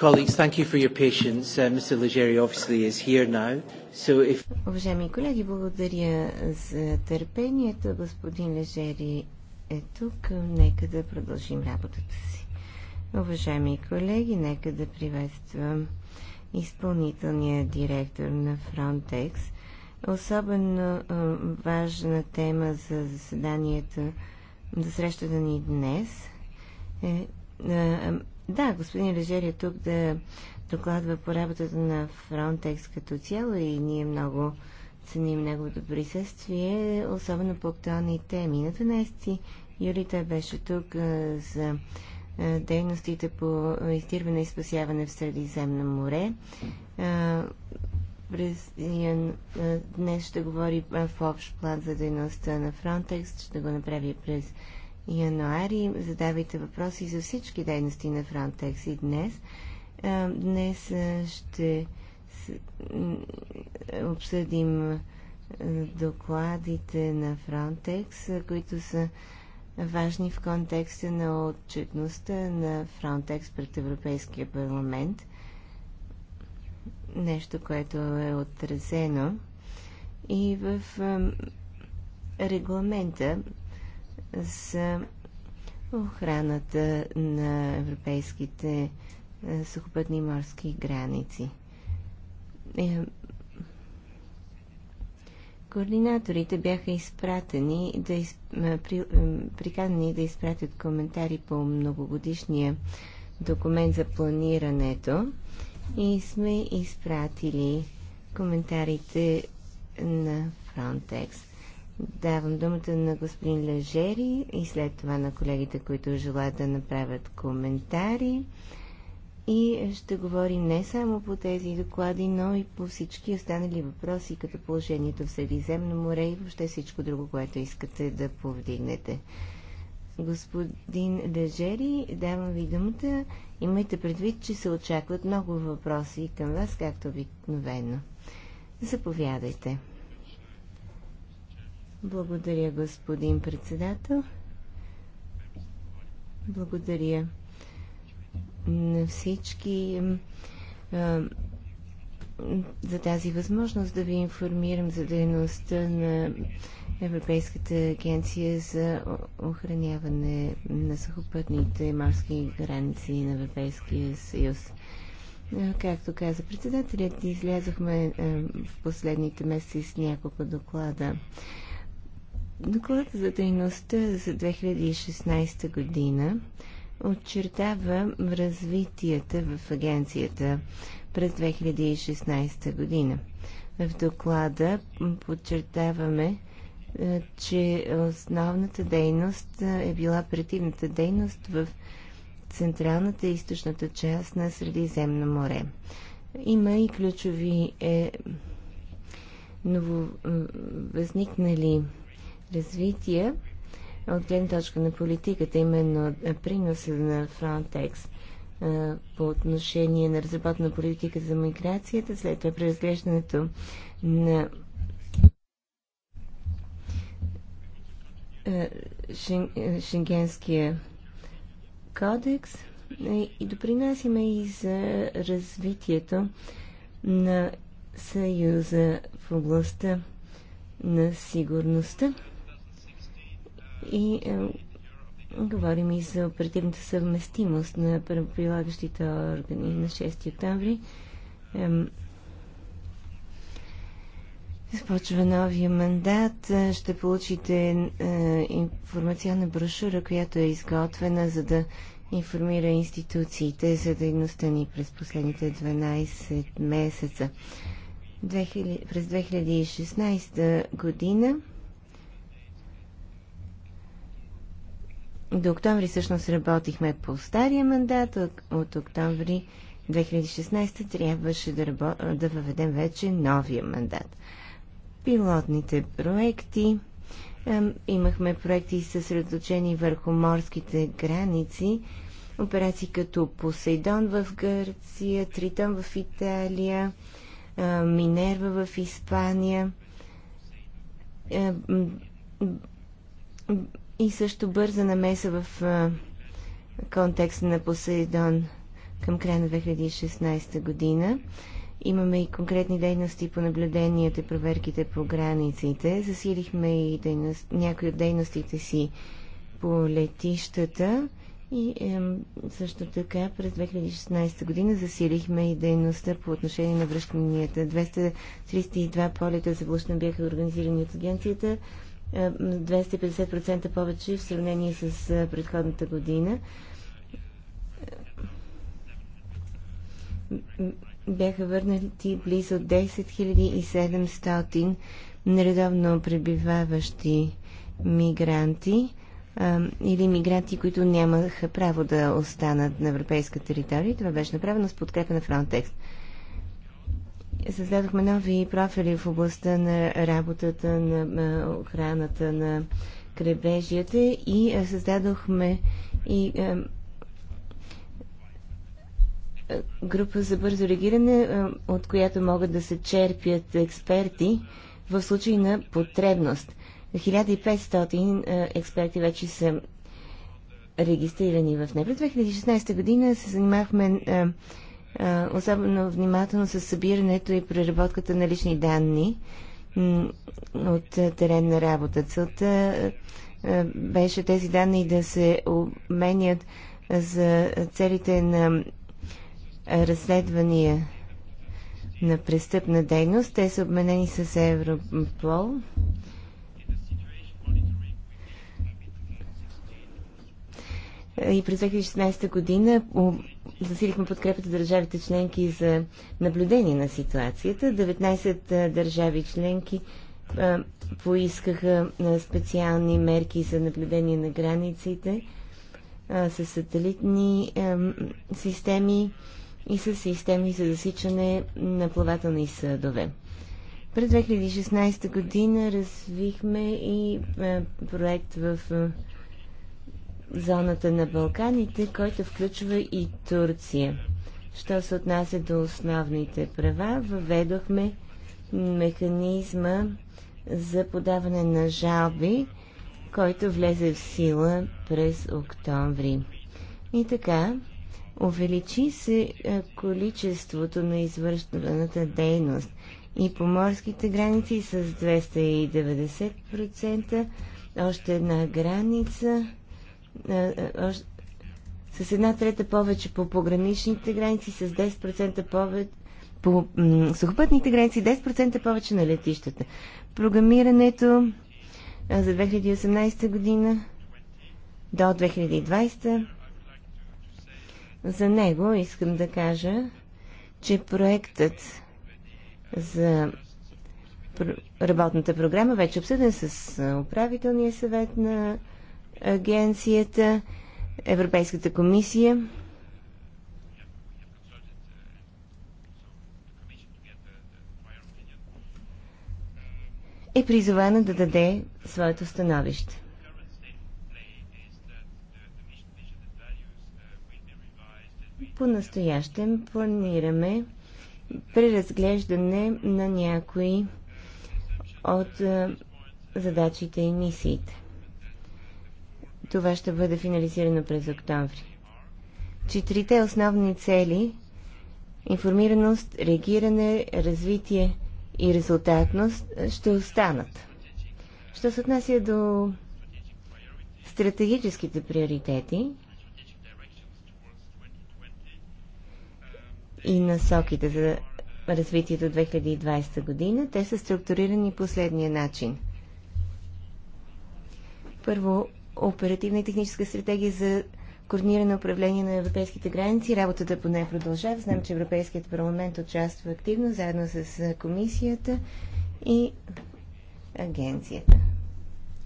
Colleagues, thank you for your patience. Uh, Mr. Legere obviously is here now. So if... Уважаеми колеги, благодаря за търпението. Господин Лежери е тук. Нека да продължим работата си. Уважаеми колеги, нека да приветствам изпълнителния директор на Frontex. Особено важна тема за заседанието, за срещата ни днес е да, господин Режер е тук да докладва по работата на Frontex като цяло и ние много ценим неговото присъствие, особено по актуални теми. На 12 юли той беше тук за дейностите по изтирване и спасяване в Средиземно море. през днес ще говори в общ план за дейността на Frontex, ще го направи през януари задавайте въпроси за всички дейности на Frontex и днес. Днес ще обсъдим докладите на Frontex, които са важни в контекста на отчетността на Frontex пред Европейския парламент. Нещо, което е отразено и в регламента за охраната на европейските е, сухопътни морски граници. Е, координаторите бяха изпратени да из... Е, при... приканени да изпратят коментари по многогодишния документ за планирането и сме изпратили коментарите на Frontex. Давам думата на господин Лежери и след това на колегите, които желаят да направят коментари. И ще говорим не само по тези доклади, но и по всички останали въпроси, като положението в Средиземно море и въобще всичко друго, което искате да повдигнете. Господин Лежери, давам ви думата. Имайте предвид, че се очакват много въпроси към вас, както обикновено. Заповядайте. Благодаря, господин председател. Благодаря на всички за тази възможност да ви информирам за дейността на Европейската агенция за охраняване на сухопътните морски граници на Европейския съюз. Както каза председателят, излязохме в последните месеци с няколко доклада Доклад за дейността за 2016 година очертава развитията в агенцията през 2016 година. В доклада подчертаваме, е, че основната дейност е, е била оперативната дейност в централната и източната част на Средиземно море. Има и ключови е, нововъзникнали е, възникнали развитие от гледна точка на политиката, именно приноса на Frontex по отношение на разработна политика за миграцията, след това преразглеждането на Шен... Шенгенския кодекс и допринасяме и за развитието на Съюза в областта на сигурността. И е, говорим и за оперативната съвместимост на прилагащите органи на 6 октомври. Е, Започва новия мандат. Е, ще получите е, информационна брошура, която е изготвена, за да информира институциите за дейността ни през последните 12 месеца. 2000, през 2016 година До октомври всъщност работихме по стария мандат, от, от октомври 2016 трябваше да, рабо, да въведем вече новия мандат. Пилотните проекти. Ем, имахме проекти съсредоточени върху морските граници, операции като Посейдон в Гърция, Тритон в Италия, е, Минерва в Испания. Е, и също бърза намеса в а, контекста на Посейдон към края на 2016 година. Имаме и конкретни дейности по наблюденията и проверките по границите. Засилихме и дейност, някои от дейностите си по летищата и е, също така през 2016 година засилихме и дейността по отношение на връщанията. 232 полета за влъщане бяха организирани от агенцията 250% повече в сравнение с предходната година. Бяха върнати близо 10 700 нередовно пребиваващи мигранти или мигранти, които нямаха право да останат на европейска територия. Това беше направено с подкрепа на Frontex създадохме нови профили в областта на работата на охраната на крайбрежията и създадохме и група за бързо реагиране, от която могат да се черпят експерти в случай на потребност. 1500 експерти вече са регистрирани в него. 2016 година се занимахме особено внимателно с събирането и преработката на лични данни от теренна работа. Целта беше тези данни да се обменят за целите на разследвания на престъпна дейност. Те са обменени с Европол и през 2016 година засилихме подкрепата държавите членки за наблюдение на ситуацията. 19 държави членки поискаха специални мерки за наблюдение на границите с сателитни системи и с системи за засичане на плавателни съдове. През 2016 година развихме и проект в зоната на Балканите, който включва и Турция. Що се отнася до основните права, въведохме механизма за подаване на жалби, който влезе в сила през октомври. И така, увеличи се количеството на извършваната дейност и по морските граници с 290%, още една граница е, е, с една трета повече по пограничните граници, с 10% повече по сухопътните граници, 10% повече на летищата. Програмирането е, за 2018 година до 2020 за него искам да кажа, че проектът за работната програма вече обсъден с управителния съвет на агенцията, Европейската комисия. е призована да даде своето становище. По-настоящем планираме преразглеждане на някои от задачите и мисиите. Това ще бъде финализирано през октомври. Четирите основни цели – информираност, реагиране, развитие и резултатност – ще останат. Що се отнася до стратегическите приоритети и насоките за развитието 2020 година, те са структурирани последния начин. Първо, оперативна и техническа стратегия за координиране управление на европейските граници. Работата по нея продължава. Знам, че Европейският парламент участва активно, заедно с комисията и агенцията.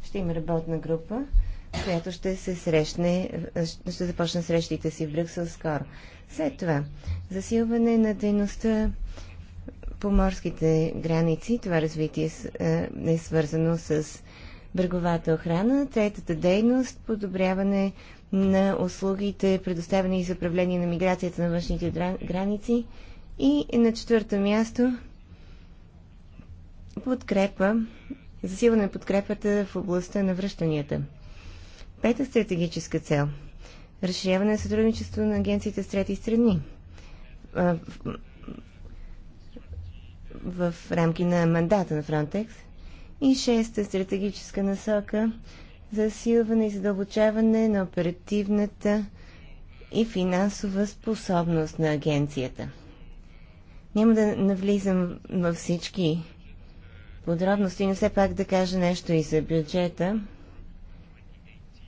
Ще има работна група, която ще се срещне, ще започне срещите си в Брюксел скоро. След това, засилване на дейността по морските граници. Това развитие е свързано с бреговата охрана. Третата дейност – подобряване на услугите, предоставени за управление на миграцията на външните граници. И на четвърто място – подкрепа, засилване на подкрепата в областта на връщанията. Пета стратегическа цел – разширяване на сътрудничество на агенциите с трети страни в рамки на мандата на Фронтекс – и шеста стратегическа насока засилване и задълбочаване на оперативната и финансова способност на агенцията. Няма да навлизам във всички подробности, но все пак да кажа нещо и за бюджета.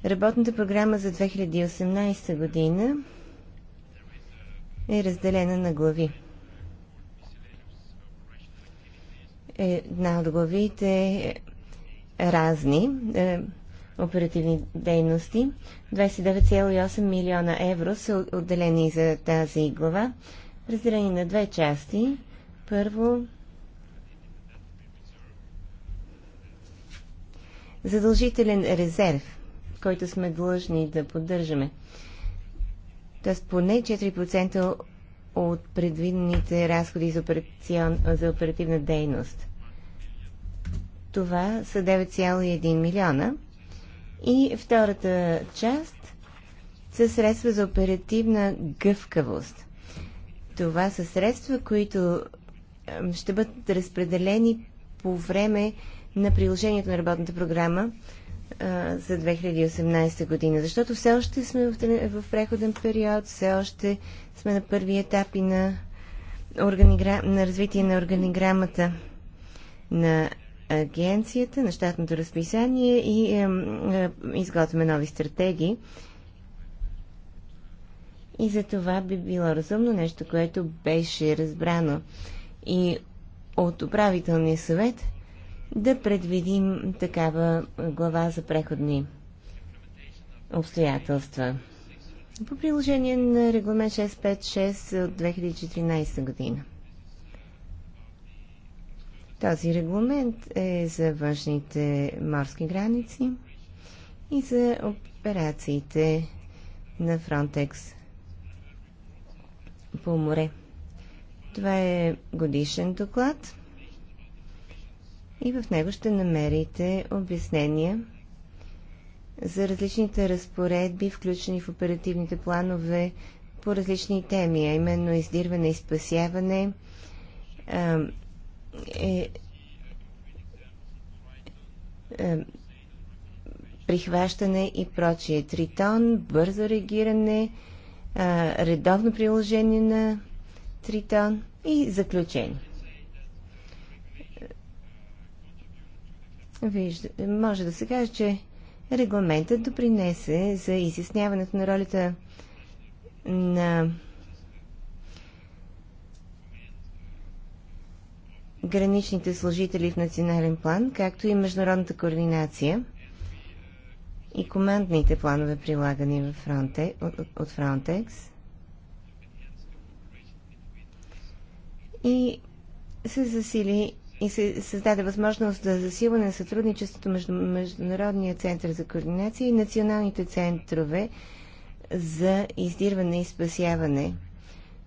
Работната програма за 2018 година е разделена на глави. Е една от главите е, разни е, оперативни дейности. 29,8 милиона евро са отделени за тази глава, разделени на две части. Първо, задължителен резерв, който сме длъжни да поддържаме. Тоест поне 4% от предвидените разходи за, операцион, за оперативна дейност. Това са 9,1 милиона. И втората част са средства за оперативна гъвкавост. Това са средства, които ще бъдат разпределени по време на приложението на работната програма а, за 2018 година. Защото все още сме в, в преходен период, все още сме на първи етапи на, на развитие на органиграмата на агенцията, на щатното разписание и е, е, изготвяме нови стратегии. И за това би било разумно нещо, което беше разбрано и от управителния съвет да предвидим такава глава за преходни обстоятелства. По приложение на регламент 656 от 2014 година. Този регламент е за външните морски граници и за операциите на Фронтекс по море. Това е годишен доклад и в него ще намерите обяснения за различните разпоредби, включени в оперативните планове по различни теми, а именно издирване и спасяване, е, е прихващане и прочие. Тритон, бързо реагиране, е, редовно приложение на Тритон и заключение. Вижда, може да се каже, че регламентът допринесе за изясняването на ролята на граничните служители в национален план, както и международната координация и командните планове прилагани Фронте, от Frontex и се засили и се създаде възможност за засилване на сътрудничеството между Международния център за координация и националните центрове за издирване и спасяване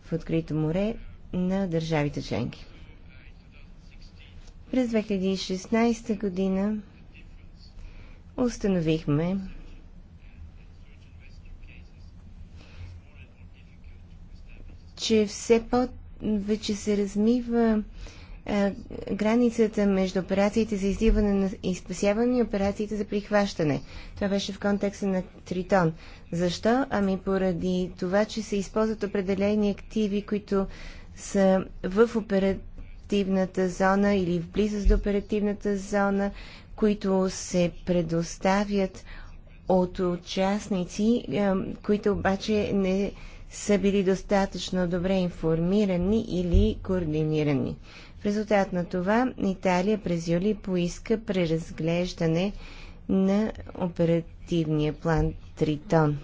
в открито море на държавите членки. През 2016 година установихме, че все повече се размива а, границата между операциите за издиване на, и спасяване и операциите за прихващане. Това беше в контекста на Тритон. Защо? Ами поради това, че се използват определени активи, които са в оперативната оперативната зона или в близост до оперативната зона, които се предоставят от участници, които обаче не са били достатъчно добре информирани или координирани. В резултат на това Италия през юли поиска преразглеждане на оперативния план Тритон.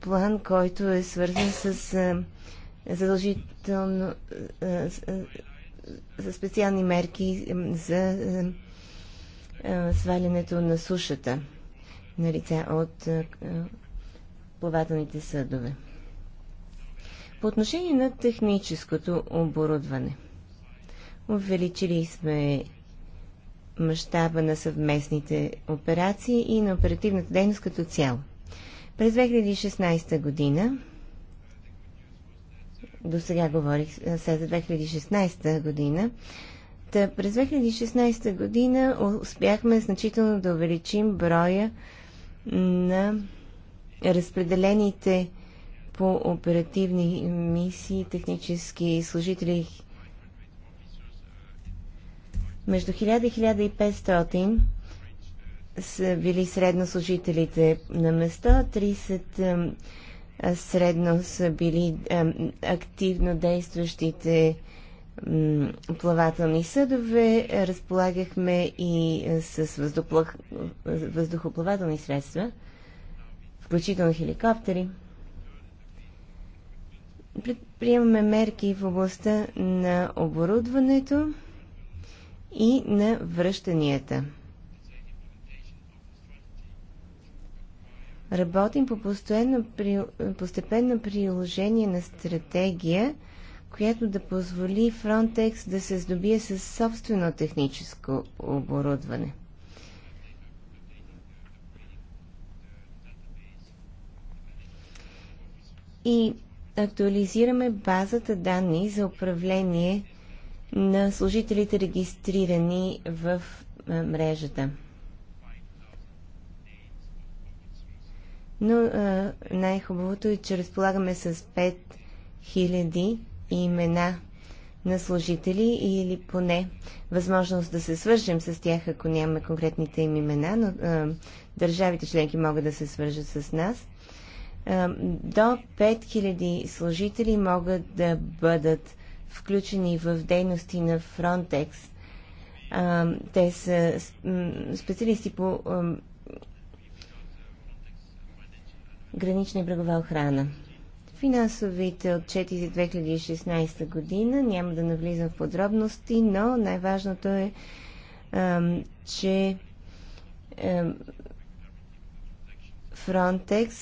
План, който е свързан с задължително е, е, за специални мерки за е, свалянето на сушата на лица от плавателните съдове. По отношение на техническото оборудване, увеличили сме мащаба на съвместните операции и на оперативната дейност като цяло. През 2016 година до сега говорих сега за 2016 година. Та през 2016 година успяхме значително да увеличим броя на разпределените по оперативни мисии технически служители между 1000 и 1500 са били средно служителите на места 30 средно са били активно действащите плавателни съдове. Разполагахме и с въздух... въздухоплавателни средства, включително хеликоптери. Предприемаме мерки в областта на оборудването и на връщанията. Работим по постепенно приложение на стратегия, която да позволи Frontex да се здобие с собствено техническо оборудване. И актуализираме базата данни за управление на служителите регистрирани в мрежата. но най-хубавото е, че разполагаме с 5000 имена на служители или поне възможност да се свържем с тях, ако нямаме конкретните им имена, но а, държавите членки могат да се свържат с нас. А, до 5000 служители могат да бъдат включени в дейности на Frontex. те са специалисти по гранична и брегова охрана. Финансовите отчети за 2016 година няма да навлизам в подробности, но най-важното е, че Frontex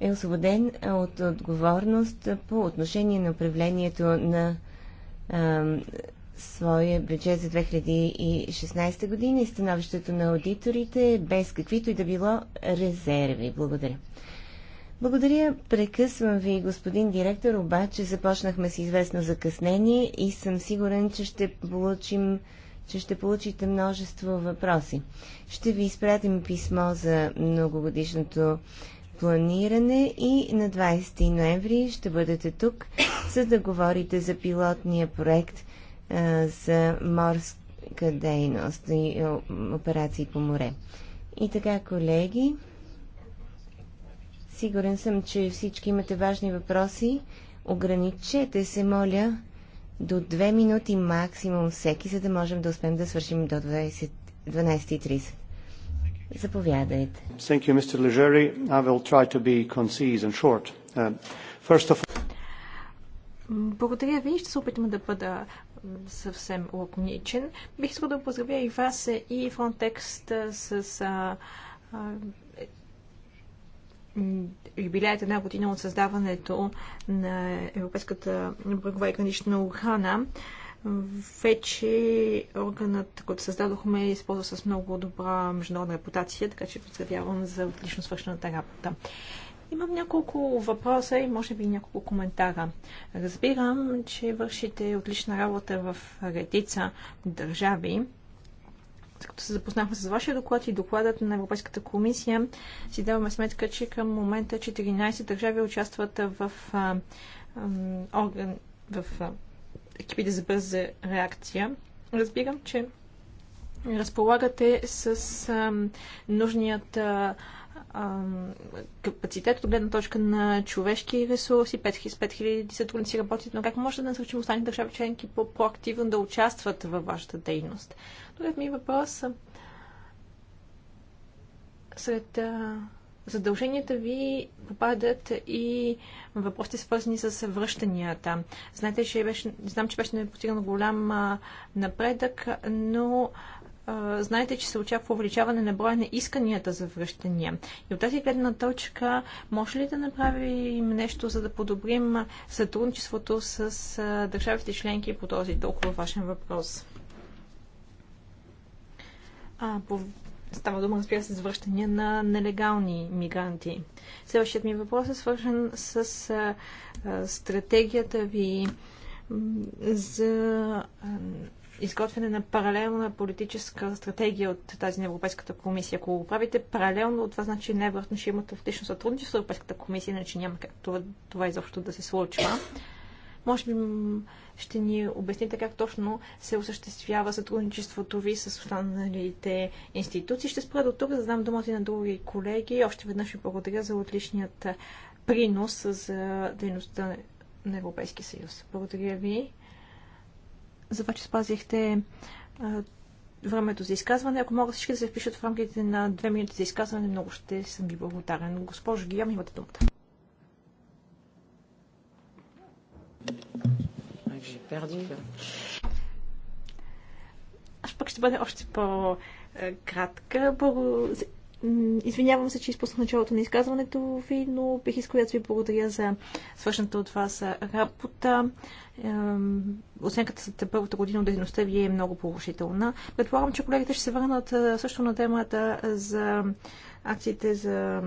е освободен от отговорност по отношение на управлението на своя бюджет за 2016 година и становището на аудиторите без каквито и да било резерви. Благодаря. Благодаря. Прекъсвам ви, господин директор, обаче започнахме с известно закъснение и съм сигурен, че ще получим че ще получите множество въпроси. Ще ви изпратим писмо за многогодишното планиране и на 20 ноември ще бъдете тук, за да говорите за пилотния проект а, за морска дейност и операции по море. И така, колеги, Сигурен съм, че всички имате важни въпроси. Ограничете се, моля, до две минути максимум всеки, за да можем да успеем да свършим до 20, 12.30. Заповядайте. Thank you, Mr. Legeri. I will try to be concise and short. Uh, first of благодаря ви. Ще се опитам да бъда съвсем лаконичен. Бих искал да поздравя и вас е, и Frontex е, с а, а, юбилеят е една година от създаването на Европейската брегова и гранична охрана, вече органът, който създадохме, е използва с много добра международна репутация, така че поздравявам за отлично свършената работа. Имам няколко въпроса и може би няколко коментара. Разбирам, че вършите отлична работа в редица държави като се запознахме с вашия доклад и докладът на Европейската комисия, си даваме сметка, че към момента 14 държави участват в, а, орган, в а, екипите за бърза реакция. Разбирам, че разполагате с а, нужният а, капацитет от гледна точка на човешки ресурси, 5000 сътрудници работят, но как може да насърчим останалите държави членки по-проактивно да участват във вашата дейност? Другият ми въпрос сред задълженията ви попадат и въпросите свързани с връщанията. Знаете, че беше, знам, че беше постигнал голям напредък, но знаете, че се очаква увеличаване на броя на исканията за връщания. И от тази гледна точка, може ли да направим нещо, за да подобрим сътрудничеството с държавите членки по този толкова важен въпрос? А, по... Става дума, разбира се, за връщания на нелегални мигранти. Следващият ми въпрос е свързан с а, а, стратегията ви за а, изготвяне на паралелна политическа стратегия от тази на Европейската комисия. Ако го правите паралелно, това значи най-вероятно ще имате отлично сътрудничество с Европейската комисия, иначе няма как това, това изобщо да се случва. Може би ще ни обясните как точно се осъществява сътрудничеството ви с останалите институции. Ще спра до тук, за да дам думата и на други колеги. Още веднъж ви благодаря за отличният принос за дейността на Европейския съюз. Благодаря ви за това, че спазихте времето за изказване. Ако могат всички да се впишат в рамките на две минути за изказване, много ще съм ви благодарен. Госпожо Гиям, имате думата. Аз пък ще бъде още по-кратка. Е, Благодаря Извинявам се, че изпуснах началото на изказването ви, но бих искала да ви благодаря за свършната от вас работа. Оценката за първата година от дейността ви е много положителна. Предполагам, че колегите ще се върнат също на темата за акциите за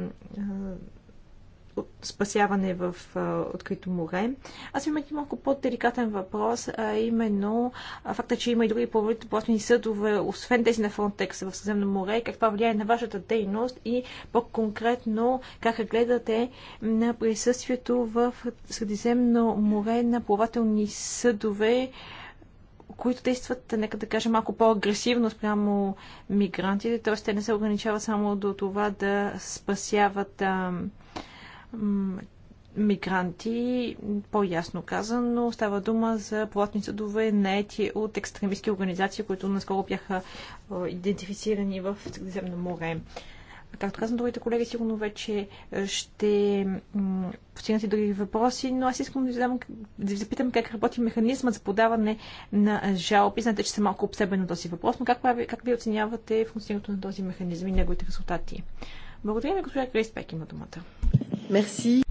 спасяване в а, открито море. Аз имам един малко по-деликатен въпрос, а именно а, факта, че има и други плавателни съдове, освен тези на Frontex в Средиземно море, как това влияе на вашата дейност и по-конкретно как гледате на присъствието в Средиземно море на плавателни съдове, които действат, нека да кажа, малко по-агресивно спрямо мигрантите, т.е. те не се ограничават само до това да спасяват а, мигранти, по-ясно казано, става дума за плотни съдове, наети от екстремистски организации, които наскоро бяха идентифицирани в Средиземно море. Както казвам, другите колеги сигурно вече ще постигнат и други въпроси, но аз искам да ви, задам, да ви запитам как работи механизма за подаване на жалби. Знаете, че съм малко обсебен на този въпрос, но как, прави, как ви оценявате функционирането на този механизъм и неговите резултати? Благодаря ви, госпожа Крис Пек има думата. Мерси.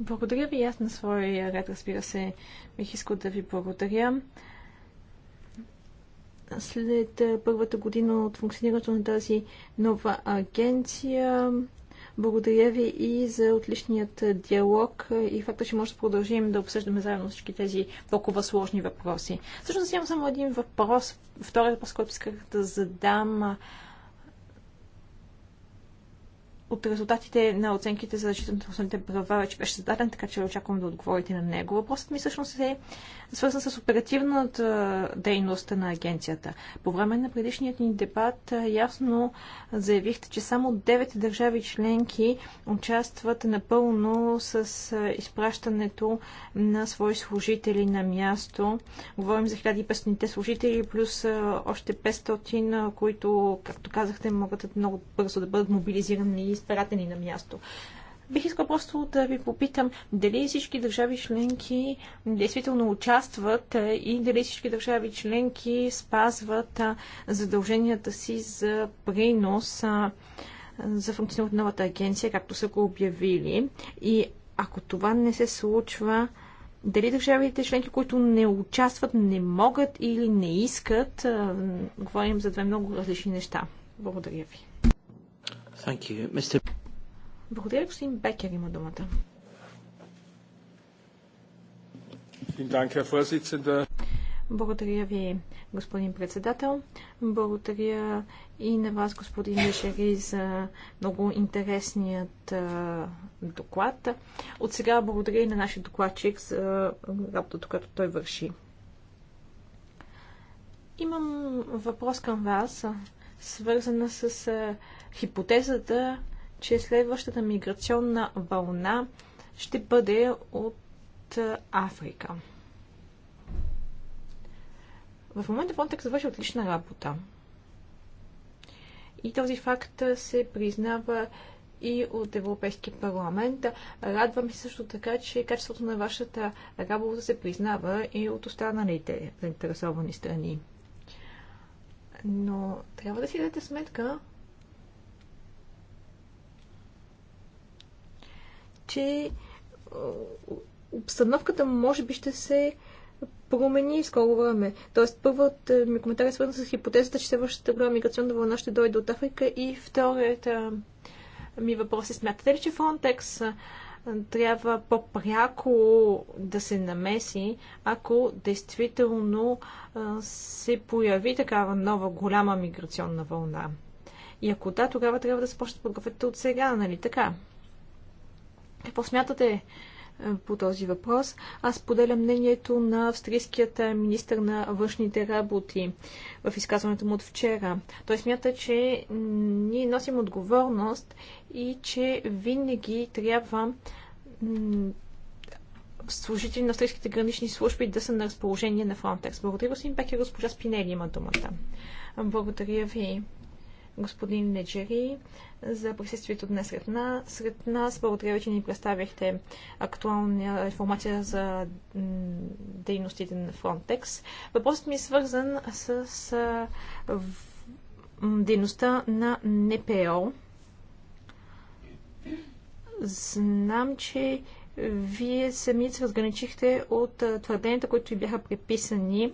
Благодаря ви. Аз на своя ред, разбира се, бих искал да ви благодаря. След първата година от функционирането на тази нова агенция, благодаря ви и за отличният диалог и факта, че може да продължим да обсъждаме заедно всички тези толкова сложни въпроси. Всъщност имам само един въпрос, втори въпрос, който исках да задам от резултатите на оценките за защита на основните права вече беше зададен, така че очаквам да отговорите на него. Въпросът ми всъщност е свързан с оперативната дейност на агенцията. По време на предишният ни дебат ясно заявихте, че само 9 държави членки участват напълно с изпращането на свои служители на място. Говорим за 1500 служители плюс още 500, които, както казахте, могат много бързо да бъдат мобилизирани изпратени на място. Бих искал просто да ви попитам дали всички държави членки действително участват е, и дали всички държави членки спазват е, задълженията си за принос е, за функционалната новата агенция, както са го обявили. И ако това не се случва, дали държавите членки, които не участват, не могат или не искат, говорим за две много различни неща. Благодаря ви. You, Mr... Благодаря, господин Бекер има думата. Благодаря ви, господин председател. Благодаря и на вас, господин Мишери, за много интересният доклад. От сега благодаря и на нашия докладчик за работата, която той върши. Имам въпрос към вас, свързана с хипотезата, че следващата миграционна вълна ще бъде от Африка. В момента Фронтекс завърши отлична работа. И този факт се признава и от Европейския парламент. Радвам се също така, че качеството на вашата работа се признава и от останалите заинтересовани страни. Но трябва да си дадете сметка, че обстановката може би ще се промени скоро време. Тоест, първият ми коментар е свързан с хипотезата, че следващата голяма миграционна вълна ще дойде от Африка и вторият ми въпрос е смятате ли, че Frontex трябва по-пряко да се намеси, ако действително се появи такава нова голяма миграционна вълна? И ако да, тогава трябва да започнат подготвите от сега, нали така? Какво смятате е, по този въпрос? Аз поделям мнението на австрийският е, министр на външните работи в изказването му от вчера. Той смята, че ние носим отговорност и че винаги трябва служители на австрийските гранични служби да са на разположение на Фронтекс. Благодаря, господин Бекер. Госпожа Спинели има думата. Благодаря ви, господин Неджери за присъствието днес сред нас. Сред нас благодаря ви, че ни представихте актуална информация за дейностите на Frontex. Въпросът ми е свързан с, с дейността на НПО. Знам, че вие сами се разграничихте от твърденията, които ви бяха приписани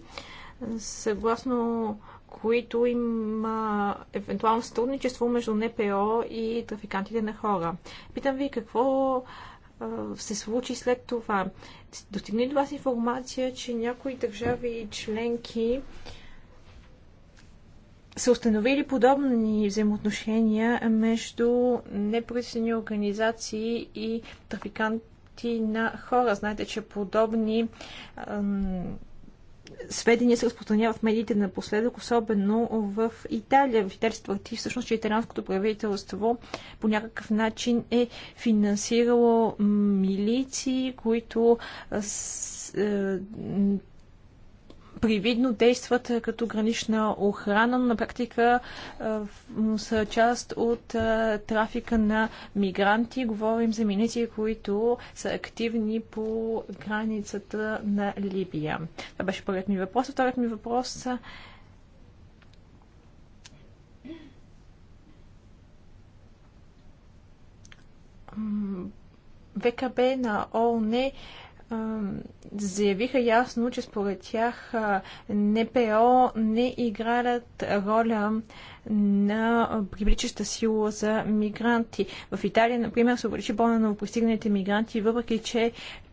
съгласно които има евентуално сътрудничество между НПО и трафикантите на хора. Питам ви какво се случи след това. Достигне до вас информация, че някои държави и членки са установили подобни взаимоотношения между непредседни организации и трафиканти на хора. Знаете, че подобни сведения се разпространяват в медиите напоследък, особено в Италия. В Италия твърди всъщност, че италианското правителство по някакъв начин е финансирало милиции, които с, е, привидно действат е, като гранична охрана, но на практика е, са част от е, трафика на мигранти. Говорим за миници, които са активни по границата на Либия. Това беше първият ми въпрос. Вторият ми въпрос ВКБ на ООН заявиха ясно, че според тях НПО не играят роля на привличаща сила за мигранти. В Италия, например, се увеличи броя на пристигналите мигранти, въпреки че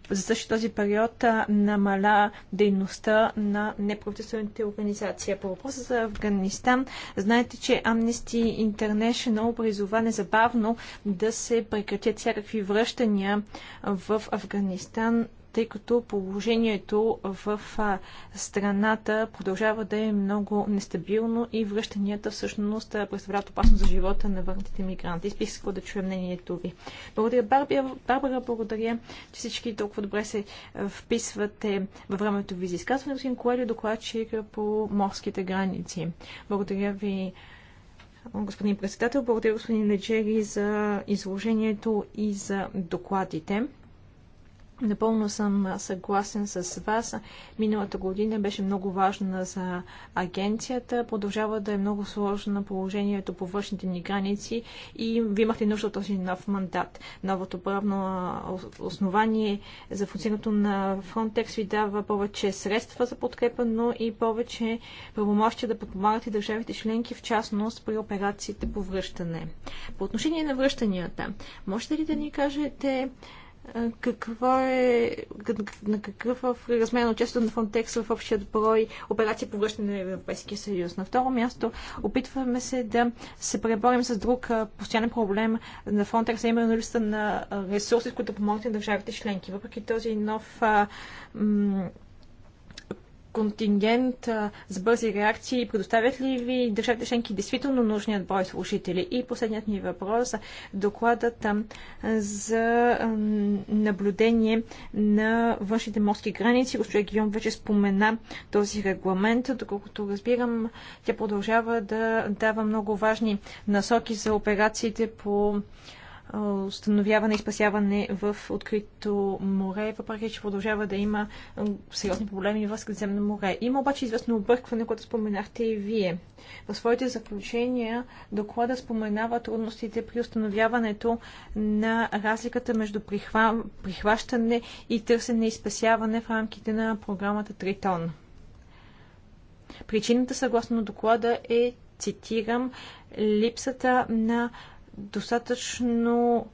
за същия този период намаля дейността на неправителствените организации. По въпроса за Афганистан, знаете, че Amnesty International призова незабавно да се прекратят всякакви връщания в Афганистан тъй като положението в страната продължава да е много нестабилно и връщанията всъщност представляват опасност за живота на върнатите мигранти. Бих да чуя мнението ви. Благодаря, Барбия. Барбара. Благодаря, че всички толкова добре се вписвате във времето ви за изказване. Господин Коелю, докладчик по морските граници. Благодаря ви, господин председател. Благодаря, господин Леджери, за изложението и за докладите. Напълно съм съгласен с вас. Миналата година беше много важна за агенцията. Продължава да е много сложно на положението по външните ни граници и ви имахте нужда от този нов мандат. Новото правно основание за функционирането на Frontex ви дава повече средства за подкрепа, но и повече правомощия да подпомагате държавите членки, в частност при операциите по връщане. По отношение на връщанията, можете ли да ни кажете какво е, на какъв размер на участието на Фронтекс в общият брой операции по връщане на Европейския съюз. На второ място опитваме се да се преборим с друг постоянен проблем на Фронтекс, а именно листа на ресурси, които помогнат на държавите членки. Въпреки този нов контингент а, с бързи реакции? Предоставят ли ви държавите членки действително нужният брой служители? И последният ми въпрос докладът а, за а, наблюдение на външните морски граници. Господин Гион вече спомена този регламент. Доколкото разбирам, тя продължава да дава много важни насоки за операциите по установяване и спасяване в открито море, въпреки че продължава да има сериозни проблеми в Средиземно море. Има обаче известно объркване, което споменахте и вие. В своите заключения доклада споменава трудностите при установяването на разликата между прихва... прихващане и търсене и спасяване в рамките на програмата Тритон. Причината, съгласно доклада, е, цитирам, липсата на достатъчно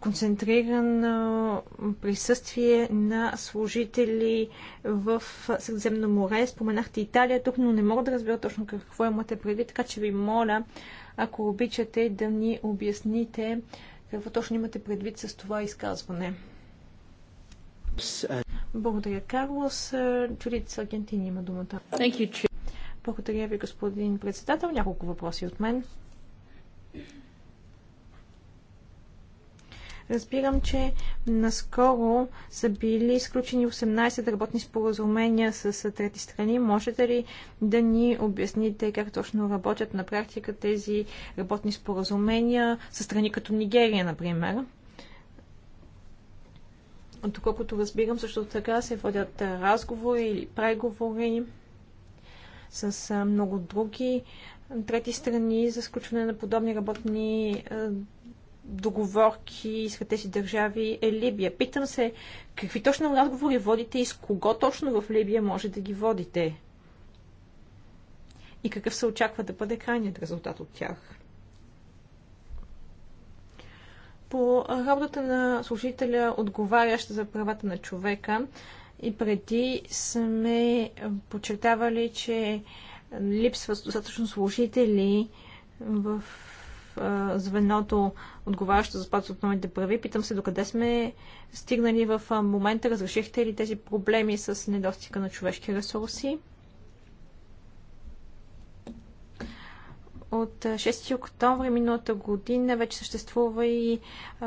концентрирано присъствие на служители в Средиземно море. Споменахте Италия тук, но не мога да разбера точно какво имате предвид, така че ви моля, ако обичате, да ни обясните какво точно имате предвид с това изказване. Благодаря, Карлос. Чудите с Аргентини има думата. Благодаря ви, господин председател. Няколко въпроси от мен. Разбирам, че наскоро са били изключени 18 работни споразумения с трети страни. Можете ли да ни обясните как точно работят на практика тези работни споразумения с страни като Нигерия, например? Доколкото разбирам, също така се водят разговори или преговори с много други трети страни за сключване на подобни работни договорки с тези държави е Либия. Питам се, какви точно разговори водите и с кого точно в Либия може да ги водите? И какъв се очаква да бъде крайният резултат от тях? По работата на служителя, отговарящ за правата на човека, и преди сме подчертавали, че липсват достатъчно служители в звеното, отговарящо за спад от новите прави. Питам се докъде сме стигнали в момента. Разрешихте ли тези проблеми с недостига на човешки ресурси? От 6 октомври миналата година вече съществува и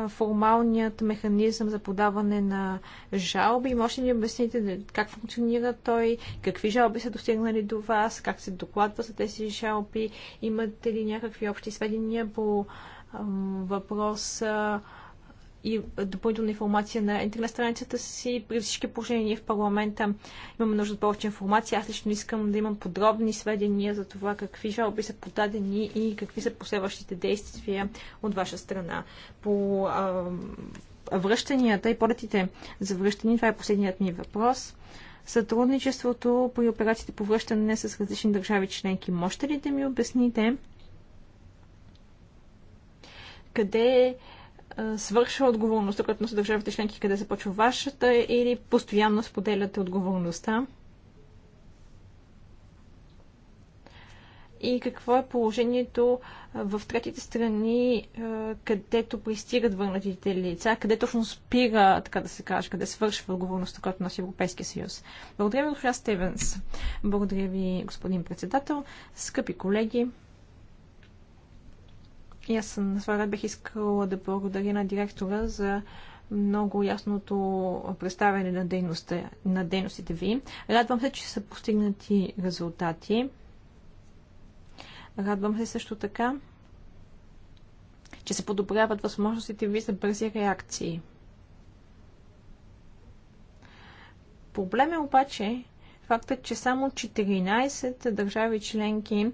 формалният механизъм за подаване на жалби. Може ли да обясните как функционира той, какви жалби са достигнали до вас, как се докладва за тези жалби, имате ли някакви общи сведения по въпроса и допълнителна информация на интернет страницата си. При всички положения в парламента имаме нужда от повече информация. Аз лично искам да имам подробни сведения за това какви жалби са подадени и какви са последващите действия от ваша страна. По а, връщанията и полетите за връщане, това е последният ми въпрос. Сътрудничеството при операциите по връщане с различни държави членки. Можете ли да ми обясните къде е свършва отговорността, която носи държавите членки, къде се почва вашата или постоянно споделяте отговорността? И какво е положението в третите страни, където пристигат върнатите лица, къде точно спира, така да се каже, къде свършва отговорността, която носи Европейския съюз? Благодаря ви, госпожа Стевенс. Благодаря ви, господин председател. Скъпи колеги, и аз на своя ред бих искала да благодаря на директора за много ясното представяне на, дейността, на дейностите ви. Радвам се, че са постигнати резултати. Радвам се също така, че се подобряват възможностите ви за бързи реакции. Проблем е обаче фактът, че само 14 държави членки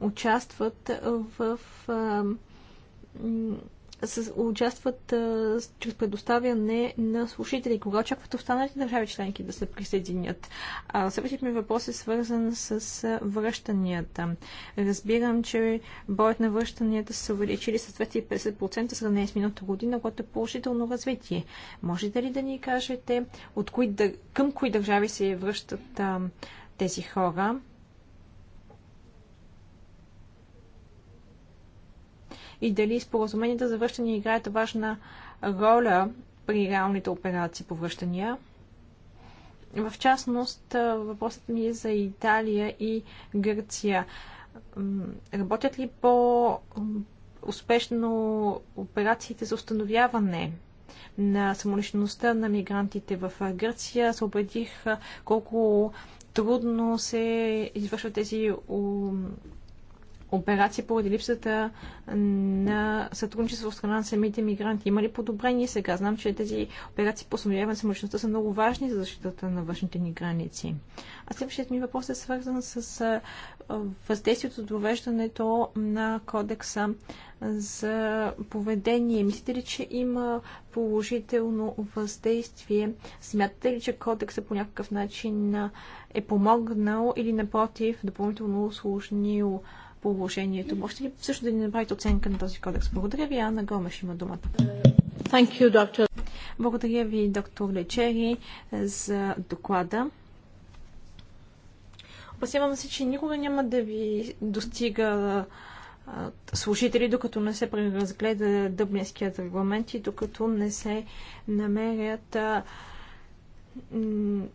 участват в участват а, чрез предоставяне на слушатели. Кога очакват останалите държави членки да се присъединят? Следващият ми въпрос е свързан с а, връщанията. Разбирам, че броят на връщанията са увеличили с 250% сравнение с миналата година, което е положително развитие. Можете ли да ни кажете от кои, към кои държави се връщат а, тези хора? и дали споразуменията за връщане играят важна роля при реалните операции по връщания. В частност, въпросът ми е за Италия и Гърция. Работят ли по успешно операциите за установяване на самоличността на мигрантите в Гърция? Се убедих колко трудно се извършват тези операция поради липсата на сътрудничество в страна на самите мигранти. Има ли подобрение сега? Знам, че тези операции по на самоличността са много важни за защитата на външните ни граници. А следващият ми въпрос е свързан с въздействието от довеждането на кодекса за поведение. Мислите ли, че има положително въздействие? Смятате ли, че кодекса по някакъв начин е помогнал или напротив допълнително усложнил положението. Можете ли също да ни направите оценка на този кодекс? Благодаря ви, Анна Гомеш има думата. Thank you, Благодаря ви, доктор Лечери, за доклада. Опасявам се, че никога няма да ви достига служители, докато не се преразгледа дъбнинският регламент и докато не се намерят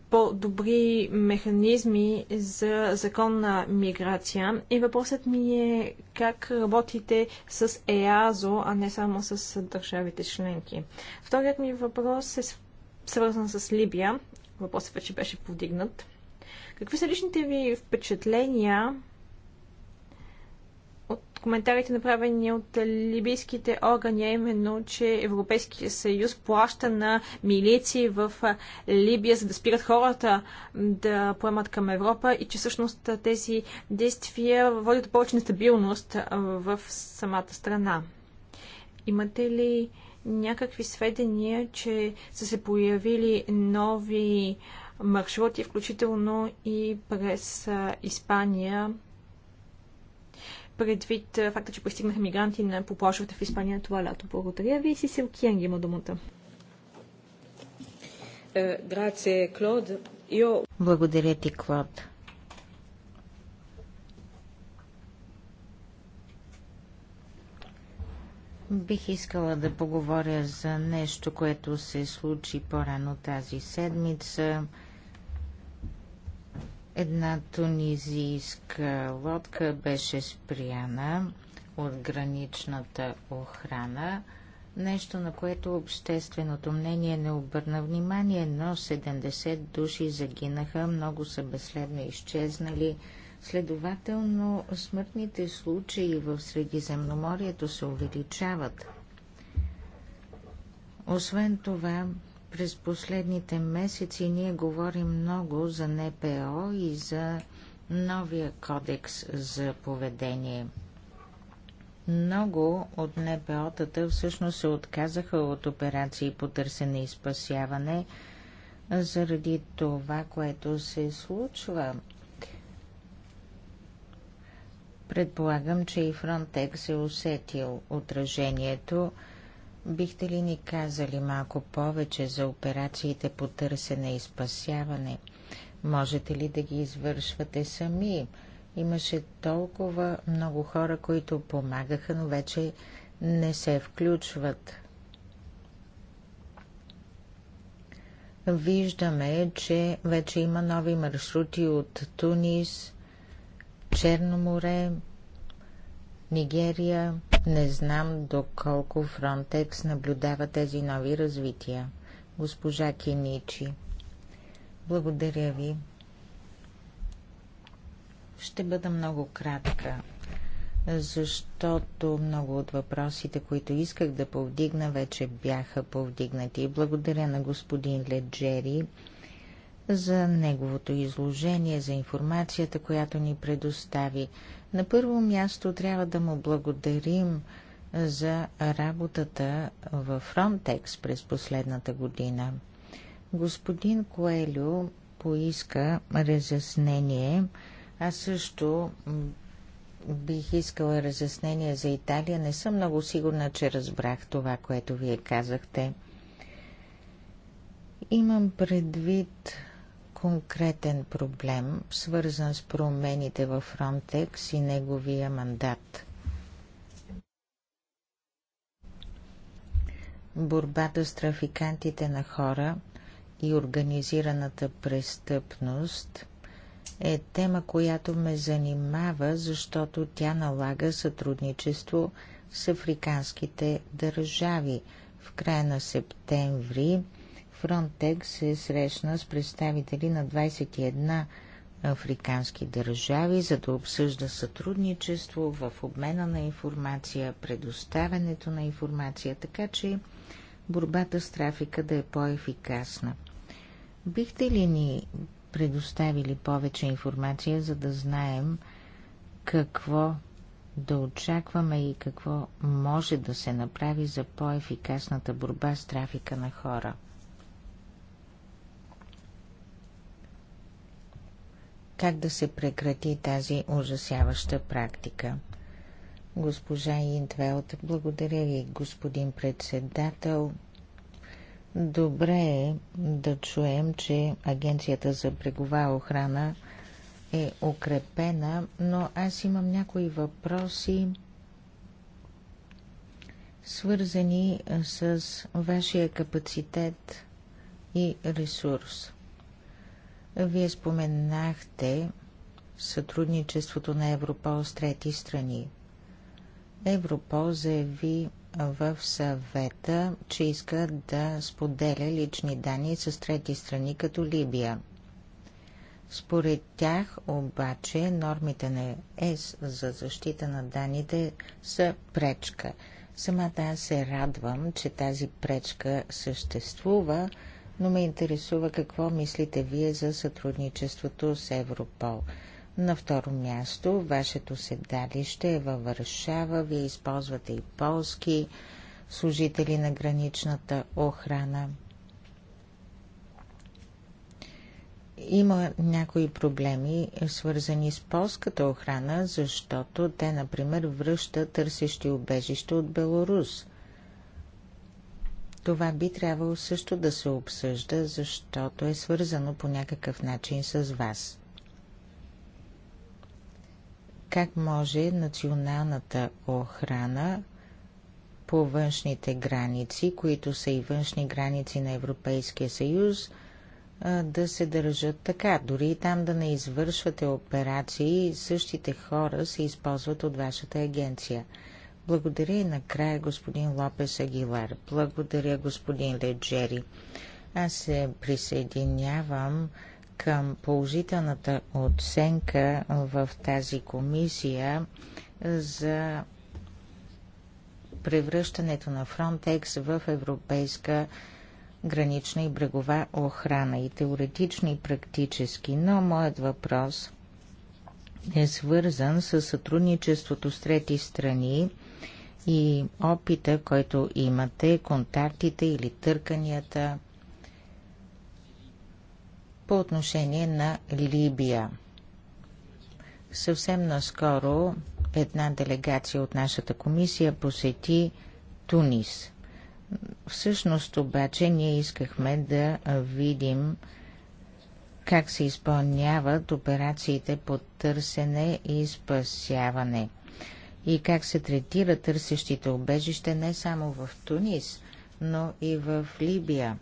по-добри механизми за законна миграция. И въпросът ми е как работите с ЕАЗО, а не само с държавите членки. Вторият ми въпрос е свързан с Либия. Въпросът вече беше повдигнат. Какви са личните ви впечатления коментарите направени от либийските органи, а именно, че Европейския съюз плаща на милиции в Либия, за да спират хората да поемат към Европа и че всъщност тези действия водят до повече нестабилност в самата страна. Имате ли някакви сведения, че са се появили нови маршрути, включително и през Испания, предвид е, факта, че пристигнаха мигранти на поплашвата в Испания това лято. Благодаря ви. Сисил си има думата. Е, грация, Клод. Благодаря ти, Клод. Бих искала да поговоря за нещо, което се случи по-рано тази седмица – Една тунизийска лодка беше спряна от граничната охрана, нещо на което общественото мнение не обърна внимание, но 70 души загинаха, много са безследно изчезнали. Следователно, смъртните случаи в Средиземноморието се увеличават. Освен това, през последните месеци ние говорим много за НПО и за новия кодекс за поведение. Много от НПО-тата всъщност се отказаха от операции по търсене и спасяване заради това, което се случва. Предполагам, че и Фронтекс е усетил отражението Бихте ли ни казали малко повече за операциите по търсене и спасяване? Можете ли да ги извършвате сами? Имаше толкова много хора, които помагаха, но вече не се включват. Виждаме, че вече има нови маршрути от Тунис, Черно море, Нигерия, не знам доколко Фронтекс наблюдава тези нови развития. Госпожа Кеничи. Благодаря ви. Ще бъда много кратка, защото много от въпросите, които исках да повдигна, вече бяха повдигнати. Благодаря на господин Леджери за неговото изложение, за информацията, която ни предостави. На първо място трябва да му благодарим за работата в Frontex през последната година. Господин Коелю поиска разяснение. Аз също бих искала разяснение за Италия. Не съм много сигурна, че разбрах това, което вие казахте. Имам предвид конкретен проблем, свързан с промените във Frontex и неговия мандат. Борбата с трафикантите на хора и организираната престъпност е тема, която ме занимава, защото тя налага сътрудничество с африканските държави. В края на септември Фронтекс се срещна с представители на 21 африкански държави, за да обсъжда сътрудничество в обмена на информация, предоставянето на информация, така че борбата с трафика да е по-ефикасна. Бихте ли ни предоставили повече информация, за да знаем какво да очакваме и какво може да се направи за по-ефикасната борба с трафика на хора? как да се прекрати тази ужасяваща практика. Госпожа Интвелт, благодаря ви, господин председател. Добре е да чуем, че Агенцията за брегова охрана е укрепена, но аз имам някои въпроси, свързани с вашия капацитет и ресурс. Вие споменахте сътрудничеството на Европол с трети страни. Европол заяви в съвета, че иска да споделя лични данни с трети страни като Либия. Според тях обаче нормите на ЕС за защита на данните са пречка. Самата аз се радвам, че тази пречка съществува, но ме интересува какво мислите вие за сътрудничеството с Европол. На второ място, вашето седалище е във Варшава, вие използвате и полски служители на граничната охрана. Има някои проблеми, свързани с полската охрана, защото те, например, връщат търсещи убежище от Беларус. Това би трябвало също да се обсъжда, защото е свързано по някакъв начин с вас. Как може националната охрана по външните граници, които са и външни граници на Европейския съюз, да се държат така. Дори и там да не извършвате операции, същите хора се използват от вашата агенция. Благодаря и накрая господин Лопес Агилар. Благодаря господин Леджери. Аз се присъединявам към положителната оценка в тази комисия за превръщането на Frontex в европейска гранична и брегова охрана и теоретични и практически, но моят въпрос е свързан с сътрудничеството с трети страни и опита, който имате, контактите или търканията по отношение на Либия. Съвсем наскоро една делегация от нашата комисия посети Тунис. Всъщност обаче ние искахме да видим как се изпълняват операциите по търсене и спасяване – и как се третира търсещите обежище не само в Тунис, но и в Либия.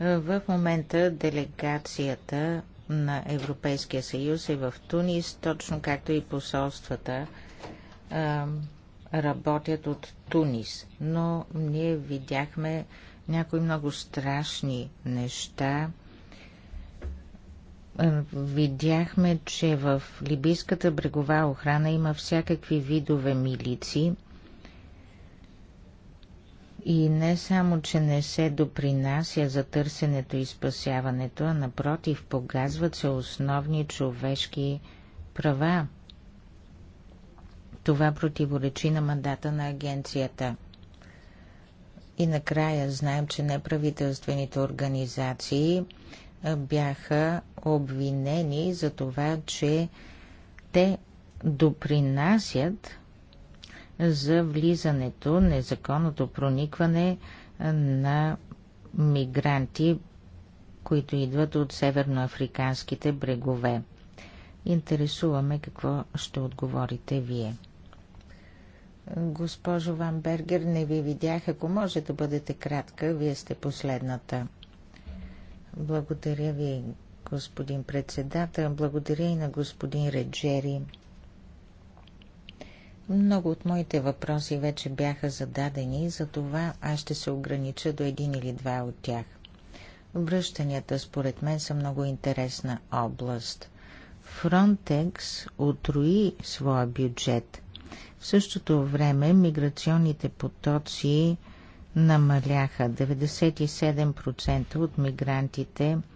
В момента делегацията на Европейския съюз е в Тунис, точно както и посолствата работят от Тунис. Но ние видяхме някои много страшни неща. Е, видяхме, че в либийската брегова охрана има всякакви видове милици и не само, че не се допринася за търсенето и спасяването, а напротив, погазват се основни човешки права. Това противоречи на мандата на агенцията. И накрая знаем, че неправителствените организации бяха обвинени за това, че те допринасят за влизането, незаконното проникване на мигранти, които идват от северноафриканските брегове. Интересуваме какво ще отговорите вие. Госпожо Ван Бергер, не ви видях. Ако може да бъдете кратка, вие сте последната. Благодаря ви, господин председател. Благодаря и на господин Реджери. Много от моите въпроси вече бяха зададени, затова аз ще се огранича до един или два от тях. Връщанията според мен са много интересна област. Фронтекс отруи своя бюджет. В същото време миграционните потоци намаляха. 97% от мигрантите –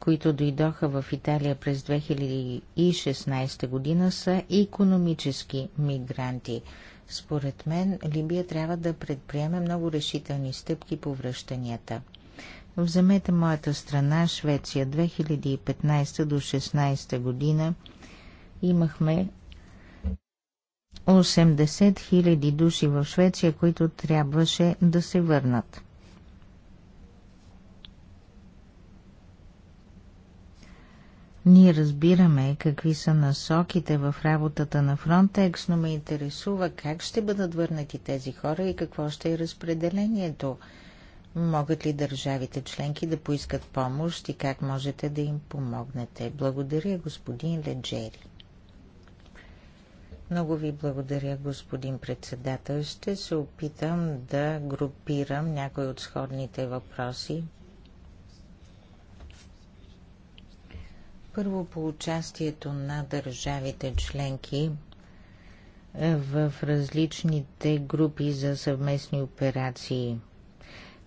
които дойдоха в Италия през 2016 година, са економически мигранти. Според мен, Либия трябва да предприеме много решителни стъпки по връщанията. Вземете моята страна, Швеция, 2015 до 16 година имахме 80 000 души в Швеция, които трябваше да се върнат. Ние разбираме какви са насоките в работата на Фронтекс, но ме интересува как ще бъдат върнати тези хора и какво ще е разпределението. Могат ли държавите членки да поискат помощ и как можете да им помогнете? Благодаря, господин Леджери. Много ви благодаря, господин председател. Ще се опитам да групирам някои от сходните въпроси. Първо по участието на държавите членки е, в различните групи за съвместни операции.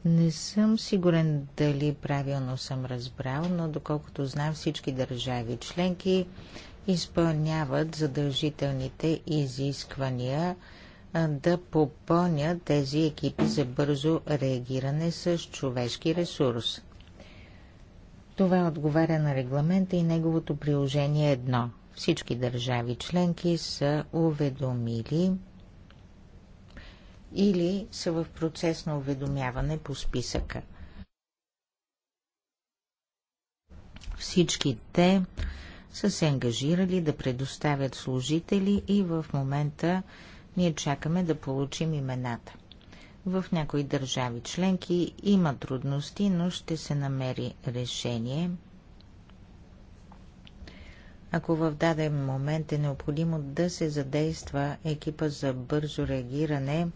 Не съм сигурен дали правилно съм разбрал, но доколкото знам всички държави членки изпълняват задължителните изисквания е, да попълнят тези екипи за бързо реагиране с човешки ресурс. Това отговаря на регламента и неговото приложение едно. Всички държави членки са уведомили или са в процес на уведомяване по списъка. Всички те са се ангажирали да предоставят служители и в момента ние чакаме да получим имената. В някои държави членки има трудности, но ще се намери решение. Ако в даден момент е необходимо да се задейства екипа за бързо реагиране,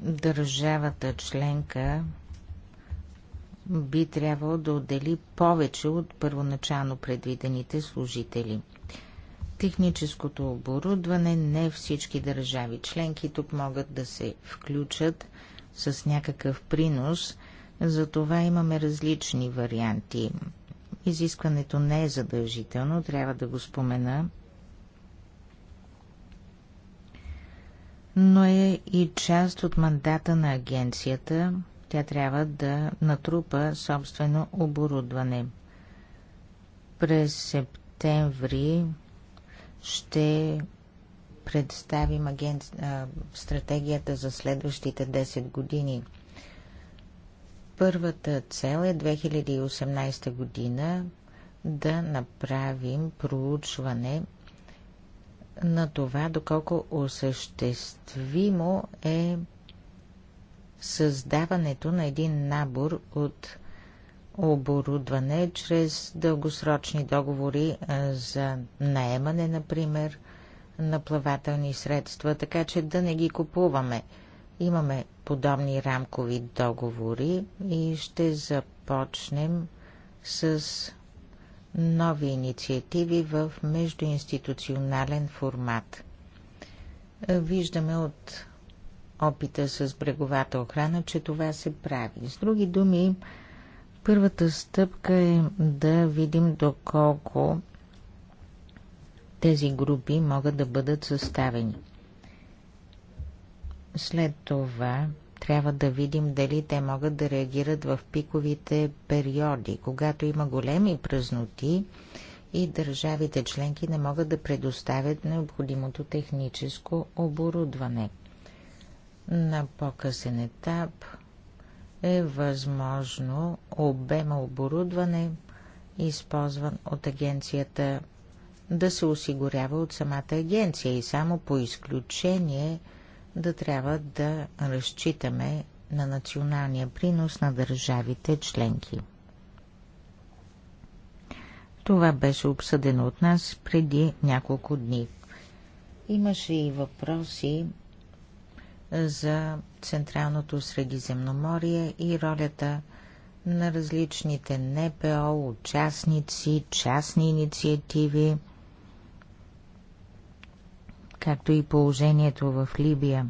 държавата членка би трябвало да отдели повече от първоначално предвидените служители техническото оборудване. Не всички държави членки тук могат да се включат с някакъв принос. Затова имаме различни варианти. Изискването не е задължително, трябва да го спомена. Но е и част от мандата на агенцията. Тя трябва да натрупа собствено оборудване. През септември ще представим а, стратегията за следващите 10 години. Първата цел е 2018 година да направим проучване на това, доколко осъществимо е създаването на един набор от оборудване чрез дългосрочни договори за наемане, например, на плавателни средства, така че да не ги купуваме. Имаме подобни рамкови договори и ще започнем с нови инициативи в междуинституционален формат. Виждаме от опита с бреговата охрана, че това се прави. С други думи, Първата стъпка е да видим доколко тези групи могат да бъдат съставени. След това трябва да видим дали те могат да реагират в пиковите периоди, когато има големи празноти и държавите членки не могат да предоставят необходимото техническо оборудване. На по-късен етап е възможно обема оборудване, използван от агенцията, да се осигурява от самата агенция и само по изключение да трябва да разчитаме на националния принос на държавите членки. Това беше обсъдено от нас преди няколко дни. Имаше и въпроси за Централното Средиземноморие и ролята на различните НПО, участници, частни инициативи, както и положението в Либия.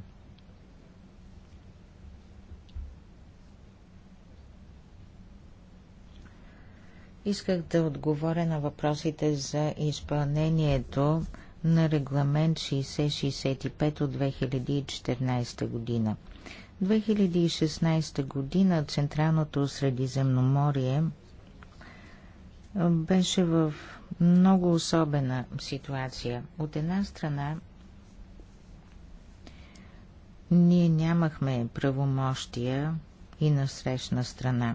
Исках да отговоря на въпросите за изпълнението на регламент 6065 от 2014 година. 2016 година Централното Средиземноморие беше в много особена ситуация. От една страна ние нямахме правомощия и на срещна страна.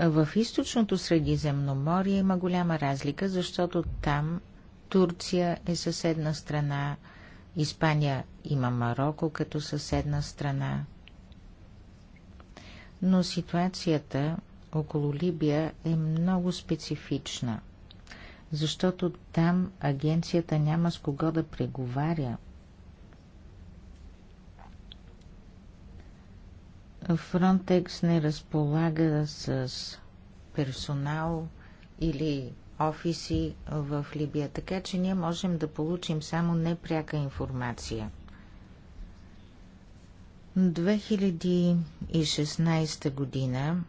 В източното Средиземноморие има голяма разлика, защото там Турция е съседна страна, Испания има Марокко като съседна страна. Но ситуацията около Либия е много специфична, защото там агенцията няма с кого да преговаря. Фронтекс не разполага с персонал или офиси в Либия, така че ние можем да получим само непряка информация. 2016 година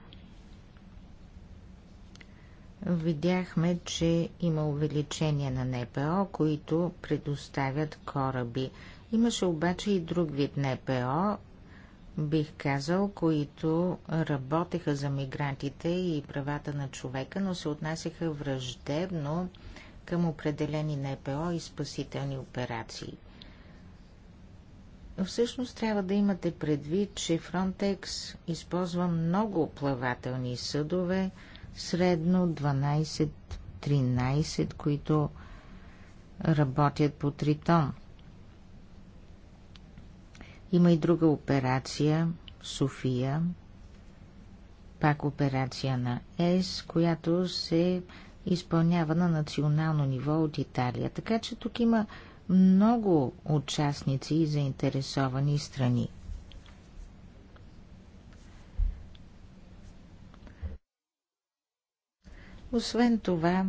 видяхме, че има увеличение на НПО, които предоставят кораби. Имаше обаче и друг вид НПО, бих казал, които работеха за мигрантите и правата на човека, но се отнасяха враждебно към определени НПО и спасителни операции. Всъщност трябва да имате предвид, че Frontex използва много плавателни съдове, средно 12-13, които работят по Тритон. Има и друга операция, София, пак операция на ЕС, която се изпълнява на национално ниво от Италия. Така че тук има много участници и заинтересовани страни. Освен това,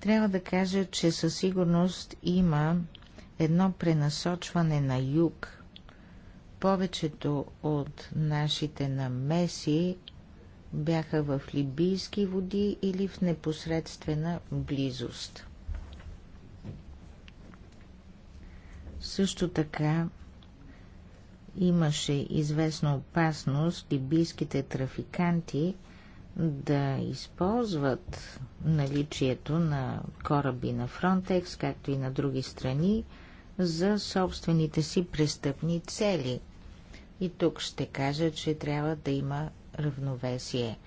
трябва да кажа, че със сигурност има едно пренасочване на юг повечето от нашите намеси бяха в либийски води или в непосредствена близост. Също така имаше известна опасност либийските трафиканти да използват наличието на кораби на Фронтекс, както и на други страни, за собствените си престъпни цели – и тук ще кажа, че трябва да има равновесие.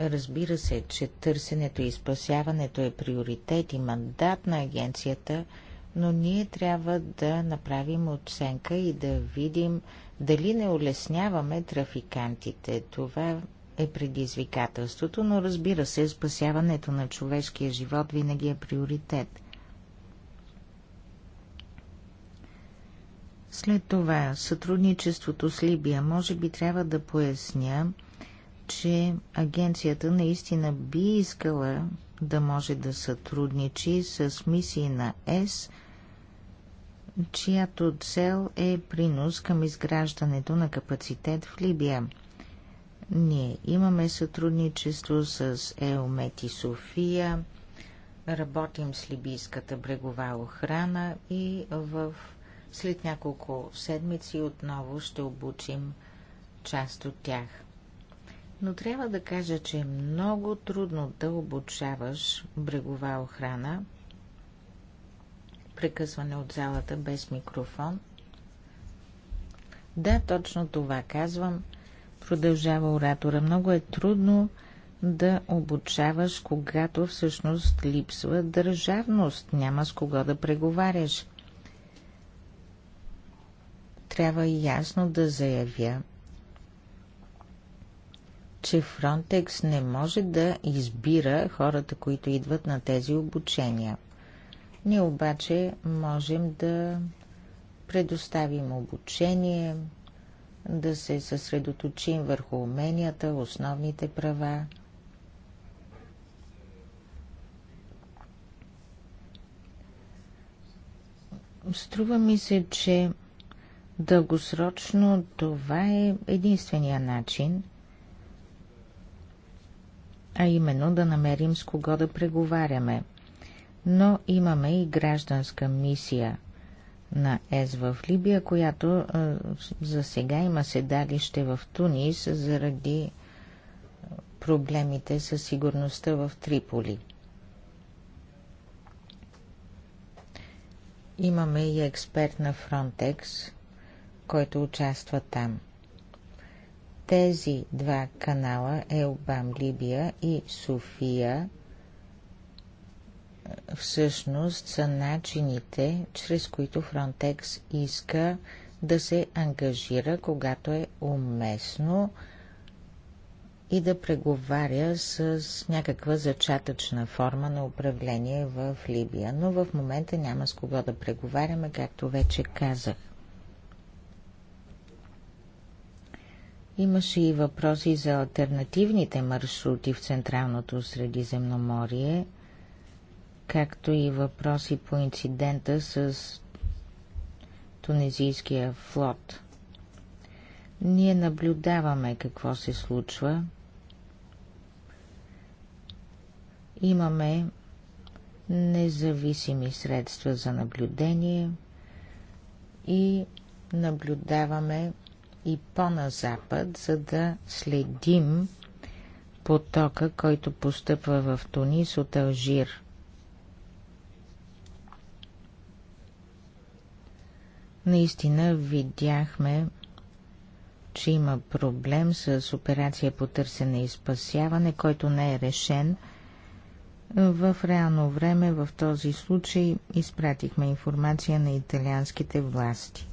Разбира се, че търсенето и спасяването е приоритет и мандат на агенцията, но ние трябва да направим оценка и да видим дали не улесняваме трафикантите. Това е предизвикателството, но разбира се, спасяването на човешкия живот винаги е приоритет. След това, сътрудничеството с Либия може би трябва да поясня, че агенцията наистина би искала да може да сътрудничи с мисии на ЕС, чиято цел е принос към изграждането на капацитет в Либия. Ние имаме сътрудничество с Еомет и София, работим с либийската брегова охрана и в след няколко седмици отново ще обучим част от тях. Но трябва да кажа, че е много трудно да обучаваш брегова охрана, прекъсване от залата без микрофон. Да, точно това казвам, продължава оратора. Много е трудно да обучаваш, когато всъщност липсва държавност, няма с кого да преговаряш трябва ясно да заявя, че Фронтекс не може да избира хората, които идват на тези обучения. Ние обаче можем да предоставим обучение, да се съсредоточим върху уменията, основните права. Струва ми се, че Дългосрочно това е единствения начин, а именно да намерим с кого да преговаряме. Но имаме и гражданска мисия на ЕС в Либия, която за сега има седалище в Тунис заради проблемите със сигурността в Триполи. Имаме и експерт на Фронтекс, който участва там. Тези два канала Елбам Либия и София всъщност са начините, чрез които Фронтекс иска да се ангажира, когато е уместно и да преговаря с някаква зачатъчна форма на управление в Либия. Но в момента няма с кого да преговаряме, както вече казах. Имаше и въпроси за альтернативните маршрути в Централното Средиземноморие, както и въпроси по инцидента с тунезийския флот. Ние наблюдаваме какво се случва. Имаме независими средства за наблюдение и наблюдаваме и по-на запад, за да следим потока, който постъпва в Тунис от Алжир. Наистина видяхме, че има проблем с операция по търсене и спасяване, който не е решен. В реално време в този случай изпратихме информация на италианските власти.